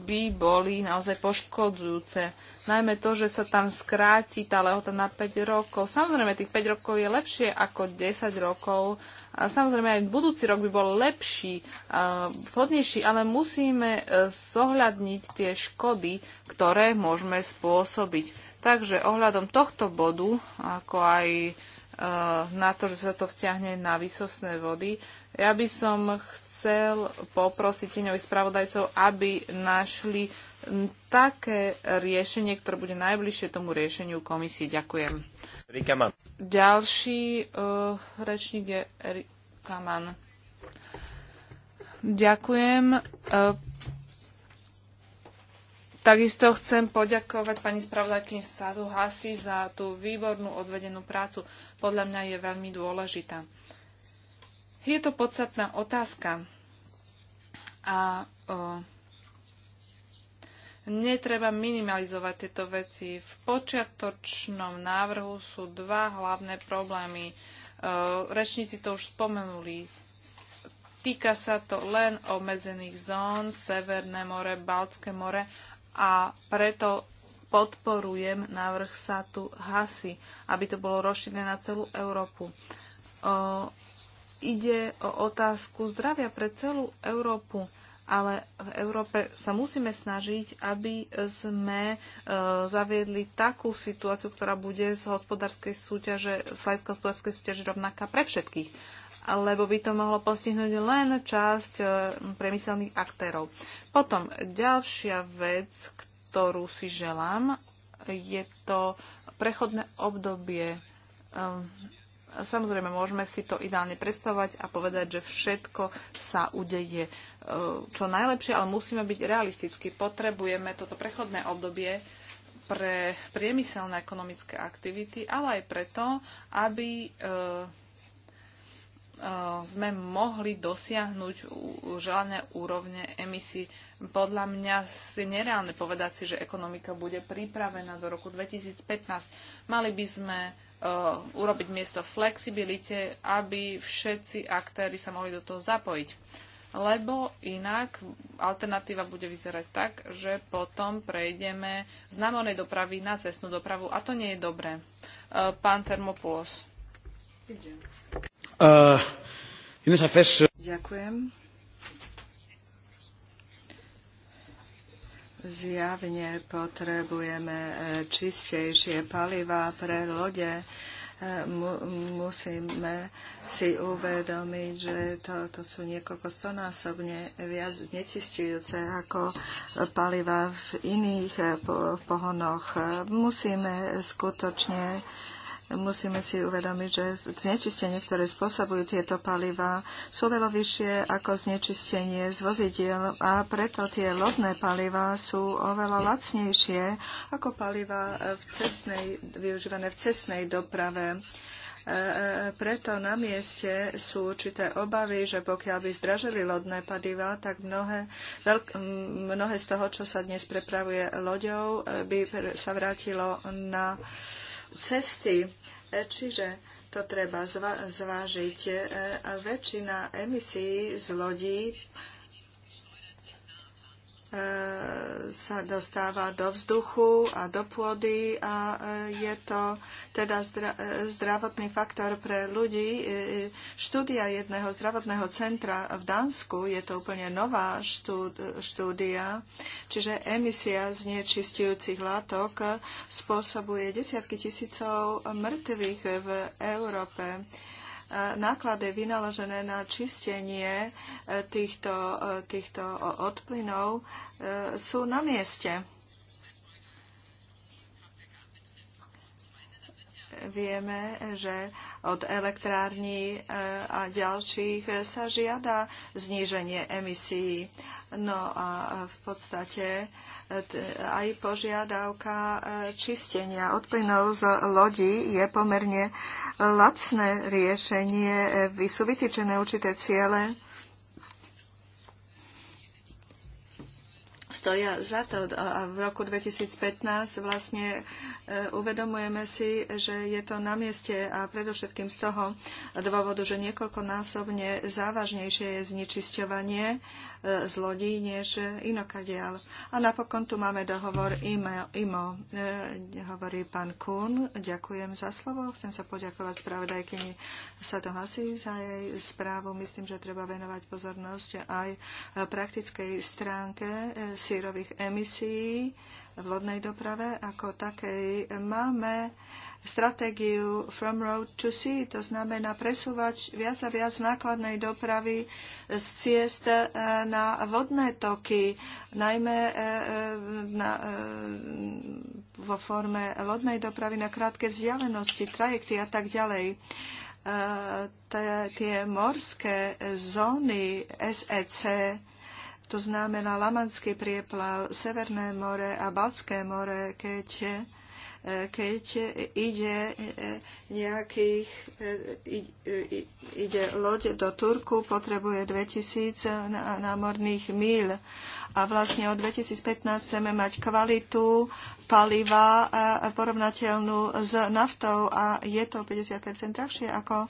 by boli naozaj poškodzujúce. Najmä to, že sa tam skráti tá lehota na 5 rokov. Samozrejme, tých 5 rokov je lepšie ako 10 rokov. A samozrejme, aj budúci rok by bol lepší, vhodnejší, ale musíme e, zohľadniť tie škody, ktoré môžeme spôsobiť. Takže ohľadom tohto bodu, ako aj e, na to, že sa to vzťahne na vysosné vody, ja by som chcel chcel poprosiť tieňových spravodajcov, aby našli také riešenie, ktoré bude najbližšie tomu riešeniu komisie. Ďakujem. Ďalší uh, rečník je Mann. Ďakujem. Eh, takisto chcem poďakovať pani spravodajkyni Sadu Hasi za tú výbornú odvedenú prácu. Podľa mňa je veľmi dôležitá. Je to podstatná otázka. A o, netreba minimalizovať tieto veci. V počiatočnom návrhu sú dva hlavné problémy. O, rečníci to už spomenuli. Týka sa to len obmedzených zón, Severné more, Baltské more a preto podporujem návrh Satu Hasi, aby to bolo rozšírené na celú Európu. O, ide o otázku zdravia pre celú Európu ale v Európe sa musíme snažiť, aby sme e, zaviedli takú situáciu, ktorá bude z hospodárskej súťaže, z hľadiska hospodárskej súťaže rovnaká pre všetkých lebo by to mohlo postihnúť len časť e, priemyselných aktérov. Potom ďalšia vec, ktorú si želám, je to prechodné obdobie. E, Samozrejme, môžeme si to ideálne predstavovať a povedať, že všetko sa udeje e, čo najlepšie, ale musíme byť realistickí. Potrebujeme toto prechodné obdobie pre priemyselné ekonomické aktivity, ale aj preto, aby e, e, sme mohli dosiahnuť želané úrovne emisí. Podľa mňa je nereálne povedať si, že ekonomika bude pripravená do roku 2015. Mali by sme Uh, urobiť miesto flexibilite, aby všetci aktéry sa mohli do toho zapojiť. Lebo inak alternatíva bude vyzerať tak, že potom prejdeme z námornej dopravy na cestnú dopravu a to nie je dobré. Uh, pán Termopulos. Uh, Ďakujem. Zjavne potrebujeme eh, čistejšie paliva pre lode. Eh, musíme si uvedomiť, že to, to sú niekoľko stonásobne viac znečistujúce ako paliva v iných eh, pohonoch. Musíme skutočne musíme si uvedomiť, že znečistenie, ktoré spôsobujú tieto paliva, sú veľa vyššie ako znečistenie z vozidiel a preto tie lodné paliva sú oveľa lacnejšie ako paliva e, v cestnej, využívané v cestnej doprave. E, e, preto na mieste sú určité obavy, že pokiaľ by zdražili lodné padiva, tak mnohé, veľk, mnohé z toho, čo sa dnes prepravuje loďou, by sa vrátilo na cesty. E, čiže to treba zvážiť. E, väčšina emisí z lodí E, sa dostáva do vzduchu a do pôdy a e, je to teda e, zdravotný faktor pre ľudí. Štúdia jedného zdravotného centra v Dánsku, je to úplne nová štúdia, čiže emisia znečistujúcich látok spôsobuje desiatky tisícov mŕtvych v Európe náklady vynaložené na čistenie e, týchto, e, týchto odplynov e, sú na mieste vieme, že od elektrární e, a ďalších sa žiada zníženie emisí. No a v podstate e, aj požiadavka e, čistenia odplynov z lodí je pomerne lacné riešenie. Sú vytýčené určité ciele stoja za to. A v roku 2015 vlastne e, uvedomujeme si, že je to na mieste a predovšetkým z toho dôvodu, že niekoľkonásobne závažnejšie je znečisťovanie z lodí než inokadiaľ. A napokon tu máme dohovor IMO. IMO e, hovorí pán Kuhn. Ďakujem za slovo. Chcem sa poďakovať spravodajkyni Sadohasi Hasi za jej správu. Myslím, že treba venovať pozornosť aj praktickej stránke e, sírových emisí v lodnej doprave ako takej. Máme stratégiu From Road to Sea, to znamená presúvať viac a viac nákladnej dopravy z ciest e, na vodné toky, najmä e, e, na, vo forme lodnej dopravy na krátke vzdialenosti, trajekty a tak ďalej. Tie morské zóny SEC to znamená Lamanský prieplav, Severné more a Baltské more, keď, e, keď ide e, nejakých, e, ide loď do Turku, potrebuje 2000 námorných míl. A vlastne od 2015 chceme mať kvalitu paliva porovnateľnú s naftou a je to 50% drahšie ako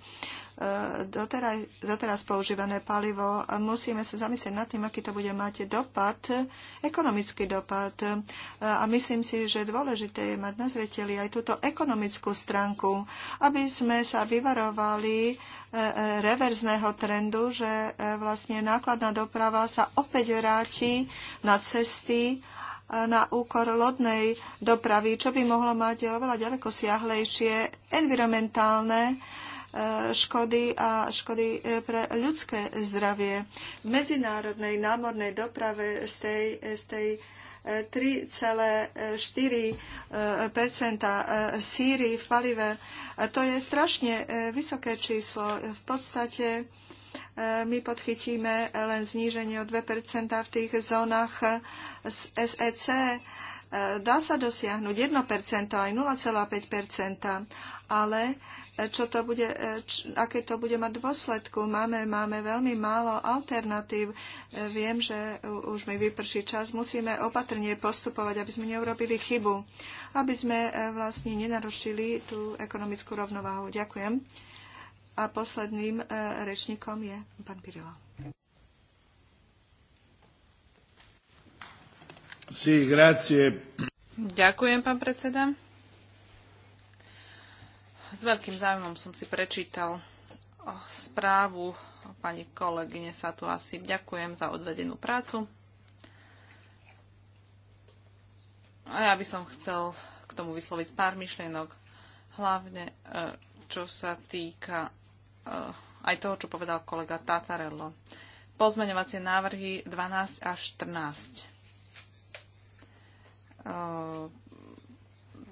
doteraz, doteraz používané palivo. Musíme sa zamyslieť nad tým, aký to bude mať dopad, ekonomický dopad. A myslím si, že dôležité je mať na zreteli aj túto ekonomickú stránku, aby sme sa vyvarovali e, e, reverzného trendu, že e, vlastne nákladná doprava sa opäť vráti na cesty na úkor lodnej dopravy, čo by mohlo mať oveľa ďaleko siahlejšie environmentálne uh, škody a škody e, pre ľudské zdravie. V medzinárodnej námornej doprave z tej, z tej 3,4 e, e, síry v palive. To je strašne vysoké číslo. V podstate my podchytíme len zníženie o 2 v tých zónach SEC. Dá sa dosiahnuť 1 aj 0,5 ale čo to bude, e, aké to bude mať dôsledku. Máme, máme veľmi málo alternatív. E, viem, že už mi vyprší čas. Musíme opatrne postupovať, aby sme neurobili chybu, aby sme e, vlastne nenarušili tú ekonomickú rovnováhu. Ďakujem. A posledným rečníkom je pán Pirilo. Ďakujem, pán predseda veľkým záujmom som si prečítal správu pani kolegyne sa tu Asi. Ďakujem za odvedenú prácu. A ja by som chcel k tomu vysloviť pár myšlienok, hlavne e, čo sa týka e, aj toho, čo povedal kolega Tatarello. Pozmeňovacie návrhy 12 až 14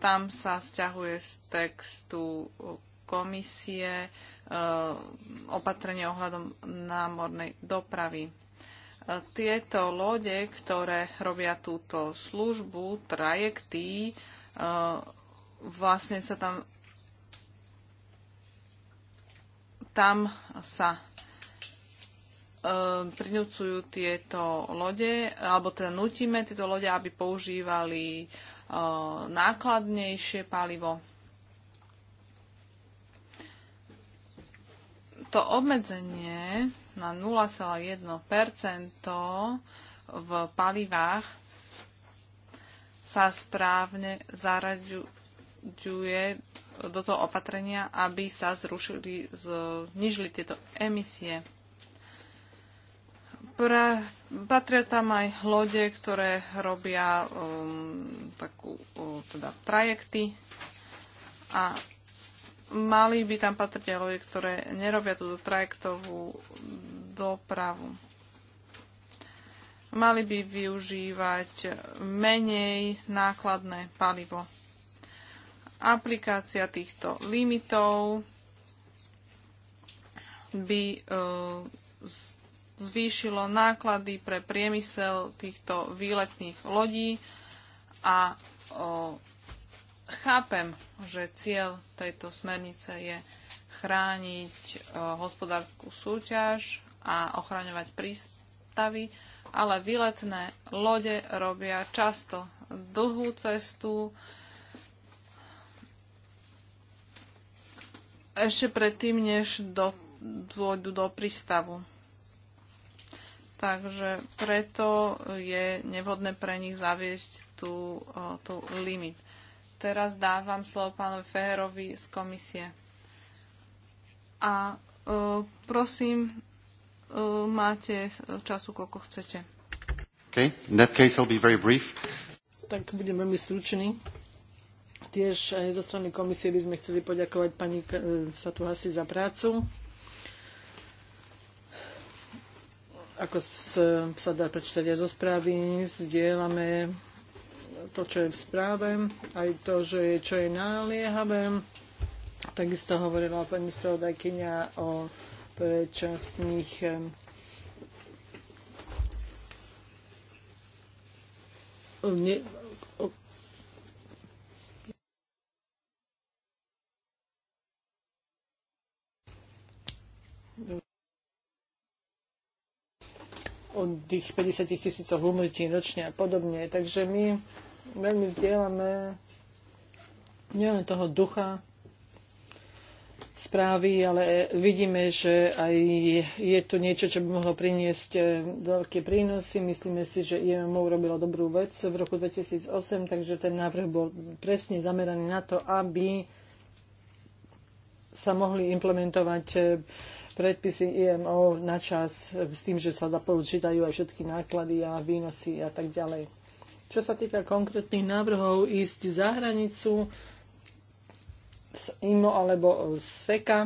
tam sa sťahuje z textu komisie e, opatrenie ohľadom námornej dopravy. E, tieto lode, ktoré robia túto službu, trajekty, e, vlastne sa tam tam sa prinúcujú tieto lode, alebo teda nutíme tieto lode, aby používali nákladnejšie palivo. To obmedzenie na 0,1 v palivách sa správne zaraďuje do toho opatrenia, aby sa zrušili, znižili tieto emisie pra, patria tam aj lode, ktoré robia um, takú, um, teda trajekty a mali by tam patriť aj lode, ktoré nerobia túto trajektovú dopravu. Mali by využívať menej nákladné palivo. Aplikácia týchto limitov by um, zvýšilo náklady pre priemysel týchto výletných lodí a o, chápem, že cieľ tejto smernice je chrániť o, hospodárskú súťaž a ochraňovať prístavy, ale výletné lode robia často dlhú cestu. Ešte predtým, než do, dôjdu do prístavu takže preto je nevhodné pre nich zaviesť tú, eh, tú limit. Teraz dávam slovo pánovi Feherovi z komisie. A eh, prosím, eh, máte času, koľko chcete. Okay. In that case I'll be very brief. Tak budem veľmi stručný tiež aj zo strany komisie by sme chceli poďakovať pani Satuhasi za prácu. ako sa dá prečítať aj zo správy, zdieľame to, čo je v správe, aj to, že je, čo je naliehavé. Takisto hovorila pani spravodajkynia o predčasných ne, o, o tých 50 tisícoch umrtí ročne a podobne. Takže my veľmi vzdielame nielen toho ducha správy, ale vidíme, že aj je tu niečo, čo by mohlo priniesť eh, veľké prínosy. Myslíme si, že IMO urobilo dobrú vec v roku 2008, takže ten návrh bol presne zameraný na to, aby sa mohli implementovať eh, predpisy IMO na čas s tým, že sa započítajú aj všetky náklady a výnosy a tak ďalej. Čo sa týka konkrétnych návrhov ísť za hranicu s IMO alebo z SECA,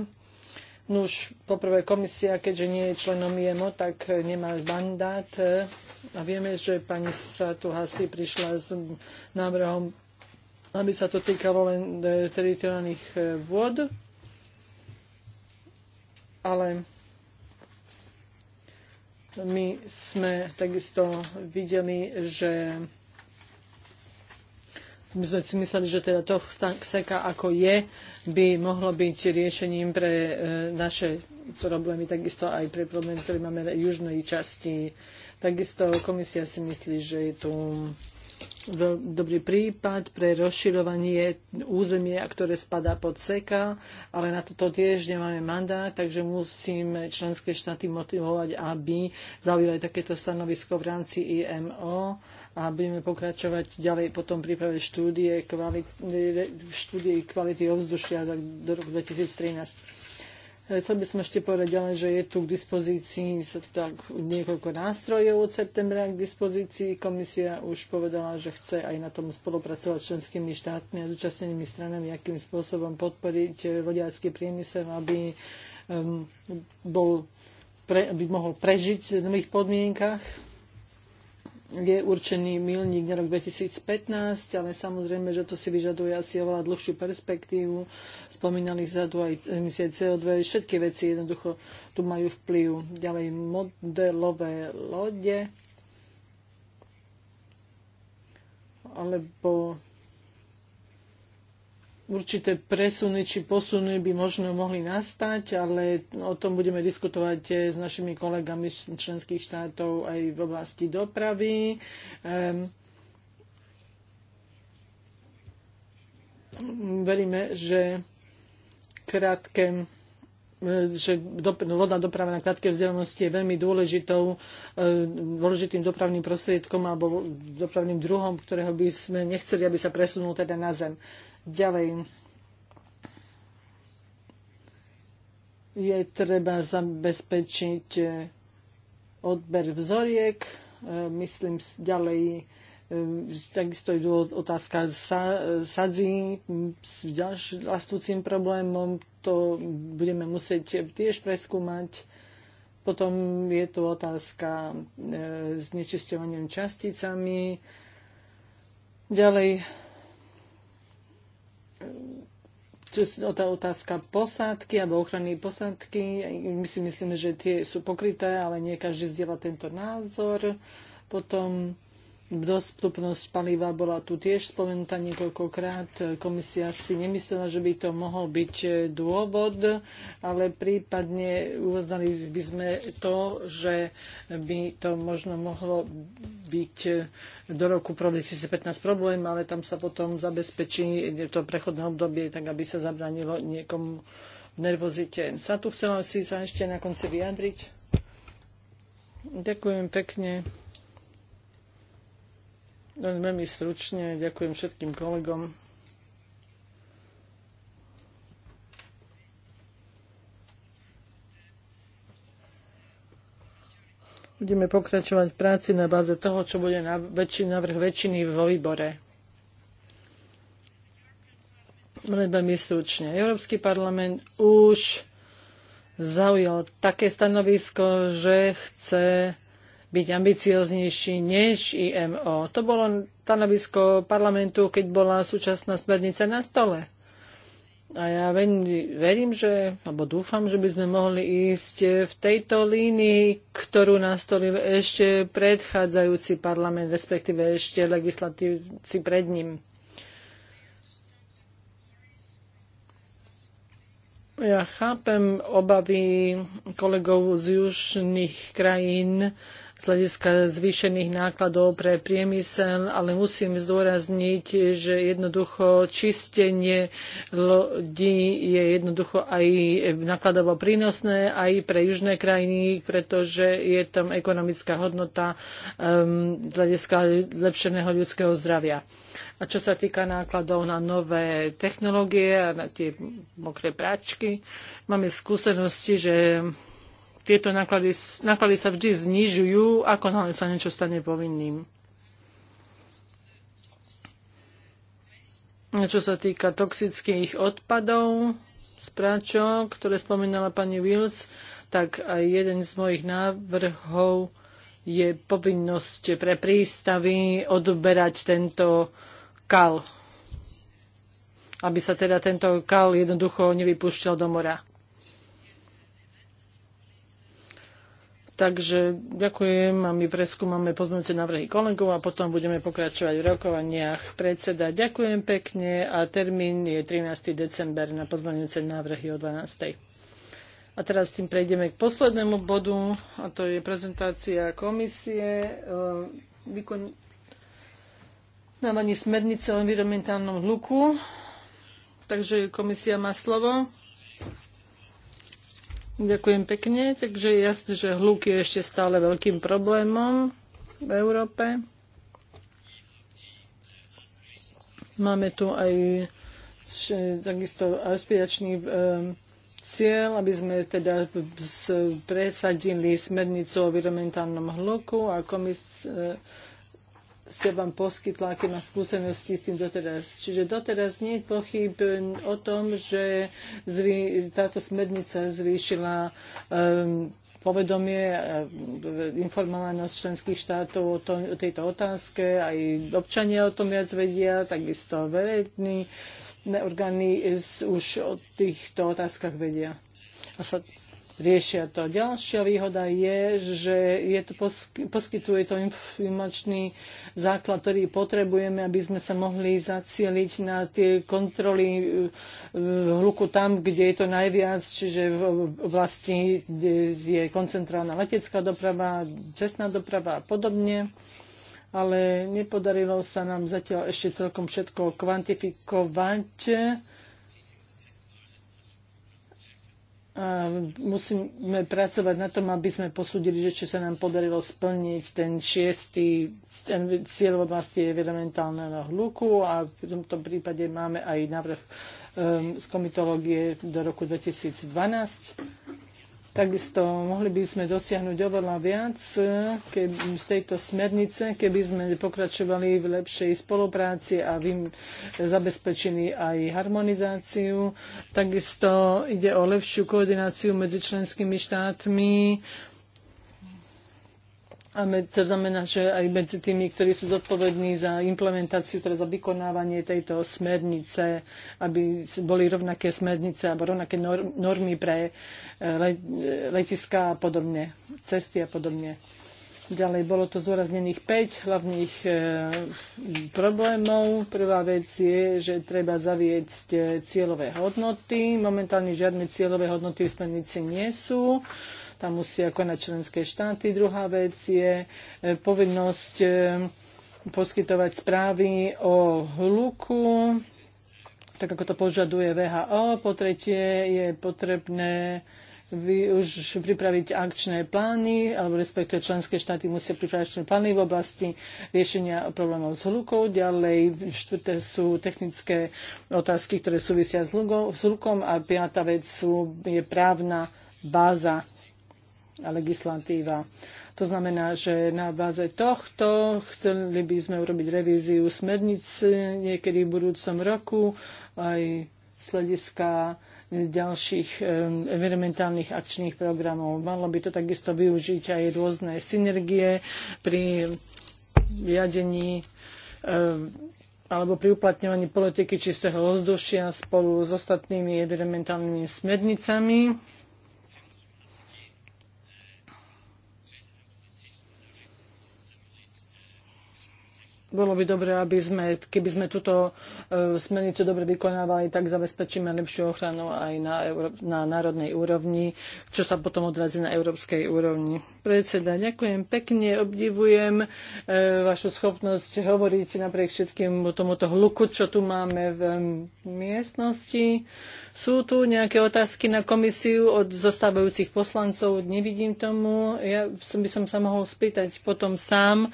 No už poprvé komisia, keďže nie je členom IMO, tak nemá mandát. A vieme, že pani hasi prišla s návrhom, aby sa to týkalo len e, teritoriálnych e, vôd ale my sme takisto videli, že my sme si mysleli, že teda to seka ako je, by mohlo byť riešením pre e, naše problémy, takisto aj pre problémy, ktoré máme v južnej časti. Takisto komisia si myslí, že je tu dobrý prípad pre rozširovanie územia, ktoré spadá pod SEKA, ale na toto tiež nemáme mandát, takže musíme členské štáty motivovať, aby zaujali takéto stanovisko v rámci IMO a budeme pokračovať ďalej potom príprave štúdie kvality, štúdie kvality ovzdušia do roku 2013. E, chcel by som ešte povedať ďalej, že je tu k dispozícii tak, niekoľko nástrojov od septembra k dispozícii. Komisia už povedala, že chce aj na tom spolupracovať s členskými štátmi a zúčastnenými stranami, akým spôsobom podporiť e, vodiacký priemysel, aby um, bol pre, aby mohol prežiť v nových podmienkach je určený milník na rok 2015, ale samozrejme, že to si vyžaduje asi oveľa dlhšiu perspektívu. Spomínali sa tu aj emisie CO2, všetky veci jednoducho tu majú vplyv. Ďalej modelové lode alebo určité presuny či posuny by možno mohli nastať, ale o tom budeme diskutovať eh, s našimi kolegami z členských štátov aj v oblasti dopravy. Ehm, veríme, že krátke eh, že lodná doprava na krátke vzdialenosti je veľmi dôležitou, eh, dôležitým dopravným prostriedkom alebo dopravným druhom, ktorého by sme nechceli, aby sa presunul teda na zem. Ďalej je treba zabezpečiť eh, odber vzoriek. Eh, myslím ďalej, eh, takisto je otázka sadzí hm, s ďalším rastúcim problémom. To budeme musieť tiež preskúmať. Potom je tu otázka s nečisťovaním časticami. Ďalej tá otázka posádky alebo ochrany posádky. My si myslíme, že tie sú pokryté, ale nie každý zdieľa tento názor. Potom dostupnosť paliva bola tu tiež spomenutá niekoľkokrát. Komisia si nemyslela, že by to mohol byť dôvod, ale prípadne uznali by sme to, že by to možno mohlo byť do roku 2015 problém, ale tam sa potom zabezpečí to prechodné obdobie, tak aby sa zabranilo niekomu nervozite. Sa tu chcela si sa ešte na konci vyjadriť. Ďakujem pekne. Len veľmi stručne ďakujem všetkým kolegom. Budeme pokračovať v práci na báze toho, čo bude na väčší, navrh väčšiny vo výbore. veľmi stručne. Európsky parlament už zaujal také stanovisko, že chce byť ambicioznejší než IMO. To bolo stanovisko parlamentu, keď bola súčasná smernica na stole. A ja verím, že, alebo dúfam, že by sme mohli ísť v tejto línii, ktorú nastolil ešte predchádzajúci parlament, respektíve ešte legislatívci pred ním. Ja chápem obavy kolegov z južných krajín, z hľadiska zvýšených nákladov pre priemysel, ale musím zdôrazniť, že jednoducho čistenie lodí je jednoducho aj nákladovo prínosné aj pre južné krajiny, pretože je tam ekonomická hodnota um, z hľadiska lepšeného ľudského zdravia. A čo sa týka nákladov na nové technológie a na tie mokré práčky, máme skúsenosti, že tieto náklady, náklady sa vždy znižujú, ako náhle sa niečo stane povinným. Čo sa týka toxických odpadov, z práčok, ktoré spomínala pani Wills, tak aj jeden z mojich návrhov je povinnosť pre prístavy odberať tento kal. Aby sa teda tento kal jednoducho nevypúšťal do mora. Takže ďakujem a my preskúmame pozmeňujúce návrhy kolegov a potom budeme pokračovať v rokovaniach predseda. Ďakujem pekne a termín je 13. december na pozmeňujúce návrhy o 12. A teraz tým prejdeme k poslednému bodu a to je prezentácia komisie eh, vykonávaní smernice o environmentálnom hluku. Takže komisia má slovo. Ďakujem pekne. Takže je jasné, že hluk je ešte stále veľkým problémom v Európe. Máme tu aj takisto aspiračný e, cieľ, aby sme teda presadili smernicu o environmentálnom hluku a komis, e, sa vám poskytla, aké má skúsenosti s tým doteraz. Čiže doteraz nie je pochyb o tom, že zvý, táto smernica zvýšila um, povedomie, informovanosť členských štátov o, to, o tejto otázke, aj občania o tom viac vedia, takisto verejní orgány už o týchto otázkach vedia. A sa riešia to. Ďalšia výhoda je, že je to posky, poskytuje to informačný základ, ktorý potrebujeme, aby sme sa mohli zacieliť na tie kontroly e, hluku tam, kde je to najviac, čiže v oblasti, kde je koncentrálna letecká doprava, cestná doprava a podobne ale nepodarilo sa nám zatiaľ ešte celkom všetko kvantifikovať musíme pracovať na tom, aby sme posúdili, že či sa nám podarilo splniť ten šiestý ten cieľ v oblasti environmentálneho hluku a v tomto prípade máme aj návrh um, z komitológie do roku 2012 Takisto mohli by sme dosiahnuť oveľa viac z tejto smernice, keby sme pokračovali v lepšej spolupráci a vym, zabezpečili aj harmonizáciu. Takisto ide o lepšiu koordináciu medzi členskými štátmi to znamená, že aj medzi tými, ktorí sú zodpovední za implementáciu, teda za vykonávanie tejto smernice, aby boli rovnaké smernice alebo rovnaké normy pre e, letiská a podobne, cesty a podobne. Ďalej bolo to zúraznených 5 hlavných e, problémov. Prvá vec je, že treba zaviesť e, cieľové hodnoty. Momentálne žiadne cieľové hodnoty v smernici nie sú tam musia konať členské štáty. Druhá vec je e, povinnosť e, poskytovať správy o hluku, tak ako to požaduje VHO. Po tretie je potrebné vy už pripraviť akčné plány, alebo respektíve členské štáty musia pripraviť akčné plány v oblasti riešenia problémov s hlukou. Ďalej štvrté sú technické otázky, ktoré súvisia s hlukom a piata vec sú, je právna báza legislatíva. To znamená, že na báze tohto chceli by sme urobiť revíziu smernic niekedy v budúcom roku aj z hľadiska ďalších environmentálnych akčných programov. Malo by to takisto využiť aj rôzne synergie pri riadení alebo pri uplatňovaní politiky čistého ozdušia spolu s ostatnými environmentálnymi smernicami bolo by dobre, aby sme, keby sme túto e, smernicu dobre vykonávali, tak zabezpečíme lepšiu ochranu aj na, Euró- na národnej úrovni, čo sa potom odrazí na európskej úrovni. Predseda, ďakujem pekne, obdivujem e, vašu schopnosť hovoriť napriek všetkým tomuto hluku, čo tu máme v miestnosti. Sú tu nejaké otázky na komisiu od zostávajúcich poslancov? Nevidím tomu. Ja som by som sa mohol spýtať potom sám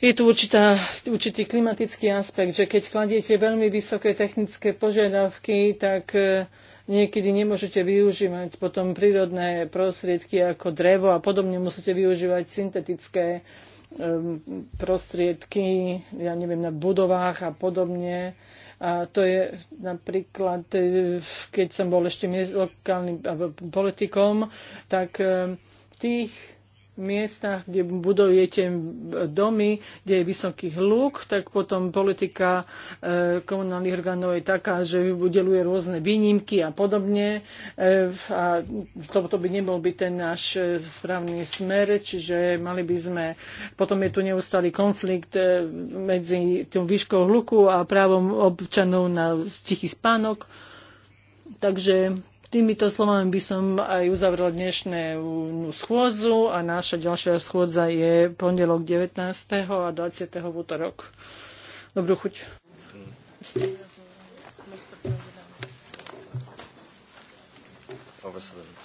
je tu určitá, určitý klimatický aspekt, že keď kladiete veľmi vysoké technické požiadavky, tak e, niekedy nemôžete využívať potom prírodné prostriedky ako drevo a podobne musíte využívať syntetické e, prostriedky, ja neviem, na budovách a podobne. A to je napríklad, e, keď som bol ešte lokálnym politikom, tak v tých miestach, kde budujete domy, kde je vysoký hluk, tak potom politika e, komunálnych orgánov je taká, že udeluje rôzne výnimky a podobne. E, a to, to by nebol by ten náš e, správny smer, čiže mali by sme... Potom je tu neustály konflikt e, medzi tým výškou hluku a právom občanov na tichý spánok. Takže Týmito slovami by som aj uzavrel dnešné schôdzu a naša ďalšia schôdza je pondelok 19. a 20. v útorok. Dobrú chuť. Over